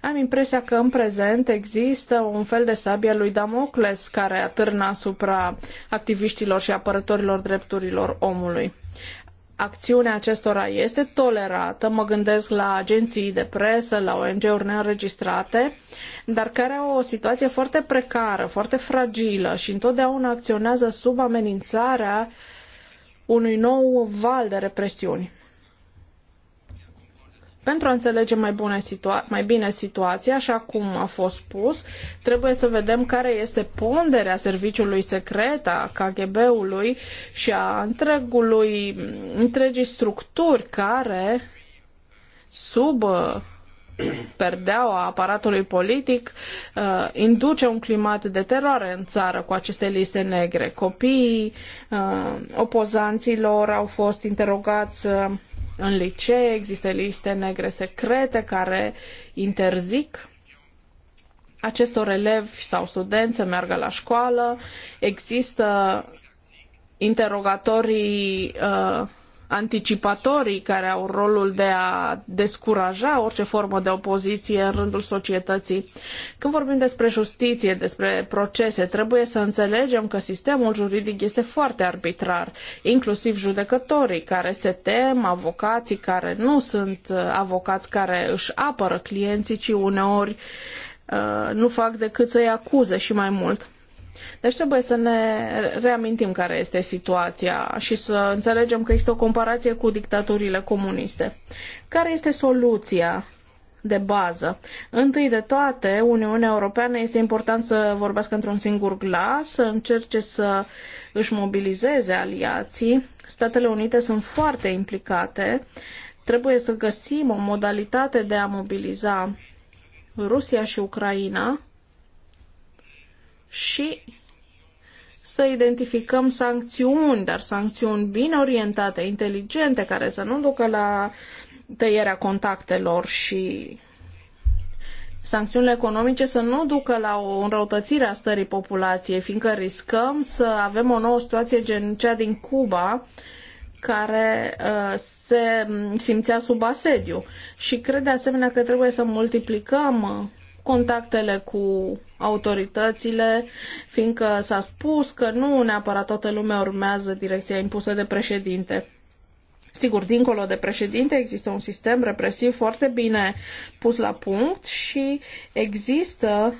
Speaker 1: Am impresia că în prezent există un fel de sabia lui Damocles care atârnă asupra activiștilor și apărătorilor drepturilor omului. Acțiunea acestora este tolerată, mă gândesc la agenții de presă, la ONG-uri neînregistrate, dar care au o situație foarte precară, foarte fragilă și întotdeauna acționează sub amenințarea uh, unui nou val de represiuni. Pentru a înțelege mai, bune situa- mai bine situația, așa cum a fost spus, trebuie să vedem care este ponderea serviciului secret a KGB-ului și a întregului, întregii structuri care, sub uh, perdeaua aparatului politic uh, induce un climat de teroare în țară cu aceste liste negre. Copiii uh, opozanților au fost interogați uh, în licee, există liste negre secrete care interzic acestor elevi sau studenți să meargă la școală. Există interogatorii uh, anticipatorii care au rolul de a descuraja orice formă de opoziție în rândul societății. Când vorbim despre justiție, despre procese, trebuie să înțelegem că sistemul juridic este foarte arbitrar, inclusiv judecătorii care se tem, avocații care nu sunt uh, avocați care își apără clienții, ci uneori uh, nu fac decât să-i acuze și mai mult. Deci trebuie să ne reamintim care este situația și să înțelegem că există o comparație cu dictaturile comuniste. Care este soluția de bază. Întâi de toate, Uniunea Europeană este important să vorbească într-un singur glas, să încerce să își mobilizeze aliații. Statele Unite sunt foarte implicate. Trebuie să găsim o modalitate de a mobiliza Rusia și Ucraina și să identificăm sancțiuni, dar sancțiuni bine orientate, inteligente, care să nu ducă la tăierea contactelor și sancțiunile economice să nu ducă la o înrăutățire a stării populației, fiindcă riscăm să avem o nouă situație gen cea din Cuba, care uh, se simțea sub asediu. Și cred de asemenea că trebuie să multiplicăm uh, contactele cu autoritățile, fiindcă s-a spus că nu neapărat toată lumea urmează direcția impusă de președinte. Sigur, dincolo de președinte, există un sistem represiv foarte bine pus la punct și există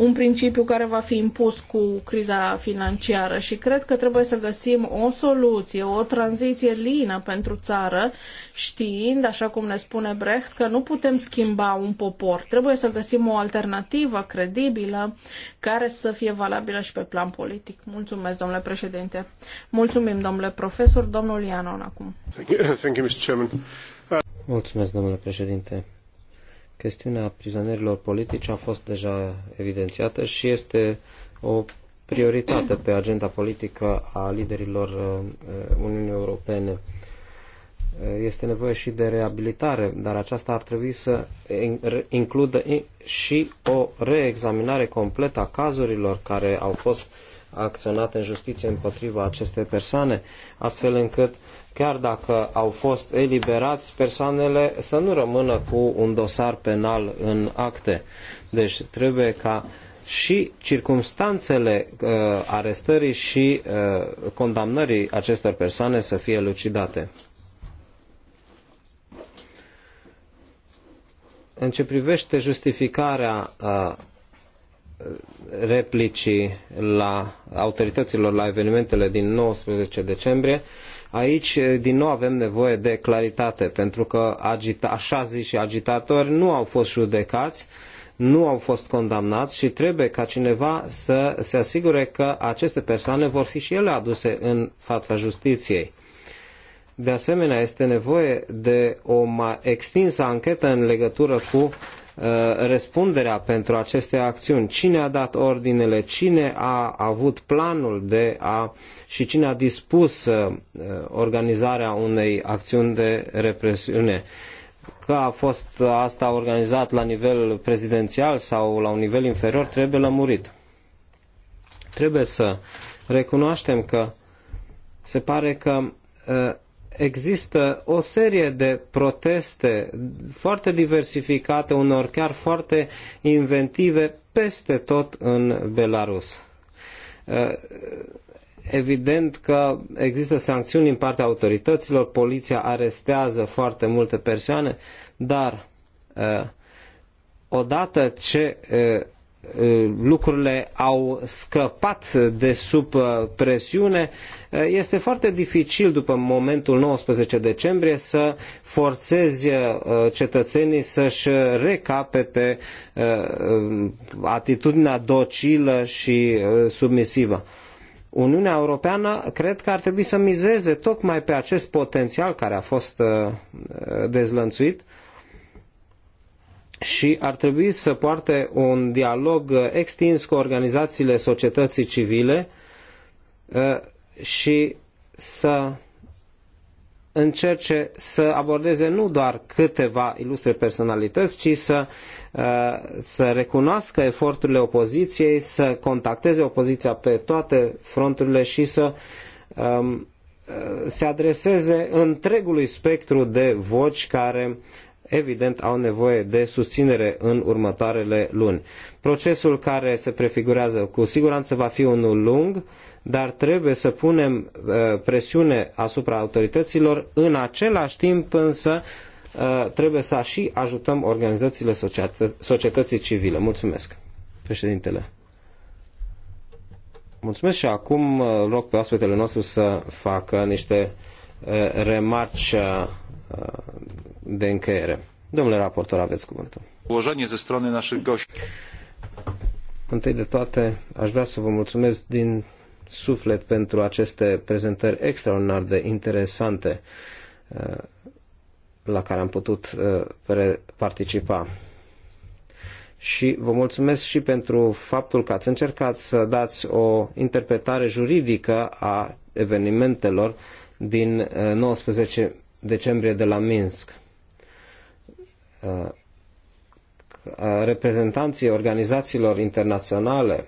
Speaker 1: un principiu care va fi impus cu criza financiară și cred că trebuie să găsim o soluție, o tranziție lină pentru țară, știind, așa cum ne spune Brecht, că nu putem schimba un popor. Trebuie să găsim o alternativă credibilă care să fie valabilă și pe plan politic. Mulțumesc, domnule președinte. Mulțumim, domnule profesor. Domnul Ianon acum.
Speaker 3: Mulțumesc, domnule președinte. Chestiunea prizonierilor politici a fost deja evidențiată și este o prioritate pe agenda politică a liderilor uh, uh, Uniunii Europene. Uh, este nevoie și de reabilitare, dar aceasta ar trebui să includă și o reexaminare completă a cazurilor care au fost acționate în justiție împotriva acestei persoane, astfel încât uh, chiar dacă au fost eliberați, persoanele să nu rămână cu un dosar penal în acte. Deci trebuie ca și circumstanțele uh, arestării și uh, condamnării acestor persoane să fie lucidate. În ce privește justificarea uh, replicii la autorităților la evenimentele din 19 decembrie, uh, Aici, eh, din nou, avem nevoie de claritate, pentru că agita, așa zis și agitatori nu au fost judecați, nu au fost condamnați și trebuie ca cineva să se asigure că aceste persoane vor fi și ele aduse în fața justiției. De asemenea, este nevoie de o mai extinsă anchetă în legătură cu Uh, răspunderea pentru aceste acțiuni, cine a dat ordinele, cine a avut planul de a și cine a dispus uh, organizarea unei acțiuni de represiune. Că a fost asta organizat la nivel prezidențial sau la un nivel inferior, trebuie lămurit. Trebuie să recunoaștem că se pare că uh, există o serie de proteste foarte diversificate, unor chiar foarte inventive, peste tot în Belarus. Uh, evident că există sancțiuni din partea autorităților, poliția arestează foarte multe persoane, dar uh, odată ce uh, Eh, lucrurile au scăpat de sub eh, presiune, eh, este foarte dificil după momentul 19 decembrie să forțezi cetățenii să-și recapete atitudinea docilă și submisivă. Uniunea Europeană cred că ar trebui să mizeze tocmai pe acest potențial care a fost dezlănțuit și ar trebui să poarte un dialog uh, extins cu organizațiile societății civile uh, și să încerce să abordeze nu doar câteva ilustre personalități, ci să, uh, să recunoască eforturile opoziției, să contacteze opoziția pe toate fronturile și să um, se adreseze întregului spectru de voci care evident au nevoie de susținere în următoarele luni. Procesul care se prefigurează cu siguranță va fi unul lung, dar trebuie să punem uh, presiune asupra autorităților, în același timp însă uh, trebuie să și ajutăm organizațiile societă- societății civile. Mulțumesc, președintele. Mulțumesc și acum uh, rog pe oaspetele nostru să facă niște remarci de încheiere. Domnule raportor, aveți cuvântul.
Speaker 1: Uloženie ze strony naszych gości.
Speaker 3: Întâi de toate, aș vrea să vă mulțumesc din suflet pentru aceste prezentări extraordinar de interesante uh, la care am putut uh, participa. Și vă mulțumesc și pentru faptul că ați încercat să dați o interpretare juridică a evenimentelor din 19 uh, decembrie de la Minsk reprezentanții organizațiilor internaționale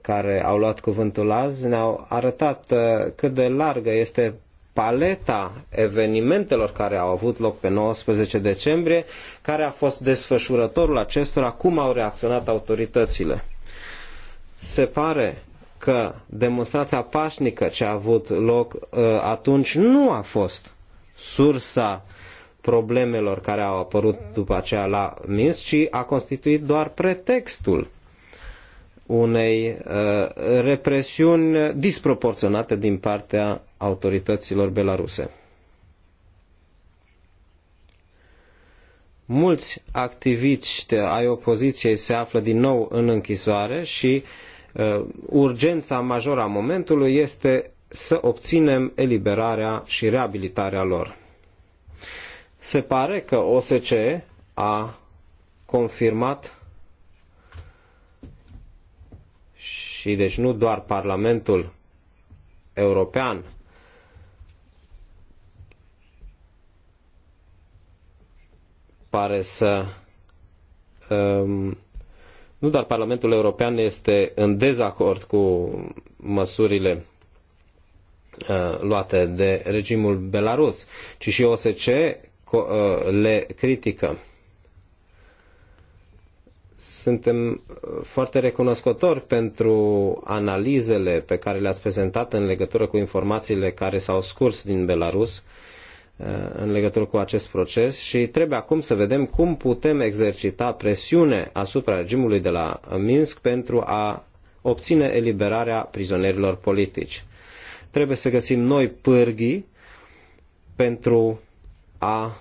Speaker 3: care au luat cuvântul azi ne-au arătat uh, cât de largă este paleta evenimentelor care au avut loc pe 19 decembrie, care a fost desfășurătorul acestora, cum au reacționat autoritățile. Se pare că demonstrația pașnică ce a avut loc uh, atunci nu a fost sursa problemelor care au apărut după aceea la Minsk, ci a constituit doar pretextul unei uh, represiuni disproporționate din partea autorităților belaruse. Mulți activiști ai opoziției se află din nou în închisoare și uh, urgența majoră a momentului este să obținem eliberarea și reabilitarea lor. Se pare că OSCE a confirmat și deci nu doar Parlamentul European pare să um, nu doar Parlamentul European este în dezacord cu măsurile uh, luate de regimul belarus, ci și OSCE Uh, le critică. Suntem uh, foarte recunoscători pentru analizele pe care le-ați prezentat în legătură cu informațiile care s-au scurs din Belarus uh, în legătură cu acest proces și trebuie acum să vedem cum putem exercita presiune asupra regimului de la Minsk pentru a obține eliberarea prizonierilor politici. Trebuie să găsim noi pârghii pentru a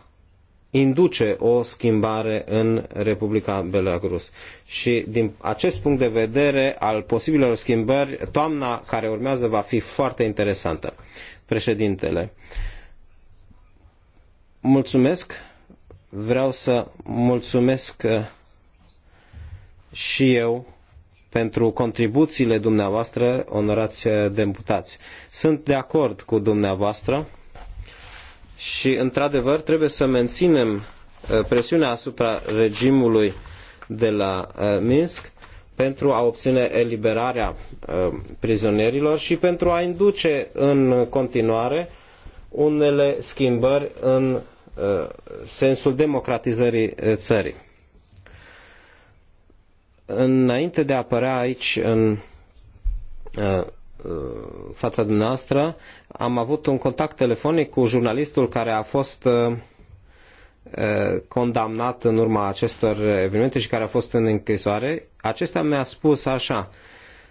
Speaker 3: induce o schimbare în Republica Belarus. Și din acest punct de vedere al posibilelor schimbări, toamna care urmează va fi foarte interesantă. Președintele, mulțumesc. Vreau să mulțumesc uh, și eu pentru contribuțiile dumneavoastră, onorați uh, deputați. Sunt de acord cu dumneavoastră și, într-adevăr, trebuie să menținem uh, presiunea asupra regimului de la uh, Minsk pentru a obține eliberarea uh, prizonierilor și pentru a induce în continuare unele schimbări în sensul democratizării țării. Înainte de a apărea aici în Uh, fața dumneavoastră. Am avut un contact telefonic cu jurnalistul care a fost uh, uh, condamnat în urma acestor evenimente și care a fost în închisoare. Acesta mi-a spus așa,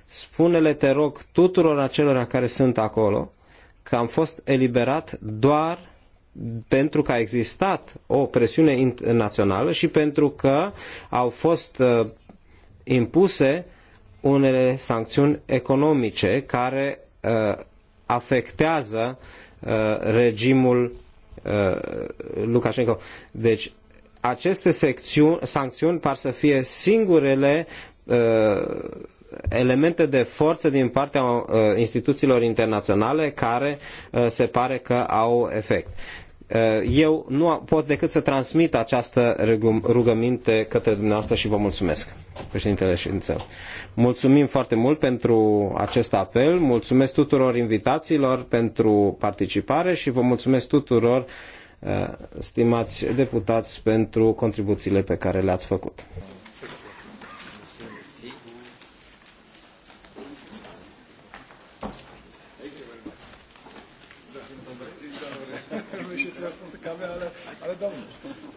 Speaker 3: spune-le, te rog, tuturor acelora care sunt acolo, că am fost eliberat doar pentru că a existat o presiune internațională și pentru că au fost impuse unele sancțiuni economice care uh, afectează uh, regimul uh, Lukashenko. Deci aceste sancțiuni par să fie singurele elemente de forță din partea instituțiilor internaționale care se pare că au efect. Eh, eu nu pot decât să transmit această rugăminte către dumneavoastră și vă mulțumesc, președintele ședință. Mulțumim foarte mult pentru acest apel, mulțumesc tuturor invitațiilor pentru participare și vă mulțumesc tuturor, eh, stimați deputați, pentru contribuțiile pe care le-ați făcut.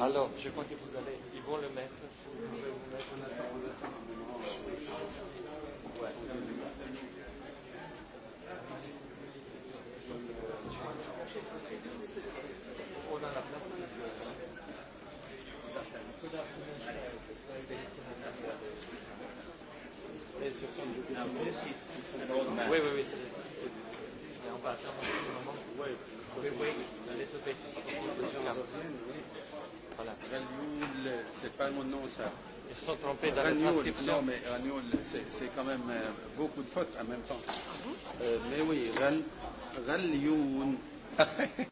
Speaker 2: Alors, je crois sont trompés dans Ragnoul, la transcription. Non, mais Ragnoul, c'est quand même euh, beaucoup de fautes en
Speaker 3: même temps. Ah bon euh, mais oui, Ragnoul.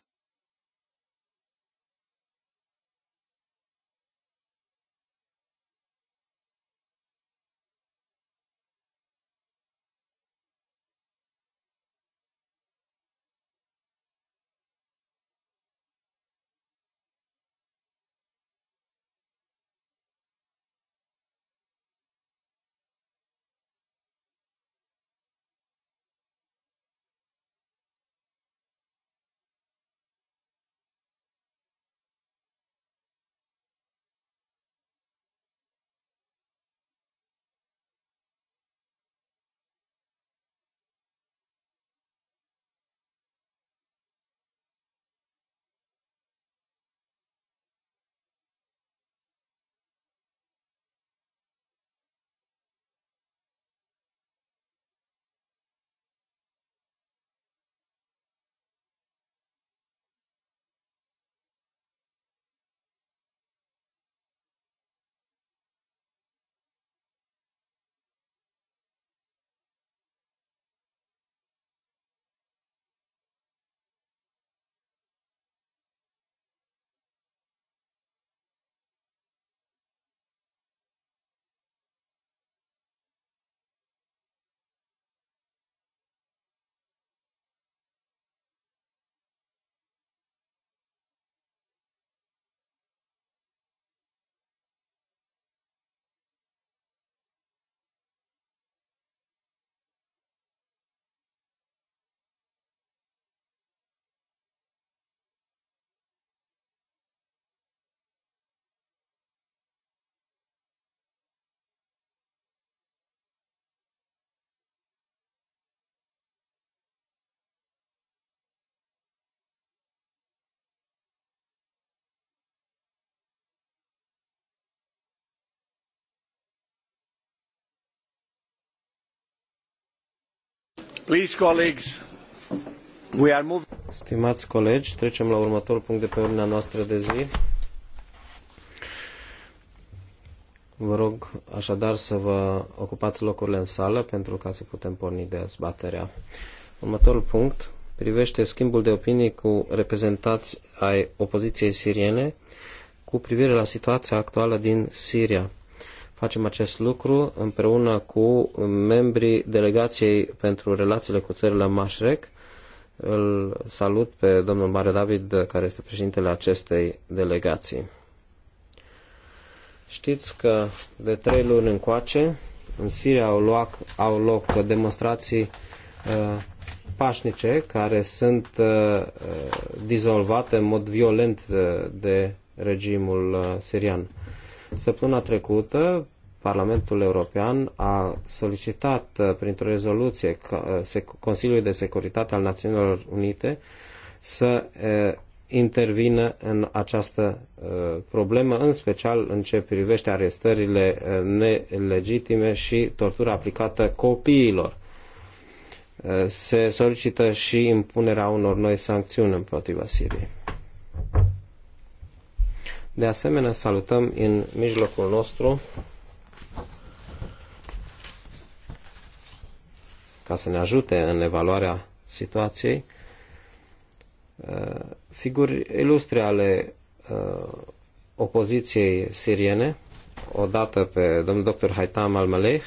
Speaker 3: Please, Stimați colegi, trecem la următorul punct de pe ordinea noastră de zi. Vă rog așadar să vă ocupați locurile în sală pentru ca să putem porni dezbaterea. Următorul punct privește schimbul de opinii cu reprezentanți ai opoziției siriene cu privire la situația actuală din Siria. Facem acest lucru împreună cu membrii delegației pentru relațiile cu țările Mașrec. Îl salut pe domnul Mare David, care este președintele acestei delegații. Știți că de trei luni încoace în Siria au, loc, au loc demonstrații uh, pașnice care sunt uh, uh dizolvate în mod violent uh, de regimul uh, sirian. Săptămâna trecută, Parlamentul European a solicitat uh, printr-o rezoluție uh, Consiliului de Securitate al Națiunilor Unite să uh, intervină în această problemă, în special în ce privește arestările nelegitime și tortura aplicată copiilor. Se solicită și impunerea unor noi sancțiuni împotriva Siriei. De asemenea, salutăm în mijlocul nostru ca să ne ajute în evaluarea situației, uh, figuri ilustre ale uh, opoziției siriene, odată pe domnul dr. Haitam al-Maleh,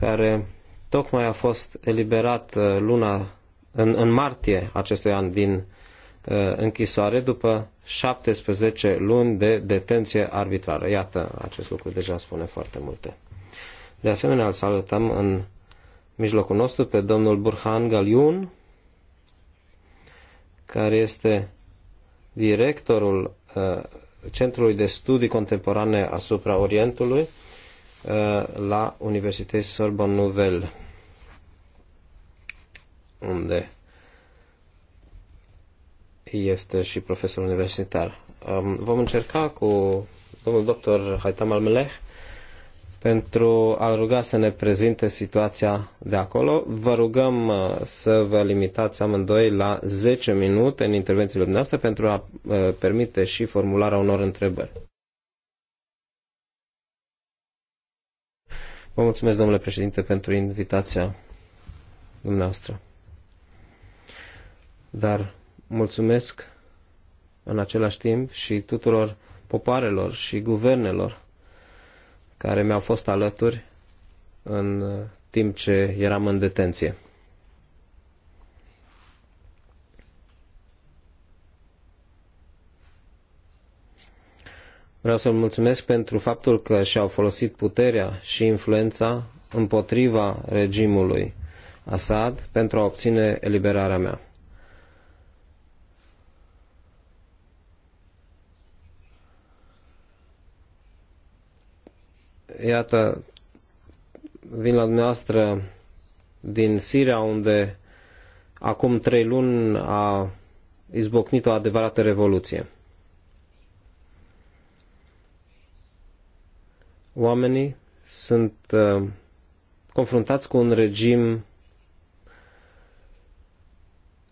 Speaker 3: care tocmai a fost eliberat uh, luna în, în martie acestui an din închisoare după 17 luni de detenție arbitrară. Iată, acest lucru deja spune foarte multe. De asemenea, îl salutăm în mijlocul nostru pe domnul Burhan Galiun, care este directorul uh, Centrului de Studii Contemporane asupra Orientului uh, la Universitatea Sorbonne Nouvelle, unde este și profesor universitar. Um, vom încerca cu domnul doctor Haitam Almelech pentru a ruga să ne prezinte situația de acolo. Vă rugăm uh, să vă limitați amândoi la 10 minute în intervențiile dumneavoastră pentru a uh, permite și formularea unor întrebări. Vă mulțumesc, domnule președinte, pentru invitația dumneavoastră. Dar mulțumesc în același timp și tuturor popoarelor și guvernelor care mi-au fost alături în uh, timp ce eram în detenție. Vreau să-l mulțumesc pentru faptul că și-au folosit puterea și influența împotriva regimului Assad pentru a obține eliberarea mea. iată, vin la dumneavoastră din Siria, unde acum trei luni a izbucnit o adevărată revoluție. Oamenii sunt uh, confruntați cu un regim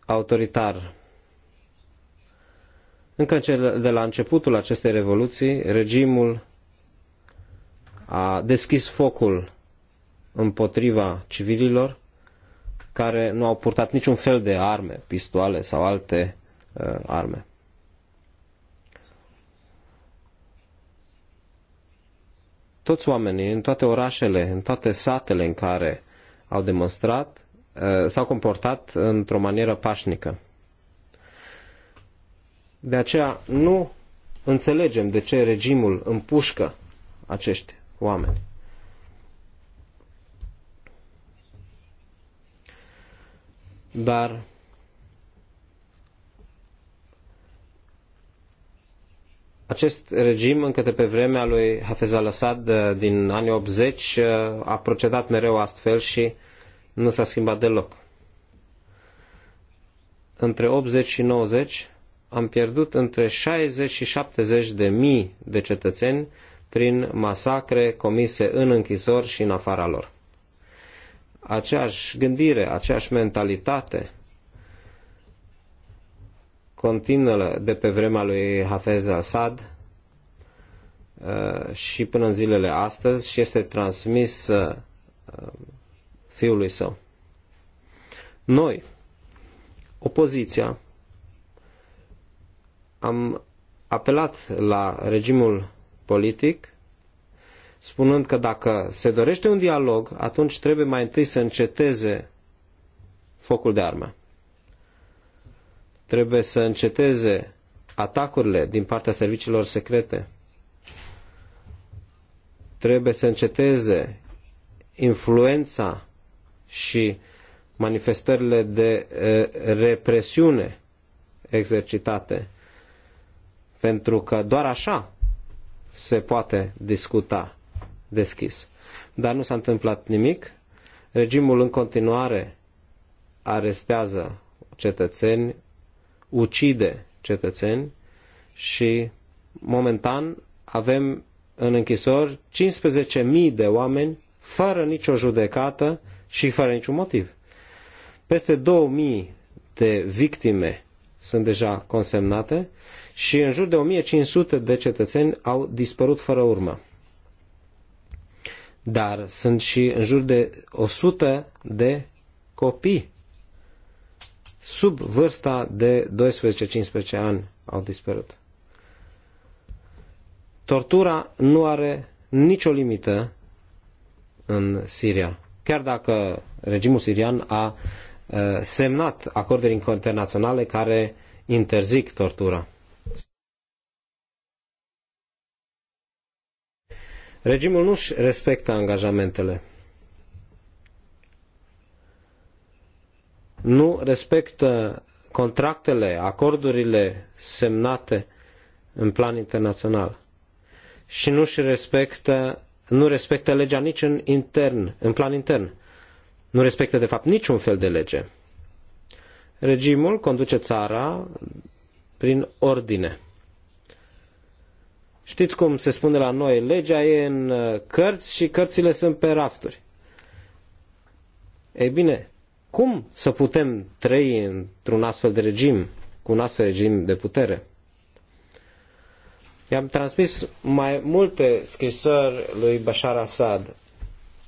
Speaker 3: autoritar. Încă de la începutul acestei revoluții, regimul a deschis focul împotriva civililor care nu au purtat niciun fel de arme, pistoale sau alte uh, arme. Toți oamenii, în toate orașele, în toate satele în care au demonstrat, uh, s-au comportat într-o manieră pașnică. De aceea nu înțelegem de ce regimul împușcă acești oameni. Dar acest regim, încă de pe vremea lui Hafez al-Assad uh, din anii 80, uh, a procedat mereu astfel și nu s-a schimbat deloc. Între 80 și 90 am pierdut între 60 și 70 de mii de cetățeni prin masacre comise în închisori și în afara lor. Aceeași gândire, aceeași mentalitate continuă de pe vremea lui Hafez al sad uh, și până în zilele astăzi și este transmis uh, fiului său. Noi, opoziția, am apelat la regimul politic, spunând că dacă se dorește un dialog, atunci trebuie mai întâi să înceteze focul de armă. Trebuie să înceteze atacurile din partea serviciilor secrete. Trebuie să înceteze influența și manifestările de represiune exercitate. Pentru că doar așa se poate discuta deschis. Dar nu s-a întâmplat nimic. Regimul în continuare arestează cetățeni, ucide cetățeni și momentan avem în închisori 15.000 de oameni fără nicio judecată și fără niciun motiv. Peste 2.000 de victime sunt deja consemnate și în jur de 1500 de cetățeni au dispărut fără urmă. Dar sunt și în jur de 100 de copii sub vârsta de 12-15 ani au dispărut. Tortura nu are nicio limită în Siria. Chiar dacă regimul sirian a Uh, semnat acorduri internaționale care interzic tortura. Regimul nu-și respectă angajamentele. Nu respectă contractele, acordurile semnate în plan internațional. Și nu-și respectă, nu respectă legea nici în, intern, în plan intern nu respectă de fapt niciun fel de lege. Regimul conduce țara prin ordine. Știți cum se spune la noi, legea e în uh, cărți și cărțile sunt pe rafturi. Ei bine, cum să putem trăi într-un astfel de regim, cu un astfel de regim de putere? I-am transmis mai multe scrisări lui Bashar Assad,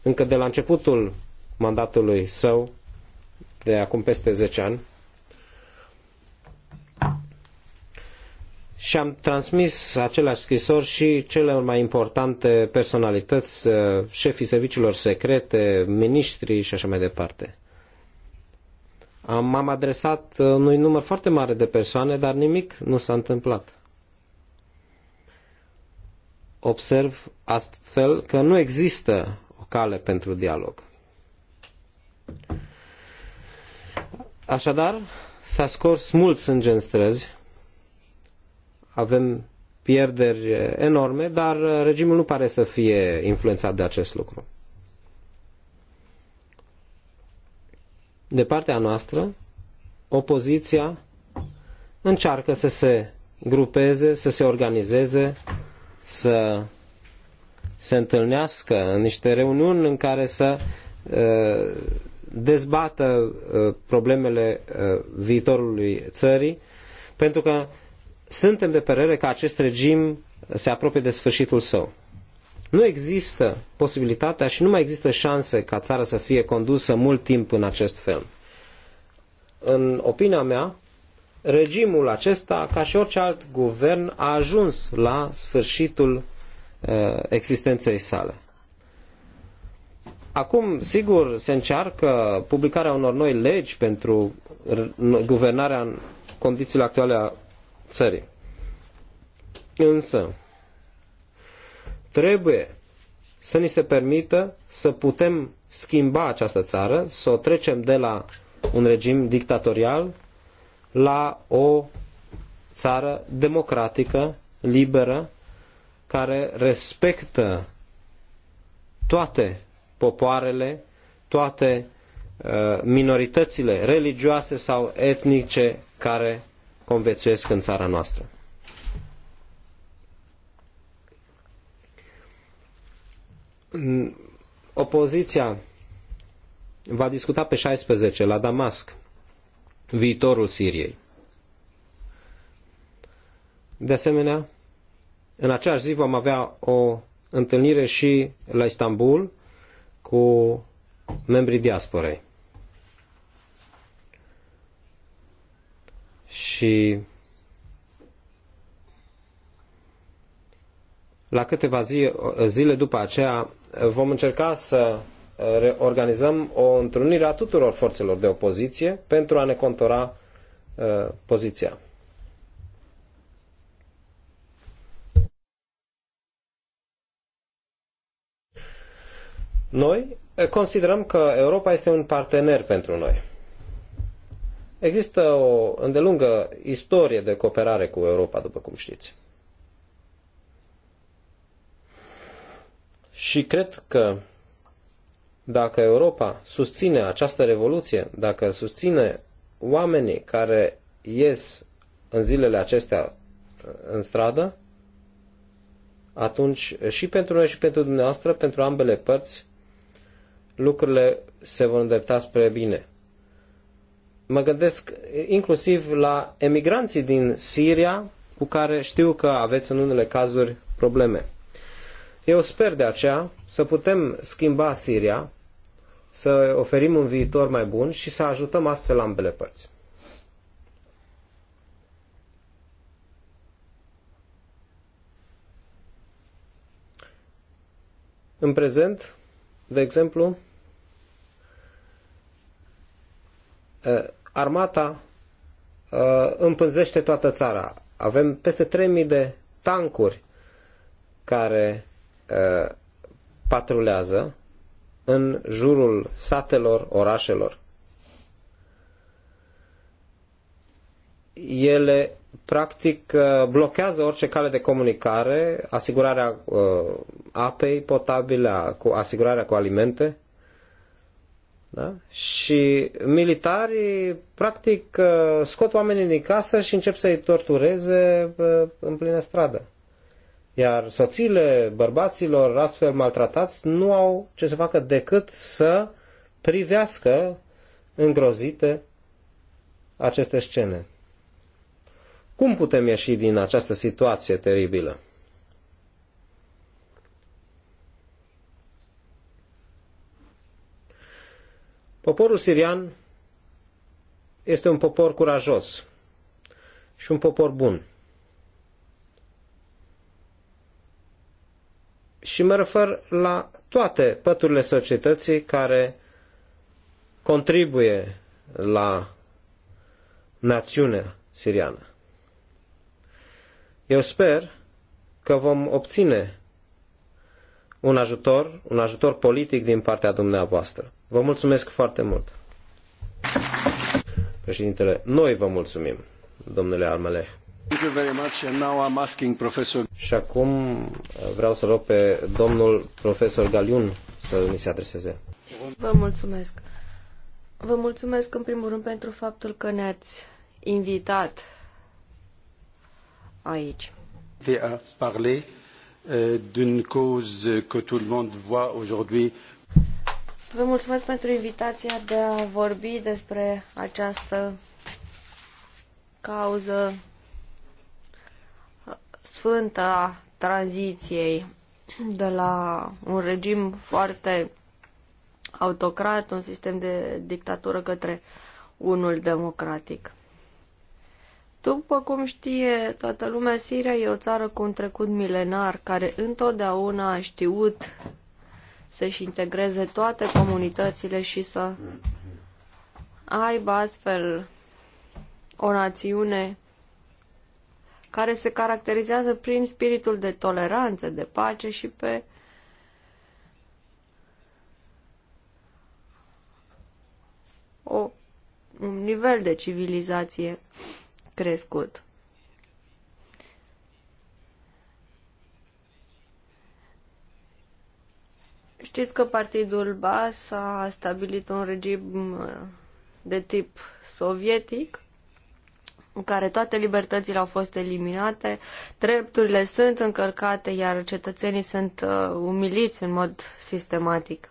Speaker 3: încă de la începutul mandatului său de acum peste 10 ani și am transmis aceleași scrisori și celor mai importante personalități, uh, șefii serviciilor secrete, miniștri și așa mai departe. M-am adresat uh, unui număr foarte mare de persoane, dar nimic nu s-a întâmplat. Observ astfel că nu există o cale pentru dialog. Așadar, s-a scurs mult sânge în străzi. Avem pierderi enorme, dar regimul nu pare să fie influențat de acest lucru. De partea noastră, opoziția încearcă să se grupeze, să se organizeze, să se întâlnească în niște reuniuni în care să uh, dezbată uh, problemele uh, viitorului țării, pentru că suntem de părere că acest regim se apropie de sfârșitul său. Nu există posibilitatea și nu mai există șanse ca țara să fie condusă mult timp în acest fel. În opinia mea, regimul acesta, ca și orice alt guvern, a ajuns la sfârșitul uh, existenței sale. Acum, sigur, se încearcă publicarea unor noi legi pentru guvernarea în condițiile actuale a țării. Însă, trebuie să ni se permită să putem schimba această țară, să o trecem de la un regim dictatorial la o țară democratică, liberă, care respectă toate popoarele, toate uh, minoritățile religioase sau etnice care conviețuiesc în țara noastră. Opoziția va discuta pe 16 la Damasc viitorul Siriei. De asemenea, în aceeași zi vom avea o întâlnire și la Istanbul cu membrii diasporei. Și la câteva zi, zile după aceea vom încerca să reorganizăm o întrunire a tuturor forțelor de opoziție pentru a ne contora uh, poziția. Noi eh, considerăm că Europa este un partener pentru noi. Există o îndelungă istorie de cooperare cu Europa, după cum știți. Și cred că dacă Europa susține această revoluție, dacă susține oamenii care ies în zilele acestea eh, în stradă, atunci eh, și pentru noi și pentru dumneavoastră, pentru ambele părți, lucrurile se vor îndrepta spre bine. Mă gândesc inclusiv la emigranții din Siria, cu care știu că aveți în unele cazuri probleme. Eu sper de aceea să putem schimba Siria, să oferim un viitor mai bun și să ajutăm astfel ambele părți. În prezent, de exemplu, armata împânzește toată țara. Avem peste 3.000 de tancuri care patrulează în jurul satelor, orașelor. Ele practic uh, blochează orice cale de comunicare, asigurarea uh, apei potabile, asigurarea cu alimente. Da? Și militarii, practic, uh, scot oamenii din casă și încep să-i tortureze în plină stradă. Iar soțiile bărbaților astfel maltratați nu au ce să facă decât să privească îngrozite aceste scene. Cum putem ieși din această situație teribilă? Poporul sirian este un popor curajos și un popor bun. Și mă refer la toate păturile societății care contribuie la națiunea siriană. Eu sper că vom obține un ajutor, un ajutor politic din partea dumneavoastră. Vă mulțumesc foarte mult. Președintele, noi vă mulțumim, domnule Armele. Thank you very much and now I'm asking professor... Și acum vreau să rog pe domnul profesor Galiun să mi se adreseze.
Speaker 2: Vă mulțumesc. Vă mulțumesc în primul rând pentru faptul că ne-ați invitat aici. De a parle euh, d'une cause que tout le monde voit aujourd'hui. Vă mulțumesc pentru invitația de a vorbi despre această cauză sfântă a tranziției de la un regim foarte autocrat, un sistem de dictatură către unul democratic. După cum știe toată lumea, Siria e o țară cu un trecut milenar care întotdeauna a știut să-și integreze toate comunitățile și să aibă astfel o națiune care se caracterizează prin spiritul de toleranță, de pace și pe o, un nivel de civilizație crescut. Știți că Partidul BAS a stabilit un regim uh, de tip sovietic în care toate libertățile au fost eliminate, drepturile sunt încărcate, iar cetățenii sunt uh, umiliți în mod sistematic.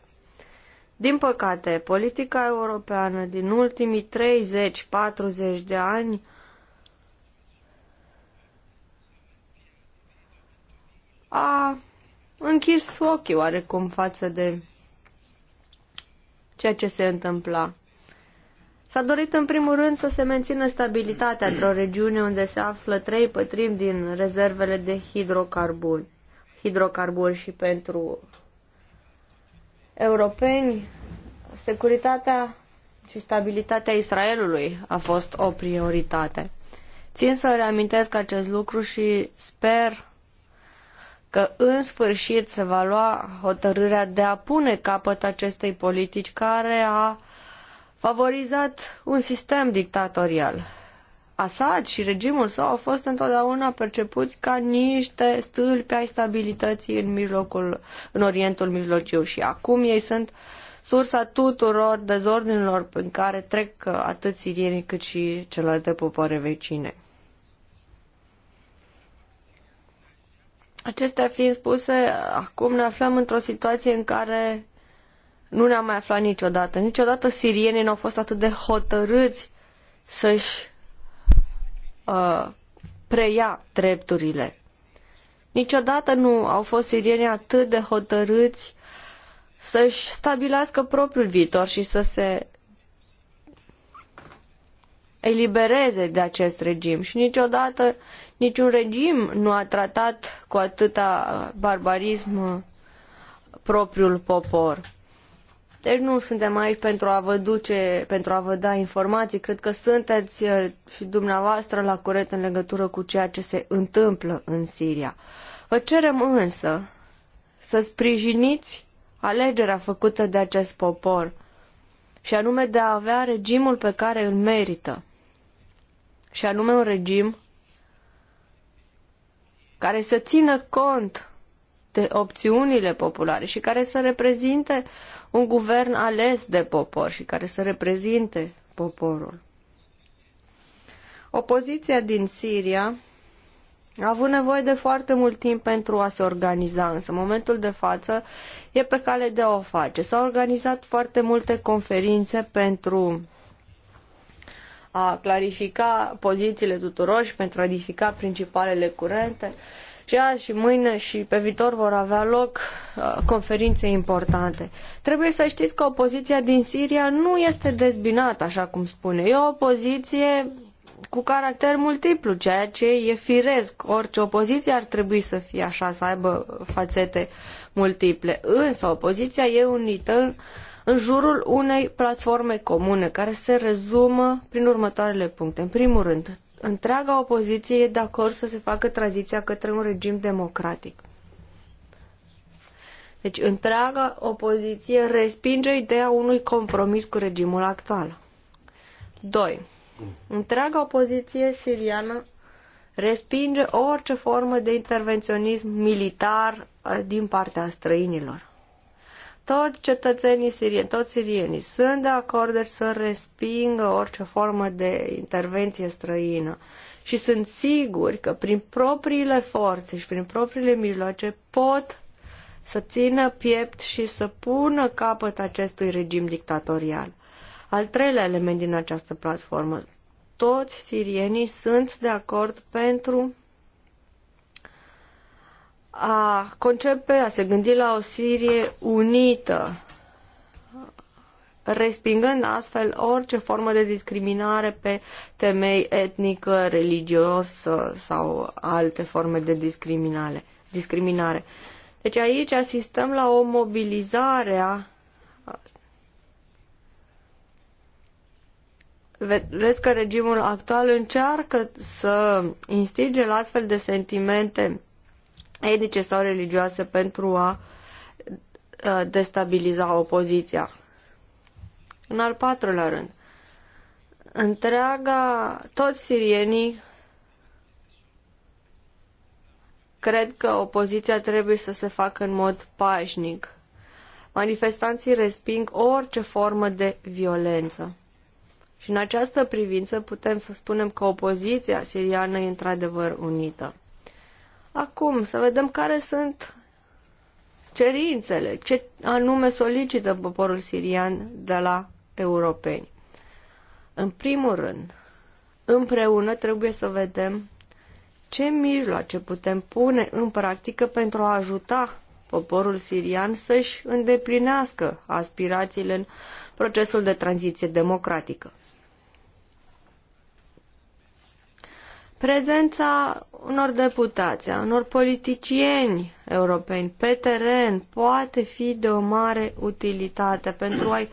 Speaker 2: Din păcate, politica europeană din ultimii 30-40 de ani a închis ochii oarecum față de ceea ce se întâmpla. S-a dorit în primul rând să se mențină stabilitatea într-o regiune unde se află trei pătrimi din rezervele de hidrocarburi, hidrocarburi și pentru europeni, securitatea și stabilitatea Israelului a fost o prioritate. Țin să reamintesc acest lucru și sper că în sfârșit se va lua hotărârea de a pune capăt acestei politici care a favorizat un sistem dictatorial. Assad și regimul său au fost întotdeauna percepuți ca niște stâlpi ai stabilității în, mijlocul, în Orientul Mijlociu și acum ei sunt sursa tuturor dezordinilor prin care trec atât sirienii cât și celelalte popoare vecine. Acestea fiind spuse, acum ne aflăm într-o situație în care nu ne-am mai aflat niciodată. Niciodată sirienii nu au fost atât de hotărâți să-și uh, preia drepturile. Niciodată nu au fost sirieni atât de hotărâți să-și stabilească propriul viitor și să se elibereze de acest regim și niciodată niciun regim nu a tratat cu atâta uh, barbarism uh, propriul popor. Deci nu suntem aici pentru a vă duce, pentru a vă da informații. Cred că sunteți uh, și dumneavoastră la curent în legătură cu ceea ce se întâmplă în Siria. Vă cerem însă să sprijiniți alegerea făcută de acest popor și anume de a avea regimul pe care îl merită și anume un regim care să țină cont de opțiunile populare și care să reprezinte un guvern ales de popor și care să reprezinte poporul. Opoziția din Siria a avut nevoie de foarte mult timp pentru a se organiza, însă momentul de față e pe cale de a o face. S-au organizat foarte multe conferințe pentru a clarifica pozițiile tuturor și pentru a edifica principalele curente. Și azi și mâine și pe viitor vor avea loc uh, conferințe importante. Trebuie să știți că opoziția din Siria nu este dezbinată, așa cum spune. E o opoziție cu caracter multiplu, ceea ce e firesc. Orice opoziție ar trebui să fie așa, să aibă fațete multiple. Însă opoziția e unită în jurul unei platforme comune care se rezumă prin următoarele puncte. În primul rând, întreaga opoziție e de acord să se facă tranziția către un regim democratic. Deci întreaga opoziție respinge ideea unui compromis cu regimul actual. 2. Întreaga opoziție siriană respinge orice formă de intervenționism militar uh, din partea străinilor toți cetățenii sirieni, toți sirienii sunt de acord deci să respingă orice formă de intervenție străină și sunt siguri că prin propriile forțe și prin propriile mijloace pot să țină piept și să pună capăt acestui regim dictatorial. Al treilea element din această platformă. Toți sirienii sunt de acord pentru a concepe, a se gândi la o Sirie unită, respingând astfel orice formă de discriminare pe temei etnică, religios sau alte forme de discriminare. discriminare. Deci aici asistăm la o mobilizare a Vezi că regimul actual încearcă să instige la astfel de sentimente etnice sau religioase pentru a destabiliza opoziția. În al patrulea rând, întreaga, toți sirienii cred că opoziția trebuie să se facă în mod pașnic. Manifestanții resping orice formă de violență. Și în această privință putem să spunem că opoziția siriană e într-adevăr unită. Acum, să vedem care sunt cerințele, ce anume solicită poporul sirian de la europeni. În primul rând, împreună trebuie să vedem ce mijloace putem pune în practică pentru a ajuta poporul sirian să-și îndeplinească aspirațiile în procesul de tranziție democratică. Prezența unor deputați, a unor politicieni europeni pe teren poate fi de o mare utilitate pentru a-i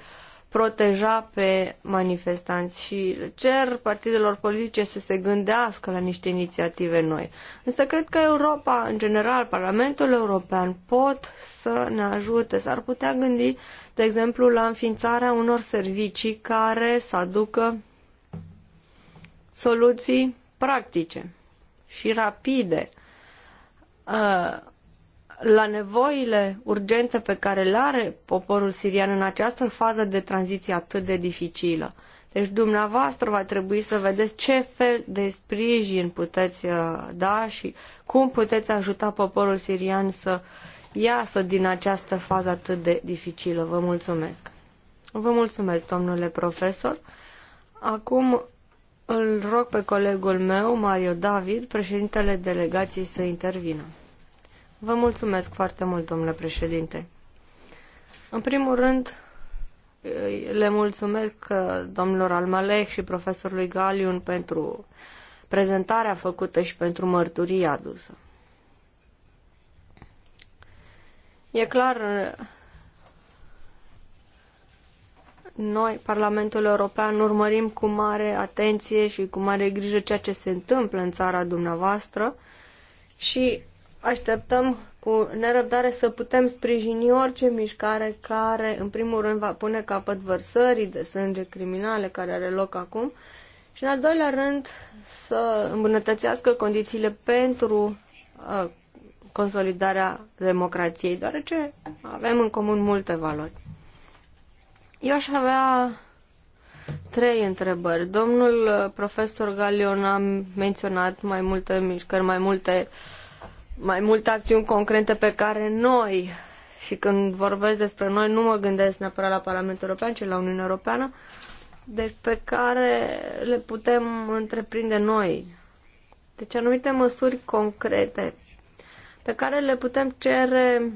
Speaker 2: proteja pe manifestanți și cer partidelor politice să se gândească la niște inițiative noi. Însă cred că Europa, în general, Parlamentul European pot să ne ajute. S-ar putea gândi, de exemplu, la înființarea unor servicii care să aducă soluții practice și rapide uh, la nevoile urgente pe care le are poporul sirian în această fază de tranziție atât de dificilă. Deci dumneavoastră va trebui să vedeți ce fel de sprijin puteți uh, da și cum puteți ajuta poporul sirian să iasă din această fază atât de dificilă. Vă mulțumesc. Vă mulțumesc, domnule profesor. Acum îl rog pe colegul meu, Mario David, președintele delegației, să intervină. Vă mulțumesc foarte mult, domnule președinte. În primul rând, le mulțumesc uh, domnilor Almaleh și profesorului Galiun pentru prezentarea făcută și pentru mărturia adusă. E clar, uh, noi, Parlamentul European, urmărim cu mare atenție și cu mare grijă ceea ce se întâmplă în țara dumneavoastră și așteptăm cu nerăbdare să putem sprijini orice mișcare care, în primul rând, va pune capăt vărsării de sânge criminale care are loc acum și, în al doilea rând, să îmbunătățească condițiile pentru uh, consolidarea democrației, deoarece avem în comun multe valori. Eu aș avea trei întrebări. Domnul uh, profesor Galion a menționat mai multe mișcări, mai multe, mai multe acțiuni concrete pe care noi, și când vorbesc despre noi, nu mă gândesc neapărat la Parlamentul European, ci la Uniunea Europeană, deci pe care le putem întreprinde noi. Deci anumite măsuri concrete pe care le putem cere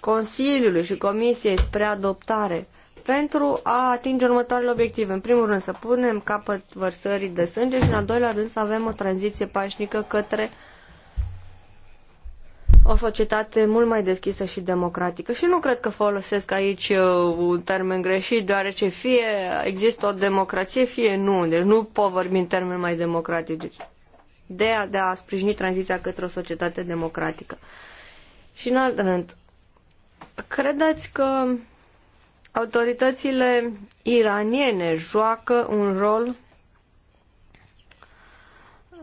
Speaker 2: Consiliului și Comisiei spre adoptare pentru a atinge următoarele obiective. În primul rând să punem capăt vărsării de sânge și în al doilea rând să avem o tranziție pașnică către o societate mult mai deschisă și democratică. Și nu cred că folosesc aici uh, un termen greșit, deoarece fie există o democrație, fie nu. Deci nu pot vorbi în termeni mai democratici. Deci a, de a sprijini tranziția către o societate democratică. Și în alt rând, credeți că autoritățile iraniene joacă un rol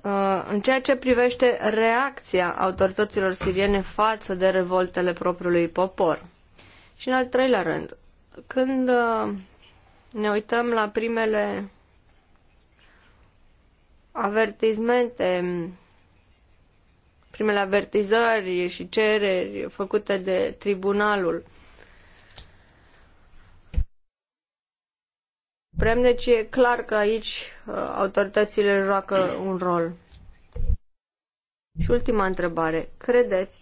Speaker 2: uh, în ceea ce privește reacția autorităților siriene față de revoltele propriului popor. Și în al treilea rând, când uh, ne uităm la primele avertismente, primele avertizări și cereri făcute de tribunalul vrem, deci e clar că aici uh, autoritățile joacă un rol. Și ultima întrebare. Credeți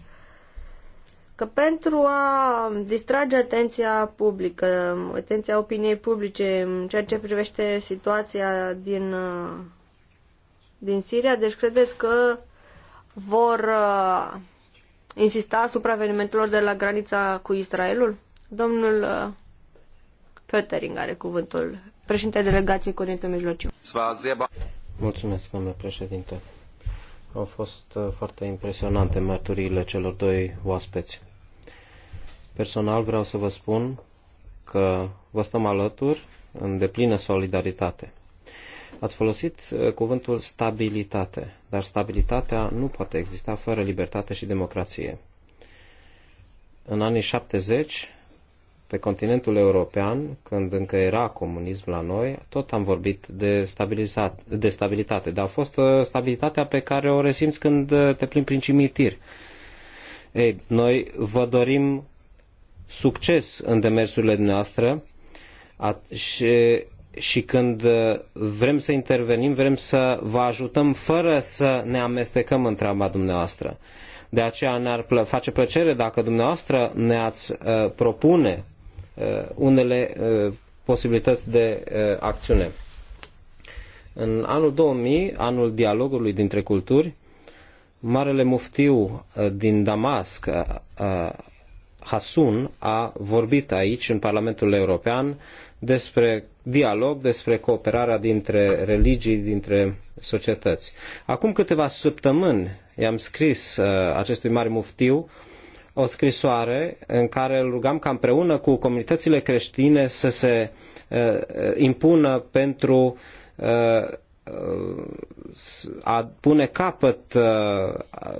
Speaker 2: că pentru a distrage atenția publică, atenția opiniei publice în ceea ce privește situația din, uh, din Siria, deci credeți că vor uh, insista asupra evenimentelor de la granița cu Israelul? Domnul Pöttering are cuvântul președinte delegației cu Mijlociu.
Speaker 3: Mulțumesc, domnule președinte. Au fost uh, foarte impresionante mărturiile celor doi oaspeți. Personal vreau să vă spun că vă stăm alături în deplină solidaritate. Ați folosit uh, cuvântul stabilitate, dar stabilitatea nu poate exista fără libertate și democrație. În anii 70, pe continentul european, când încă era comunism la noi, tot am vorbit de, de stabilitate, dar a fost uh, stabilitatea pe care o resimți când uh, te plimbi prin cimitir. Ei, noi vă dorim succes în demersurile noastre și, și când uh, vrem să intervenim, vrem să vă ajutăm fără să ne amestecăm în treaba dumneavoastră. De aceea ne-ar face plăcere dacă dumneavoastră ne-ați propune Uh, unele uh, posibilități de uh, acțiune. În anul 2000, anul dialogului dintre culturi, Marele Muftiu din Damasc, Hasun, a vorbit aici, în Parlamentul European, despre dialog, despre cooperarea dintre religii, dintre societăți. Acum câteva săptămâni i-am scris acestui mare muftiu o scrisoare în care îl rugam ca împreună cu comunitățile creștine să se uh, uh, impună pentru uh, a pune capăt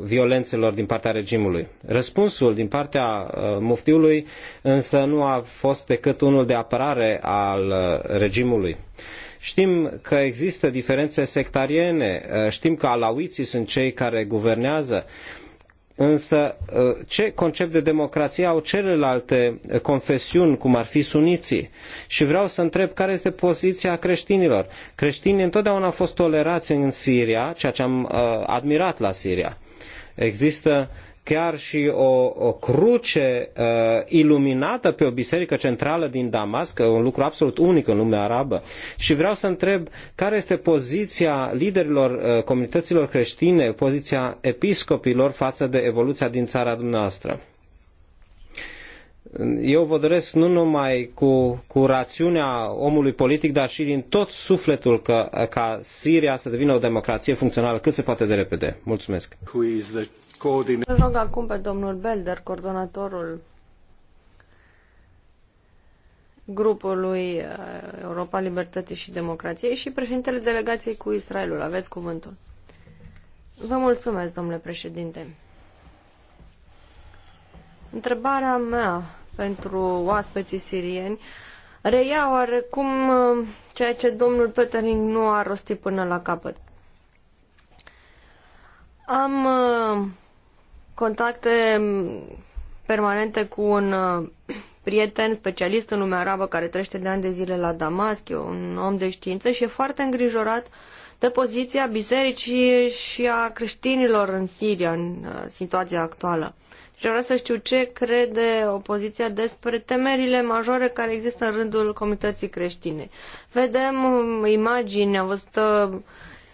Speaker 3: violențelor din partea regimului. Răspunsul din partea muftiului însă nu a fost decât unul de apărare al regimului. Știm că există diferențe sectariene, știm că alauiții sunt cei care guvernează, Însă, ce concept de democrație au celelalte confesiuni, cum ar fi suniții? Și vreau să întreb care este poziția creștinilor. Creștinii întotdeauna au fost tolerați în Siria, ceea ce am uh, admirat la Siria. Există chiar și o, o cruce uh, iluminată pe o biserică centrală din Damasc, un lucru absolut unic în lumea arabă. Și vreau să întreb care este poziția liderilor uh, comunităților creștine, poziția episcopilor față de evoluția din țara dumneavoastră. Eu vă doresc nu numai cu, cu rațiunea omului politic, dar și din tot sufletul că, ca Siria să devină o democrație funcțională cât se poate de repede. Mulțumesc! Îl rog
Speaker 2: acum pe domnul Belder, coordonatorul grupului uh, Europa Libertății și Democrației și președintele delegației cu Israelul. Aveți cuvântul. Vă mulțumesc, domnule președinte. Întrebarea mea pentru oaspeții sirieni reia oarecum uh, ceea ce domnul Petering nu a rostit până la capăt. Am uh, contacte mm, permanente cu un uh, prieten specialist în lumea arabă care trește de ani de zile la Damasc, e un om de știință și e foarte îngrijorat de poziția bisericii și a creștinilor în Siria, în uh, situația actuală. Și deci vreau să știu ce crede opoziția despre temerile majore care există în rândul comunității creștine. Vedem um, imagini, am văzut uh,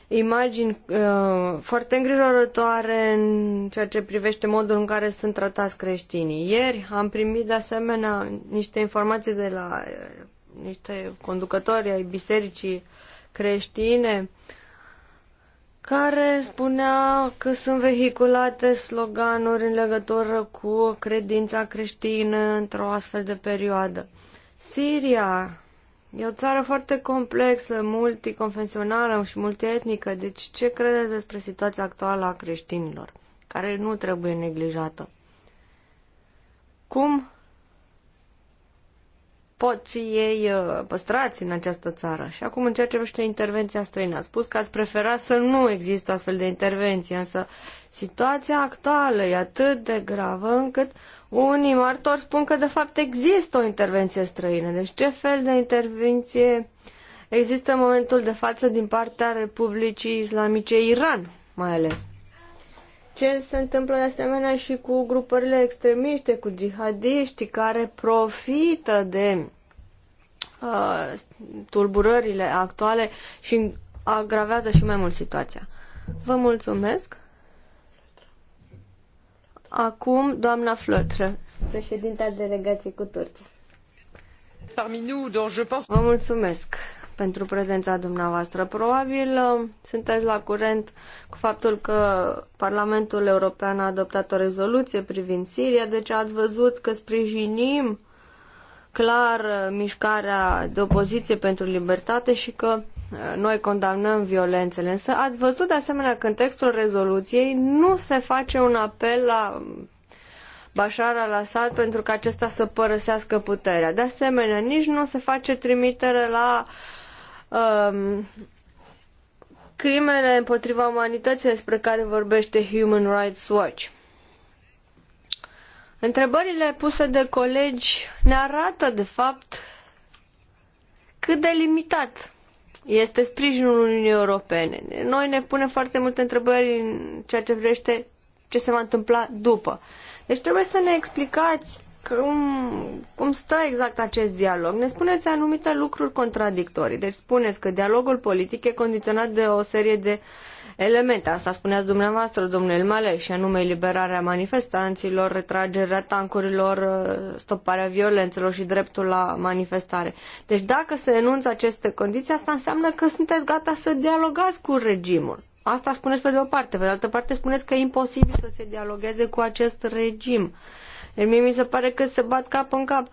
Speaker 2: imagini uh, foarte îngrijorătoare în ceea ce privește modul în care sunt tratați creștinii. Ieri am primit de asemenea niște informații de la uh, niște conducători ai bisericii creștine care spunea că sunt vehiculate sloganuri în legătură cu credința creștină într-o astfel de perioadă. Siria E o țară foarte complexă, multiconfesională și multietnică, deci ce credeți despre situația actuală a creștinilor, care nu trebuie neglijată? Cum pot fi ei uh, păstrați în această țară. Și acum, în ceea ce intervenție intervenția străină, a spus că ați prefera să nu există astfel de intervenție, însă situația actuală e atât de gravă încât unii martori spun că, de fapt, există o intervenție străină. Deci, ce fel de intervenție există în momentul de față din partea Republicii Islamice Iran, mai ales? Ce se întâmplă de asemenea și cu grupările extremiste, cu jihadiștii care profită de uh, tulburările actuale și agravează și mai mult situația. Vă mulțumesc. Acum, doamna Flotră, președinta delegației cu Turcia. Parmi nous, dont je pense... Vă mulțumesc pentru prezența dumneavoastră. Probabil uh, sunteți la curent cu faptul că Parlamentul European a adoptat o rezoluție privind Siria, deci ați văzut că sprijinim clar uh, mișcarea de opoziție pentru libertate și că uh, noi condamnăm violențele. Însă ați văzut de asemenea că în textul rezoluției nu se face un apel la um, Bashar al-Assad pentru că acesta să părăsească puterea. De asemenea, nici nu se face trimitere la uh, um, crimele împotriva umanității despre care vorbește Human Rights Watch. Întrebările puse de colegi ne arată, de fapt, cât de limitat este sprijinul Uniunii Europene. Noi ne punem foarte multe întrebări în ceea ce vrește ce se va întâmpla după. Deci trebuie să ne explicați cum, cum stă exact acest dialog. Ne spuneți anumite lucruri contradictorii. Deci spuneți că dialogul politic e condiționat de o serie de elemente. Asta spuneați dumneavoastră, domnule Male, și anume eliberarea manifestanților, retragerea tancurilor, stoparea violențelor și dreptul la manifestare. Deci dacă se enunță aceste condiții, asta înseamnă că sunteți gata să dialogați cu regimul. Asta spuneți pe de o parte. Pe de altă parte spuneți că e imposibil să se dialogueze cu acest regim. Uh, deci mie mi se pare că se bat cap în cap.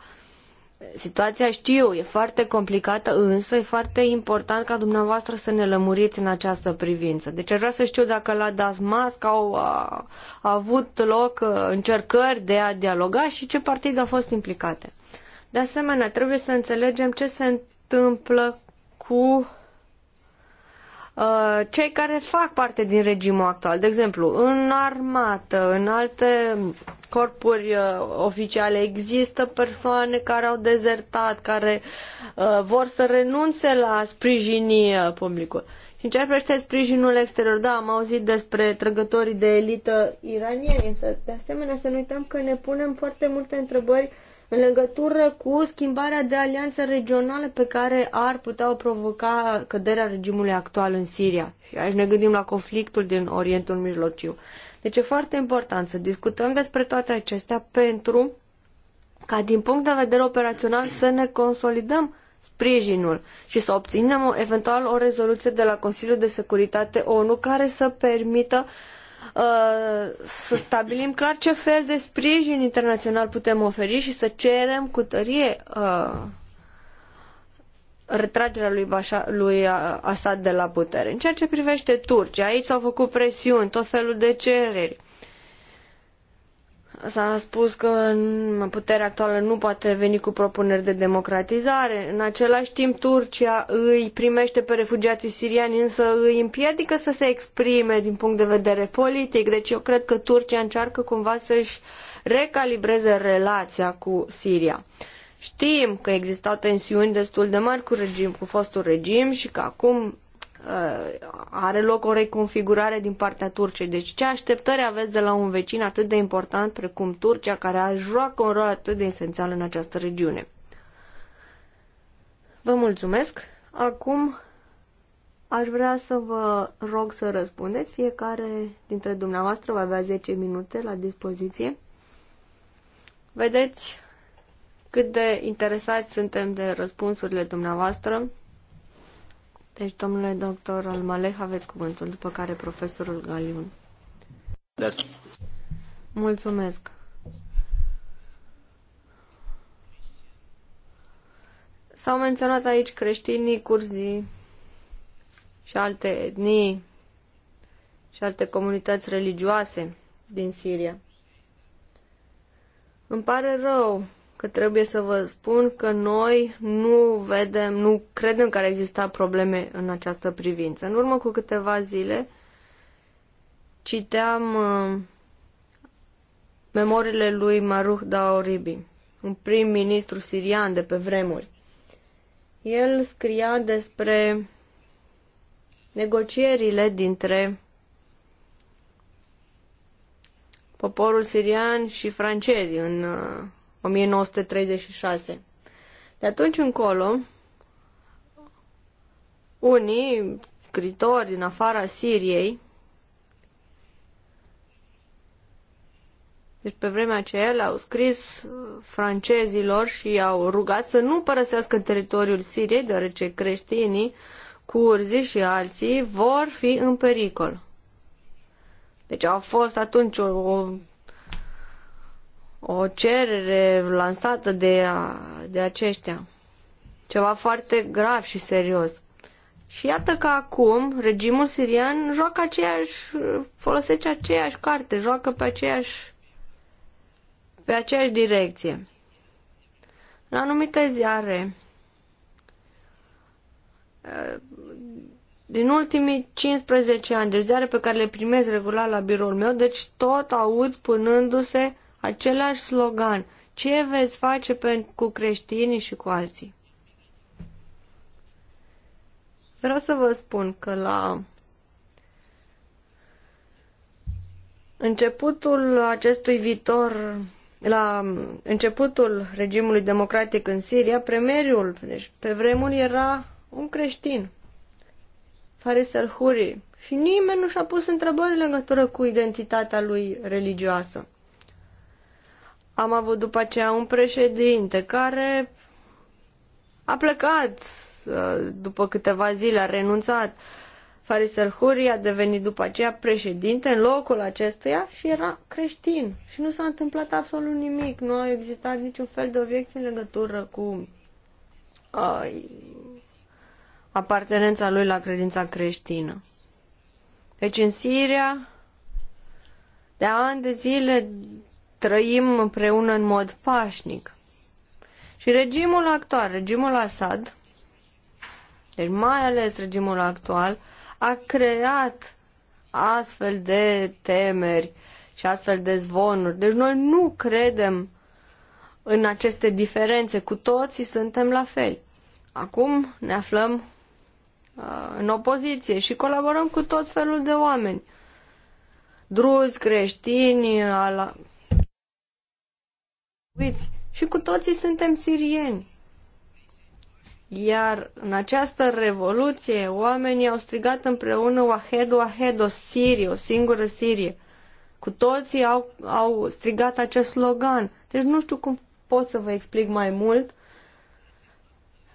Speaker 2: Situația știu, e foarte complicată, însă e foarte important ca dumneavoastră să ne lămuriți în această privință. Deci vreau să știu dacă la Dasmasc au a, a avut loc uh, încercări de a dialoga și ce partide au fost implicate. De asemenea, trebuie să înțelegem ce se întâmplă cu uh, cei care fac parte din regimul actual. De exemplu, în armată, în alte corpuri uh, oficiale. Există persoane care au dezertat, care uh, vor să renunțe la a uh, publicul. Și ce privește sprijinul exterior, da, am auzit despre trăgătorii de elită iranieni, însă de asemenea să nu uităm că ne punem foarte multe întrebări în legătură cu schimbarea de alianță regională pe care ar putea o provoca căderea regimului actual în Siria. Și aici ne gândim la conflictul din Orientul Mijlociu. Deci e foarte important să discutăm despre toate acestea pentru ca din punct de vedere operațional să ne consolidăm sprijinul și să obținem eventual o rezoluție de la Consiliul de Securitate ONU care să permită uh, să stabilim clar ce fel de sprijin internațional putem oferi și să cerem cu tărie uh, retragerea lui, Bașa, lui uh, Assad de la putere. În ceea ce privește Turcia, aici s-au făcut presiuni, tot felul de cereri. S-a spus că puterea actuală nu poate veni cu propuneri de democratizare. În același timp, Turcia îi primește pe refugiații siriani, însă îi împiedică să se exprime din punct de vedere politic. Deci eu cred că Turcia încearcă cumva să-și recalibreze relația cu Siria. Știm că existau tensiuni destul de mari cu regim, cu fostul regim și că acum uh, are loc o reconfigurare din partea Turciei. Deci ce așteptări aveți de la un vecin atât de important precum Turcia, care joacă un rol atât de esențial în această regiune? Vă mulțumesc. Acum aș vrea să vă rog să răspundeți. Fiecare dintre dumneavoastră va avea 10 minute la dispoziție. Vedeți, cât de interesați suntem de răspunsurile dumneavoastră. Deci, domnule doctor Almaleh, aveți cuvântul, după care profesorul Galiun. Da. Mulțumesc. S-au menționat aici creștinii, curzii și alte etnii și alte comunități religioase din Siria. Îmi pare rău că trebuie să vă spun că noi nu vedem, nu credem că ar exista probleme în această privință. În urmă cu câteva zile citeam uh, memoriile lui Maruh Daoribi, un prim-ministru sirian de pe vremuri. El scria despre negocierile dintre poporul sirian și francezii în uh, 1936. De atunci încolo, unii scritori din afara Siriei, deci pe vremea aceea au scris francezilor și au rugat să nu părăsească teritoriul Siriei, deoarece creștinii, curzi și alții vor fi în pericol. Deci au fost atunci o, o o cerere lansată de, a, de aceștia. Ceva foarte grav și serios. Și iată că acum regimul sirian joacă aceeași, folosește aceeași carte, joacă pe aceeași, pe aceeași direcție. În anumite ziare, eh, din ultimii 15 ani, de ziare pe care le primez regulat la biroul meu, deci tot aud spunându-se același slogan. Ce veți face cu creștinii și cu alții? Vreau să vă spun că la începutul acestui viitor, la începutul regimului democratic în Siria, premierul, deci pe vremuri era un creștin, Faris al-Huri, și nimeni nu și-a pus întrebări în legătură cu identitatea lui religioasă. Am avut după aceea un președinte care a plecat uh, după câteva zile, a renunțat. Farisel Huri a devenit după aceea președinte în locul acestuia și era creștin. Și nu s-a întâmplat absolut nimic. Nu a existat niciun fel de obiecție în legătură cu uh, apartenența lui la credința creștină. Deci în Siria, de ani de zile, trăim împreună în mod pașnic. Și regimul actual, regimul Assad, deci mai ales regimul actual, a creat astfel de temeri și astfel de zvonuri. Deci noi nu credem în aceste diferențe, cu toții suntem la fel. Acum ne aflăm uh, în opoziție și colaborăm cu tot felul de oameni. Druzi, creștini, ala, uiți, și cu toții suntem sirieni. Iar în această revoluție, oamenii au strigat împreună o Wahed o Sirie, o singură Sirie. Cu toții au, au strigat acest slogan. Deci nu știu cum pot să vă explic mai mult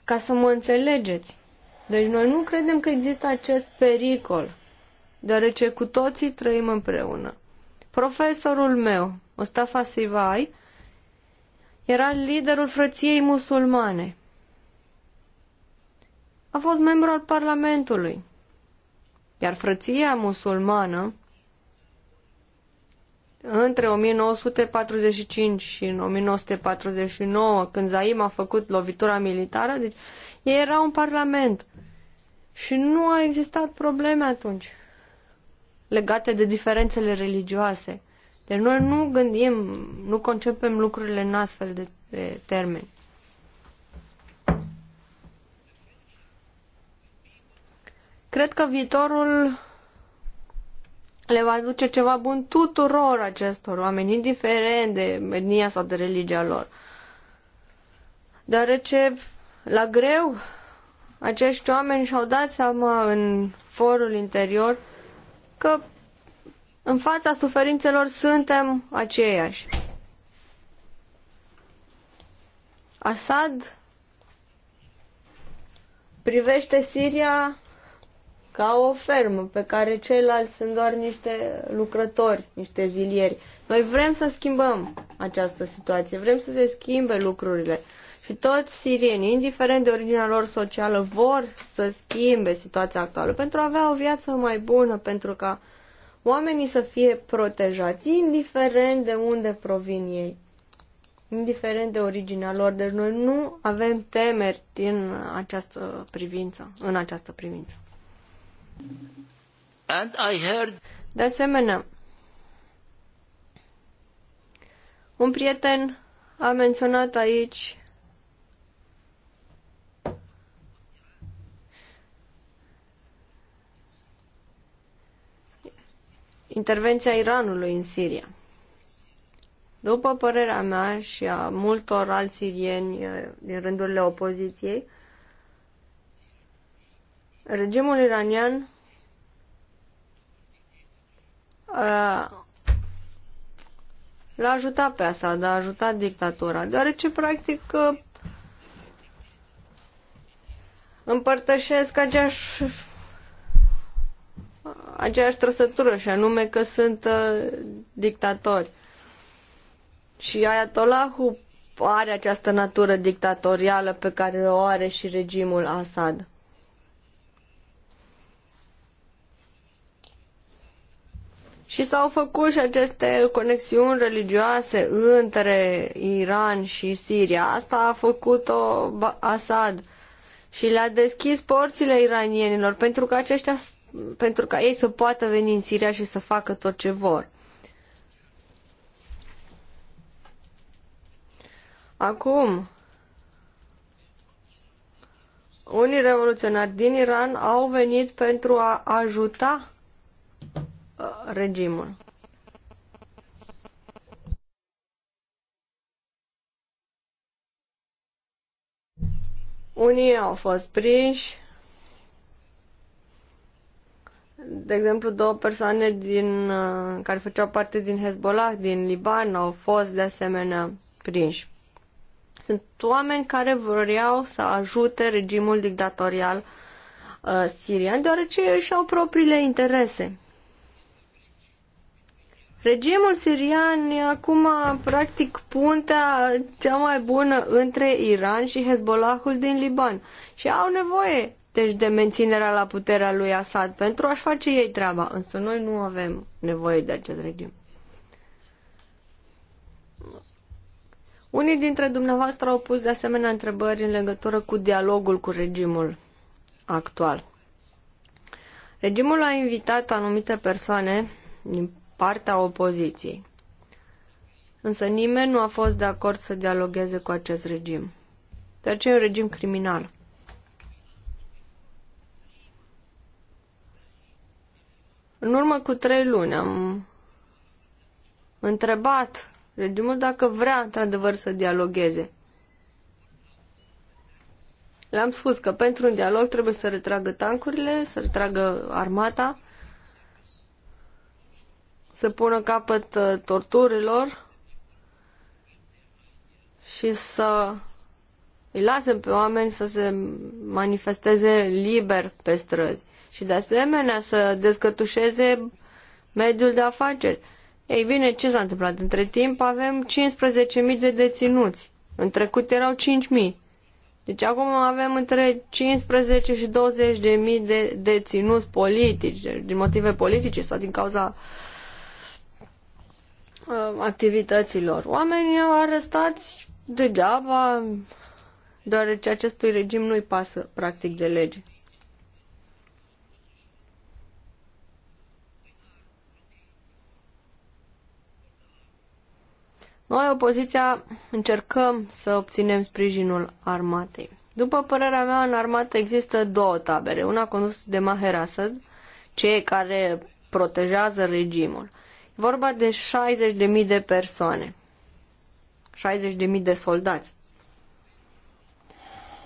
Speaker 2: ca să mă înțelegeți. Deci noi nu credem că există acest pericol, deoarece cu toții trăim împreună. Profesorul meu, Mustafa Sivai, era liderul frăției musulmane. A fost membru al Parlamentului. Iar frăția musulmană, între 1945 și 1949, când Zaim a făcut lovitura militară, deci ei erau în Parlament. Și nu a existat probleme atunci legate de diferențele religioase. Deci noi nu gândim, nu concepem lucrurile în astfel de, de termeni. Cred că viitorul le va aduce ceva bun tuturor acestor oameni, indiferent de etnia sau de religia lor. Deoarece, la greu, acești oameni și-au dat seama în forul interior că în fața suferințelor suntem aceiași. Assad privește Siria ca o fermă pe care ceilalți sunt doar niște lucrători, niște zilieri. Noi vrem să schimbăm această situație, vrem să se schimbe lucrurile. Și toți sirienii, indiferent de originea lor socială, vor să schimbe situația actuală pentru a avea o viață mai bună, pentru ca oamenii să fie protejați, indiferent de unde provin ei, indiferent de originea lor. Deci noi nu avem temeri din această privință, în această privință. And I heard... De asemenea, un prieten a menționat aici intervenția Iranului în Siria. După părerea mea și a multor alți sirieni eh, din rândurile opoziției, regimul iranian eh, l-a ajutat pe Assad, a ajutat dictatura, deoarece practic eh, împărtășesc aceeași aceeași trăsătură și anume că sunt uh, dictatori. Și Ayatollahul are această natură dictatorială pe care o are și regimul Assad. Și s-au făcut și aceste conexiuni religioase între Iran și Siria. Asta a făcut-o Assad și le-a deschis porțile iranienilor pentru că aceștia pentru ca ei să poată veni în Siria și să facă tot ce vor. Acum, unii revoluționari din Iran au venit pentru a ajuta uh, regimul. Unii au fost prinși, de exemplu, două persoane din, uh, care făceau parte din Hezbollah, din Liban, au fost de asemenea prinși. Sunt oameni care vreau să ajute regimul dictatorial uh, sirian, deoarece își au propriile interese. Regimul sirian e acum practic puntea cea mai bună între Iran și Hezbollahul din Liban și au nevoie deci de menținerea la puterea lui Assad, pentru a-și face ei treaba. Însă noi nu avem nevoie de acest regim. Unii dintre dumneavoastră au pus de asemenea întrebări în legătură cu dialogul cu regimul actual. Regimul a invitat anumite persoane din partea opoziției, însă nimeni nu a fost de acord să dialogueze cu acest regim. aceea e un regim criminal. În urmă cu trei luni am întrebat regimul dacă vrea într-adevăr să dialogueze. Le-am spus că pentru un dialog trebuie să retragă tancurile, să retragă armata, să pună capăt uh, torturilor și să îi lasem pe oameni să se manifesteze liber pe străzi și de asemenea să descătușeze mediul de afaceri. Ei bine, ce s-a întâmplat? Între timp avem 15.000 de deținuți. În trecut erau 5.000. Deci acum avem între 15 și 20 de mii de deținuți politici, din motive politice sau din cauza uh, activităților. Oamenii au arestați degeaba, deoarece acestui regim nu-i pasă practic de lege. Noi, opoziția, încercăm să obținem sprijinul armatei. După părerea mea, în armată există două tabere. Una condusă de Maher Assad, cei care protejează regimul. E vorba de 60.000 de persoane. 60.000 de soldați.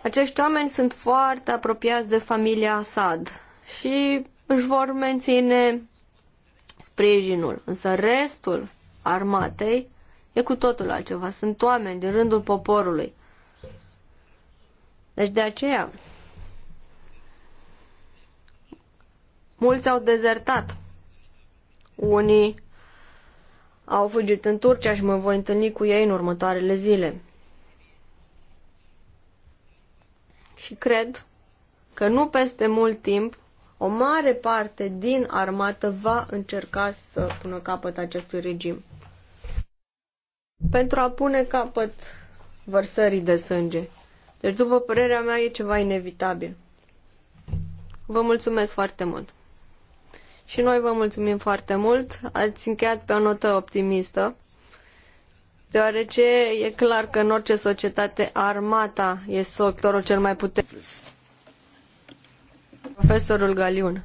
Speaker 2: Acești oameni sunt foarte apropiați de familia Assad și își vor menține sprijinul. Însă restul armatei E cu totul altceva. Sunt oameni din rândul poporului. Deci de aceea, mulți au dezertat. Unii au fugit în Turcia și mă voi întâlni cu ei în următoarele zile. Și cred că nu peste mult timp o mare parte din armată va încerca să pună capăt acestui regim pentru a pune capăt vărsării de sânge. Deci, după părerea mea, e ceva inevitabil. Vă mulțumesc foarte mult. Și noi vă mulțumim foarte mult. Ați încheiat pe o notă optimistă, deoarece e clar că în orice societate armata este sectorul cel mai puternic. Profesorul Galiun.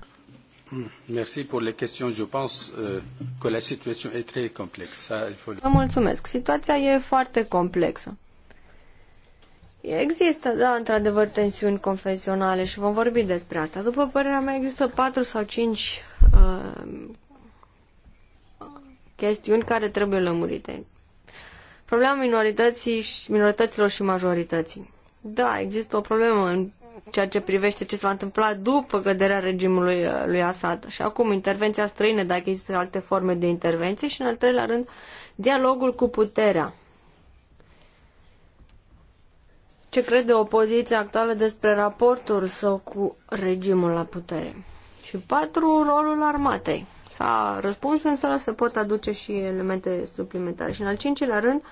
Speaker 2: Mm. Merci pour les questions. Je pense euh, que la situation est très complexe. Vă mulțumesc. Situația e foarte complexă. Există, da, într-adevăr, tensiuni confesionale și vom vorbi despre asta. După părerea mea, există patru sau cinci uh, chestiuni care trebuie lămurite. Problema minorității și, minorităților și majorității. Da, există o problemă în ceea ce privește ce se va întâmpla după căderea regimului uh, lui Assad. Și acum intervenția străină, dacă există alte forme de intervenție și în al treilea rând dialogul cu puterea. Ce crede opoziția actuală despre raportul său cu regimul la putere? Și patru, rolul armatei. S-a răspuns însă, se pot aduce și elemente suplimentare. Și în al cincilea rând,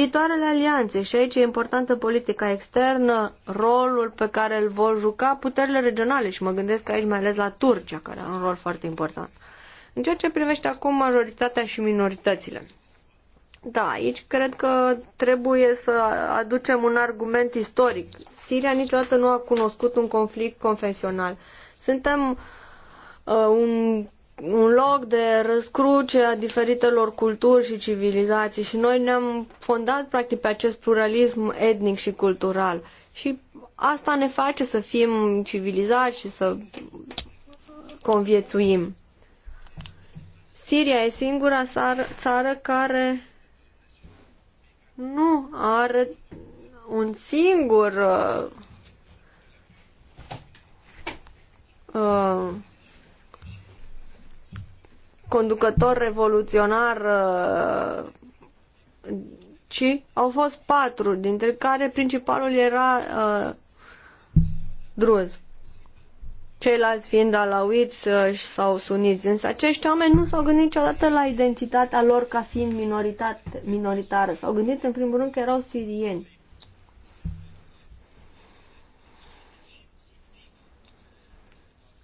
Speaker 2: Viitoarele alianțe, și aici e importantă politica externă, rolul pe care îl vor juca puterile regionale și mă gândesc aici mai ales la Turcia, care are un rol foarte important. În ceea ce privește acum majoritatea și minoritățile. Da, aici cred că trebuie să aducem un argument istoric. Siria niciodată nu a cunoscut un conflict confesional. Suntem uh, un un loc de răscruce a diferitelor culturi și civilizații și noi ne-am fondat practic pe acest pluralism etnic și cultural și asta ne face să fim civilizați și să conviețuim. Siria e singura țară care nu are un singur uh, uh, conducător revoluționar, uh, ci au fost patru, dintre care principalul era uh, druz. Ceilalți fiind alauiți uh, sau suniți, însă acești oameni nu s-au gândit niciodată la identitatea lor ca fiind minoritate, minoritară. S-au gândit în primul rând că erau sirieni.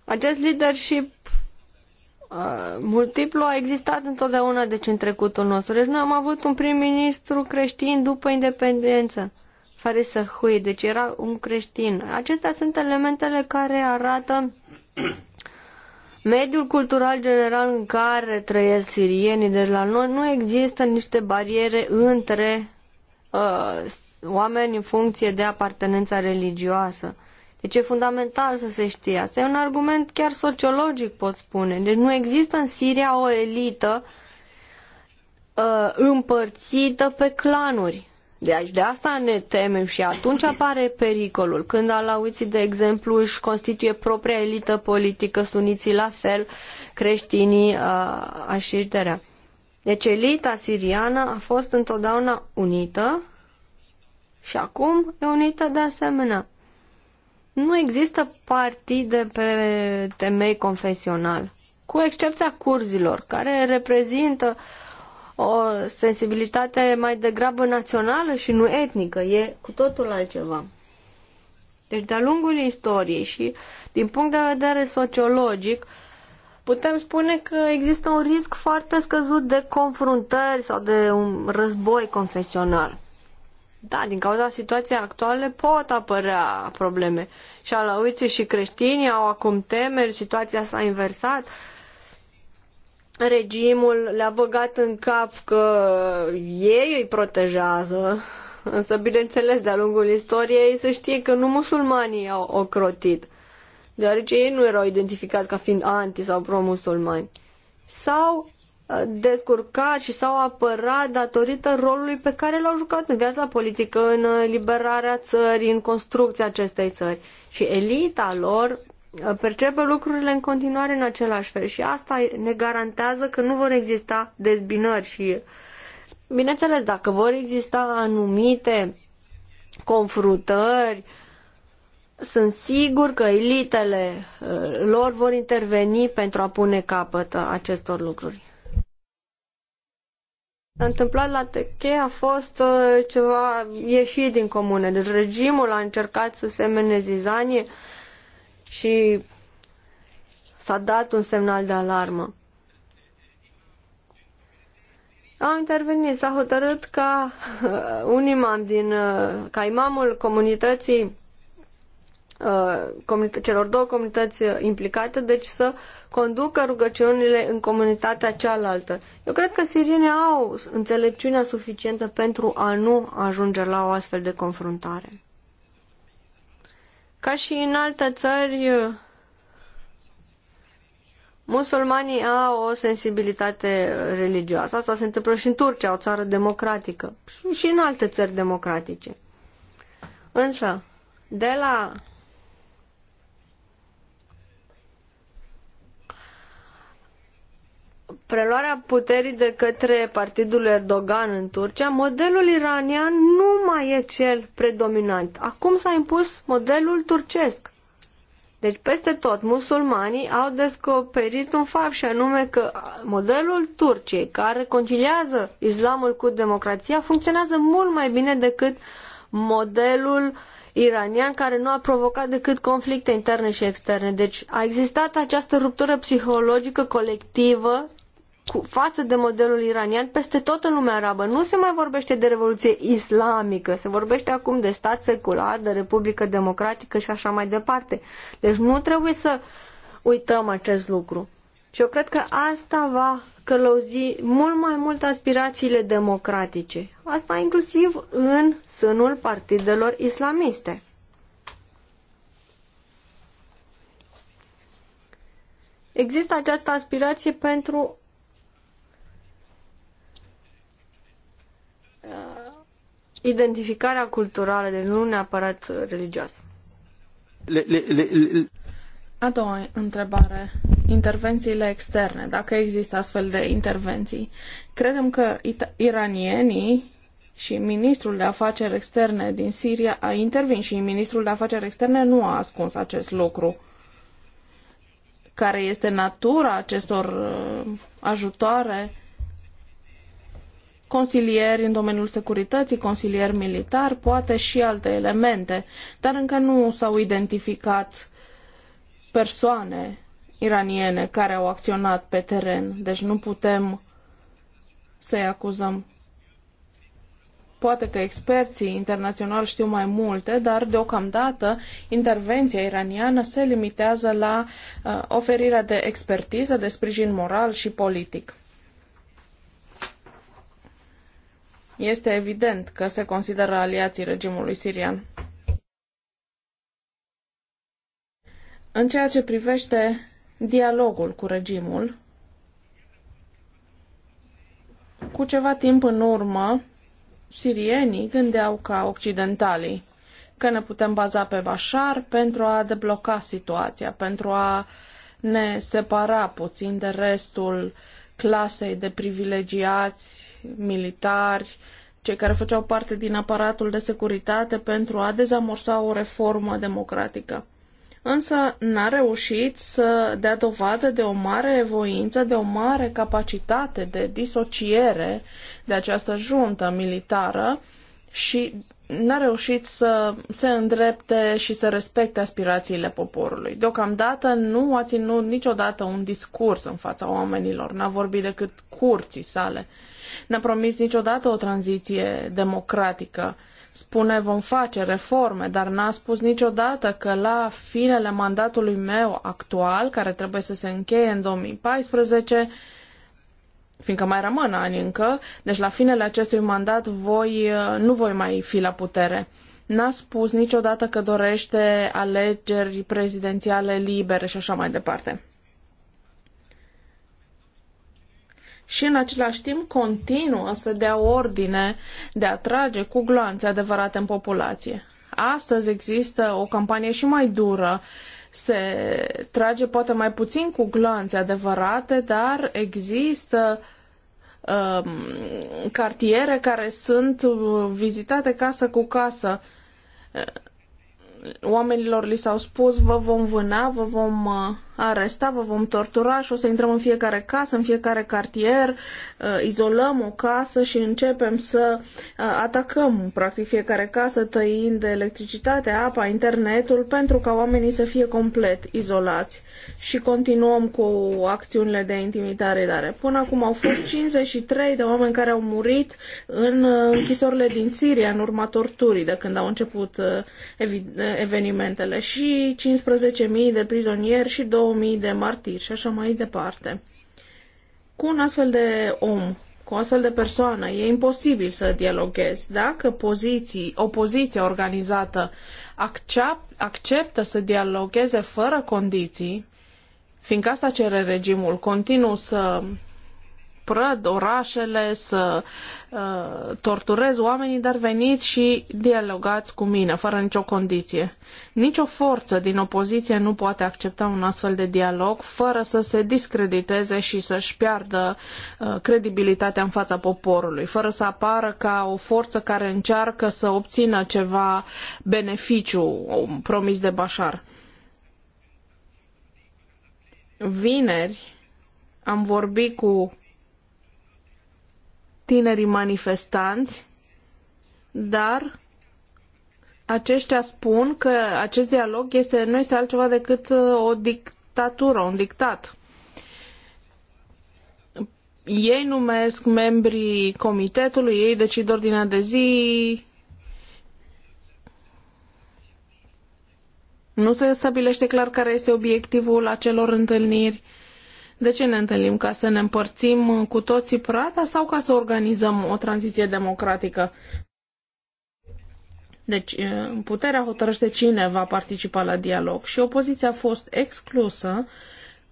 Speaker 2: Acest leadership Uh, multiplu a existat întotdeauna, deci în trecutul nostru. Deci noi am avut un prim-ministru creștin după independență, fără să hui, deci era un creștin. Acestea sunt elementele care arată mediul cultural general în care trăiesc sirienii. Deci la noi nu există niște bariere între uh, oameni în funcție de apartenența religioasă. Deci e fundamental să se știe. Asta e un argument chiar sociologic, pot spune. Deci nu există în Siria o elită uh, împărțită pe clanuri. Deci de asta ne temem și atunci apare pericolul. Când alauiții, de exemplu, își constituie propria elită politică, suniții la fel, creștinii uh, și de rea. Deci elita siriană a fost întotdeauna unită și acum e unită de asemenea. Nu există partide pe temei confesional, cu excepția curzilor, care reprezintă o sensibilitate mai degrabă națională și nu etnică. E cu totul altceva. Deci, de-a lungul istoriei și din punct de vedere sociologic, putem spune că există un risc foarte scăzut de confruntări sau de un război confesional. Da, din cauza situației actuale pot apărea probleme. Și uite, și creștinii au acum temeri, situația s-a inversat. Regimul le-a băgat în cap că ei îi protejează, însă, bineînțeles, de-a lungul istoriei se știe că nu musulmanii au ocrotit, deoarece ei nu erau identificați ca fiind anti- sau pro-musulmani. Sau descurcat și s-au apărat datorită rolului pe care l-au jucat în viața politică, în liberarea țării, în construcția acestei țări. Și elita lor uh, percepe lucrurile în continuare în același fel și asta ne garantează că nu vor exista dezbinări și bineînțeles, dacă vor exista anumite confruntări, sunt sigur că elitele uh, lor vor interveni pentru a pune capăt uh, acestor lucruri întâmplat la Teche a fost uh, ceva ieșit din comune. Deci regimul a încercat să semene zizanie și s-a dat un semnal de alarmă. Au intervenit, s-a hotărât ca uh, un imam din, uh, ca imamul comunității Uh, celor două comunități uh, implicate, deci să conducă rugăciunile în comunitatea cealaltă. Eu cred că sirienii au înțelepciunea suficientă pentru a nu ajunge la o astfel de confruntare. Ca și în alte țări, musulmanii au o sensibilitate religioasă. Asta se întâmplă și în Turcia, o țară democratică, și în alte țări democratice. Însă, de la preluarea puterii de către partidul Erdogan în Turcia, modelul iranian nu mai e cel predominant. Acum s-a impus modelul turcesc. Deci peste tot musulmanii au descoperit un fapt și anume că modelul Turciei care conciliază islamul cu democrația funcționează mult mai bine decât modelul iranian care nu a provocat decât conflicte interne și externe. Deci a existat această ruptură psihologică colectivă cu față de modelul iranian peste tot în lumea arabă. Nu se mai vorbește de revoluție islamică, se vorbește acum de stat secular, de republică democratică și așa mai departe. Deci nu trebuie să uităm acest lucru. Și eu cred că asta va călăuzi mult mai mult aspirațiile democratice. Asta inclusiv în sânul partidelor islamiste. Există această aspirație pentru identificarea culturală, de deci nu neapărat religioasă. Le, le, le, le... A doua
Speaker 1: întrebare. Intervențiile externe, dacă există astfel de intervenții. Credem că iranienii și ministrul de afaceri externe din Siria a intervin și ministrul de afaceri externe nu a ascuns acest lucru. Care este natura acestor uh, ajutoare? consilieri în domeniul securității, consilieri militari, poate și alte elemente, dar încă nu s-au identificat persoane iraniene care au acționat pe teren, deci nu putem să-i acuzăm. Poate că experții internaționali știu mai multe, dar deocamdată intervenția iraniană se limitează la uh, oferirea de expertiză, de sprijin moral și politic. Este evident că se consideră aliații regimului sirian. În ceea ce privește dialogul cu regimul, cu ceva timp în urmă, sirienii gândeau ca occidentalii că ne putem baza pe Bashar pentru a debloca situația, pentru a ne separa puțin de restul uh, clasei de privilegiați, militari, cei care făceau parte din aparatul de securitate pentru a dezamorsa o reformă democratică. Însă n-a reușit să dea dovadă de o mare voință, de o mare capacitate de disociere de această juntă militară și n-a reușit să se îndrepte și să respecte aspirațiile poporului. Deocamdată nu a ținut niciodată un discurs în fața oamenilor, n-a vorbit decât curții sale, n-a promis niciodată o tranziție democratică. Spune vom face reforme, dar n-a spus niciodată că la finele mandatului meu actual, care trebuie să se încheie în 2014, fiindcă mai rămân ani încă, deci la finele acestui mandat voi, uh, nu voi mai fi la putere. N-a spus niciodată că dorește alegeri prezidențiale libere și așa mai departe. și în același timp continuă să dea ordine de a trage cu gloanțe adevărate în populație. Astăzi există o campanie și mai dură uh, se trage poate mai puțin cu glanțe adevărate, dar există um, cartiere care sunt uh, vizitate casă cu casă. Uh, oamenilor li s-au spus, vă vom vâna, vă vom uh, aresta, vă vom tortura și o să intrăm în fiecare casă, în fiecare cartier, uh, izolăm o casă și începem să uh, atacăm practic fiecare casă tăind electricitatea, apa, internetul pentru ca oamenii să fie complet izolați și continuăm cu acțiunile de intimidare. Dar Până acum au fost 53 de oameni care au murit în uh, închisorile din Siria în urma torturii de când au început evenimentele și 15.000 de prizonieri și 2 2000 de martiri și așa mai departe. Cu un astfel de om, cu o astfel de persoană, e imposibil să dialoghezi. Dacă poziții, opoziția organizată accept, acceptă să dialogheze fără condiții, fiindcă asta cere regimul, continuu să prăd orașele, să uh, torturez oamenii, dar veniți și dialogați cu mine, fără nicio condiție. Nicio forță din opoziție nu poate accepta un astfel de dialog fără să se discrediteze și să-și piardă uh, credibilitatea în fața poporului, fără să apară ca o forță care încearcă să obțină ceva beneficiu promis de Bashar. Vineri am vorbit cu tinerii manifestanți, dar aceștia spun că acest dialog este, nu este altceva decât uh, o dictatură, un dictat. Ei numesc membrii comitetului, ei decid ordinea de zi, nu se stabilește clar care este obiectivul acelor întâlniri. De ce ne întâlnim? Ca să ne împărțim cu toții prata sau ca să organizăm o tranziție democratică? Deci, puterea hotărăște cine va participa la dialog și opoziția a fost exclusă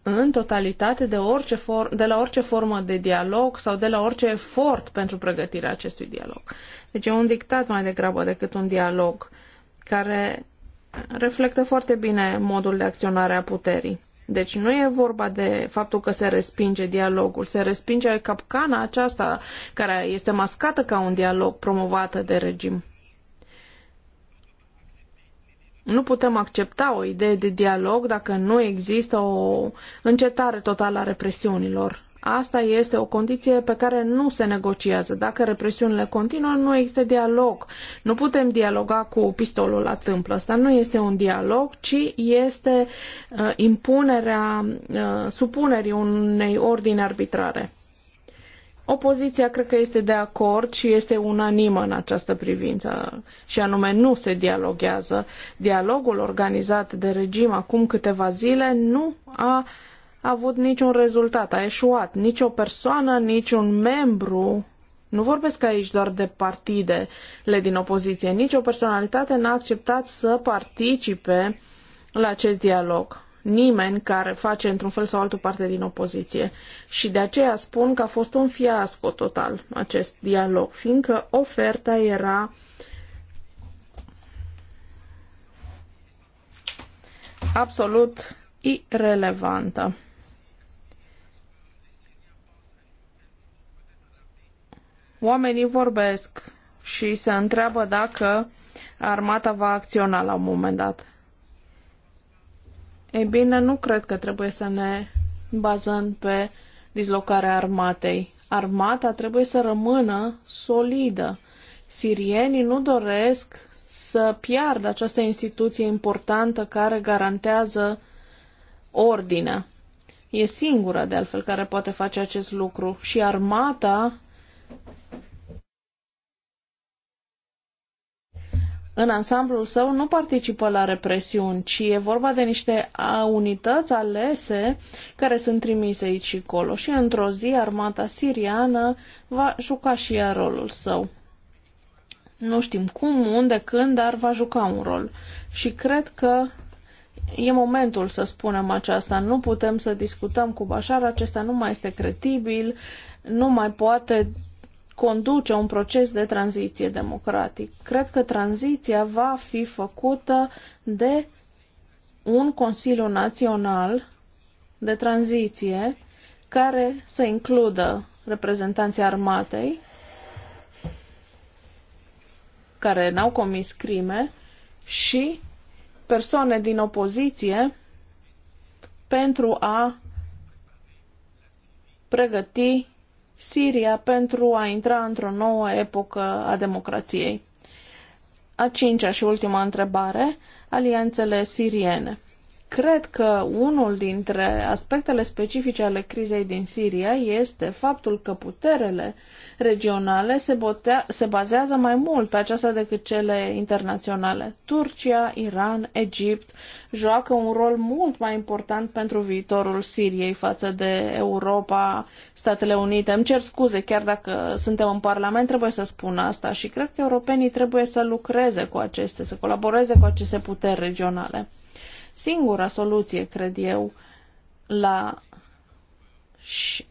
Speaker 1: în totalitate de, orice for- de la orice formă de dialog sau de la orice efort pentru pregătirea acestui dialog. Deci e un dictat mai degrabă decât un dialog care reflectă foarte bine modul de acționare a puterii. Deci nu e vorba de faptul că se respinge dialogul, se respinge capcana aceasta care este mascată ca un dialog promovată de regim. Nu putem accepta o idee de dialog dacă nu există o încetare totală a represiunilor. Asta este o condiție pe care nu se negociază. Dacă represiunile continuă, nu există dialog. Nu putem dialoga cu pistolul la tâmplă. Asta nu este un dialog, ci este uh, impunerea, uh, supunerii unei ordini arbitrare. Opoziția cred că este de acord și este unanimă în această privință, și anume nu se dialoguează. Dialogul organizat de regim acum câteva zile nu a uh, a avut niciun rezultat, a eșuat. Nici o persoană, nici un membru, nu vorbesc aici doar de partidele din opoziție, nici o personalitate n-a acceptat să participe la acest dialog. Nimeni care face într-un fel sau altul parte din opoziție. Și de aceea spun că a fost un fiasco total acest dialog, fiindcă oferta era absolut irelevantă. Oamenii vorbesc și se întreabă dacă armata va acționa la un moment dat. Ei bine, nu cred că trebuie să ne bazăm pe dislocarea armatei. Armata trebuie să rămână solidă. Sirienii nu doresc să piardă această instituție importantă care garantează ordinea. E singura, de altfel, care poate face acest lucru. Și armata în ansamblul său nu participă la represiuni, ci e vorba de niște unități alese care sunt trimise aici și acolo și într-o zi armata siriană va juca și ea rolul său. Nu știm cum, unde, când, dar va juca un rol. Și cred că e momentul să spunem aceasta. Nu putem să discutăm cu Bashar, acesta nu mai este credibil, nu mai poate conduce un proces de tranziție democratic. Cred că tranziția va fi făcută de un Consiliu Național de Tranziție care să includă reprezentanții armatei care n-au comis crime și persoane din opoziție pentru a pregăti Siria pentru a intra într-o nouă epocă a democrației. A cincea și ultima întrebare, alianțele siriene. Cred că unul dintre aspectele specifice ale crizei din Siria este faptul că puterele regionale se, botea, se bazează mai mult pe aceasta decât cele internaționale. Turcia, Iran, Egipt joacă un rol mult mai important pentru viitorul Siriei față de Europa, Statele Unite. Îmi cer scuze, chiar dacă suntem în Parlament, trebuie să spun asta și cred că europenii trebuie să lucreze cu aceste, să colaboreze cu aceste puteri regionale. Singura soluție, cred eu, la și,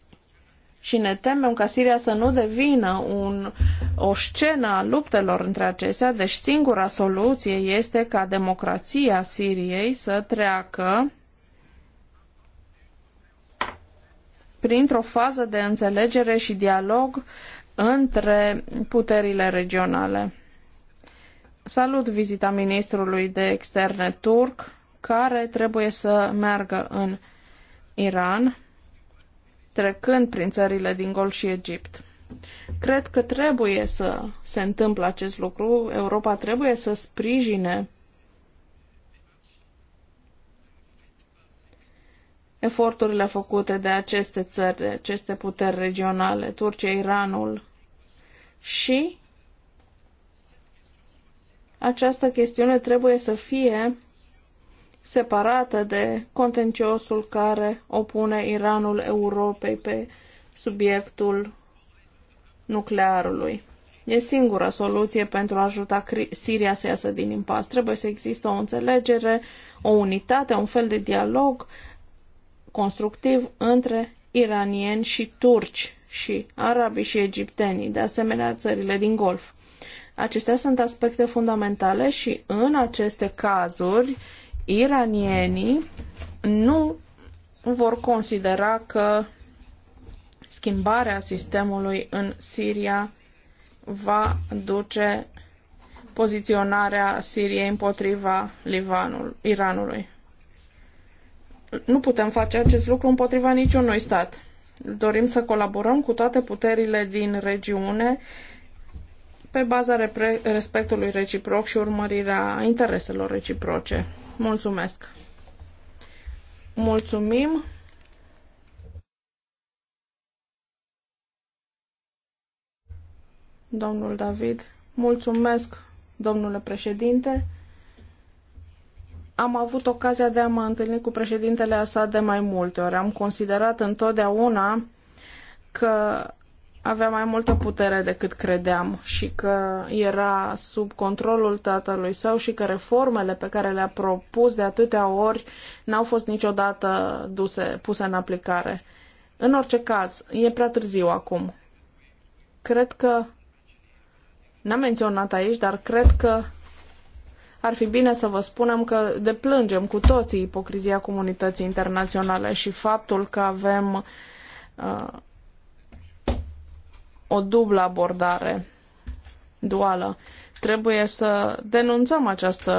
Speaker 1: și ne temem ca Siria să nu devină un, o scenă a luptelor între acestea, deci singura soluție este ca democrația Siriei să treacă printr-o fază de înțelegere și dialog între puterile regionale. Salut vizita ministrului de externe turc care trebuie să meargă în Iran, trecând prin țările din Gol și Egipt. Cred că trebuie să se întâmple acest lucru. Europa trebuie să sprijine eforturile făcute de aceste țări, de aceste puteri regionale, Turcia, Iranul și această chestiune trebuie să fie separată de contenciosul care opune Iranul Europei pe subiectul nuclearului. E singura soluție pentru a ajuta Siria să iasă din impas. Trebuie să există o înțelegere, o unitate, un fel de dialog constructiv între iranieni și turci și arabii și egiptenii, de asemenea țările din Golf. Acestea sunt aspecte fundamentale și în aceste cazuri iranienii nu vor considera că schimbarea sistemului în Siria va duce poziționarea Siriei împotriva Livanul, Iranului. Nu putem face acest lucru împotriva niciunui stat. Dorim să colaborăm cu toate puterile din regiune pe baza respectului reciproc și urmărirea intereselor reciproce. Mulțumesc! Mulțumim! Domnul David, mulțumesc, domnule președinte. Am avut ocazia de a mă întâlni cu președintele asad de mai multe ori. Am considerat întotdeauna că avea mai multă putere decât credeam și că era sub controlul tatălui său și că reformele pe care le-a propus de atâtea ori n-au fost niciodată duse, puse în aplicare. În orice caz, e prea târziu acum. Cred că n-am menționat aici, dar cred că ar fi bine să vă spunem că deplângem cu toții ipocrizia comunității internaționale și faptul că avem uh, o dublă abordare duală. Trebuie să denunțăm acest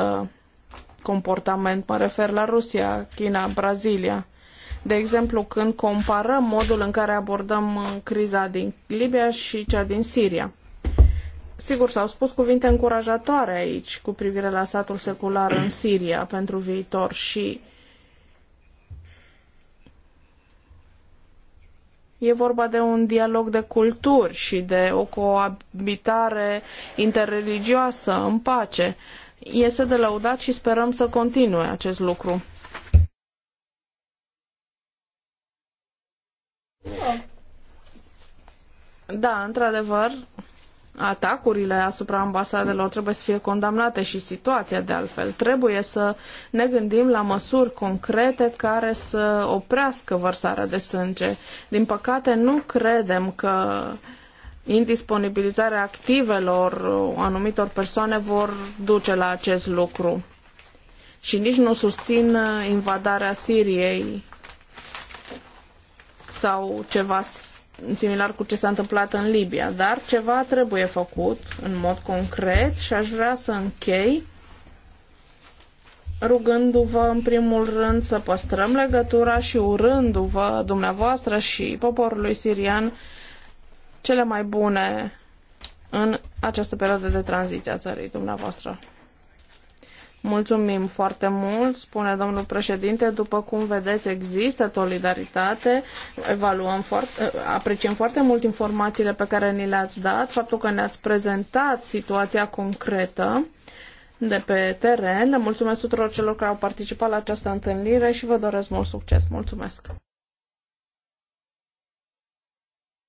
Speaker 1: comportament. Mă refer la Rusia, China, Brazilia. De exemplu, când comparăm modul în care abordăm uh, criza din Libia și cea din Siria. Sigur, s-au spus cuvinte încurajatoare aici cu privire la statul secular în Siria pentru viitor și uh, E vorba de un dialog de culturi și de o coabitare interreligioasă în pace. Este de lăudat și sperăm să continue acest lucru. Oh. Da, într-adevăr, Atacurile asupra ambasadelor trebuie să fie condamnate și situația de altfel. Trebuie să ne gândim la măsuri concrete care să oprească vărsarea de sânge. Din păcate, nu credem că indisponibilizarea activelor anumitor persoane vor duce la acest lucru. Și nici nu susțin invadarea Siriei sau ceva similar cu ce s-a întâmplat în Libia, dar ceva trebuie făcut în mod concret și aș vrea să închei rugându-vă în primul rând să păstrăm legătura și urându-vă dumneavoastră și poporului sirian cele mai bune în această perioadă de tranziție a țării dumneavoastră. Mulțumim foarte mult, spune domnul președinte. După cum vedeți, există solidaritate. Evaluăm foarte, apreciem foarte mult informațiile pe care ni le-ați dat, faptul că ne-ați prezentat situația concretă de pe teren. Le mulțumesc tuturor celor care au participat la această întâlnire și vă doresc mult succes. Mulțumesc!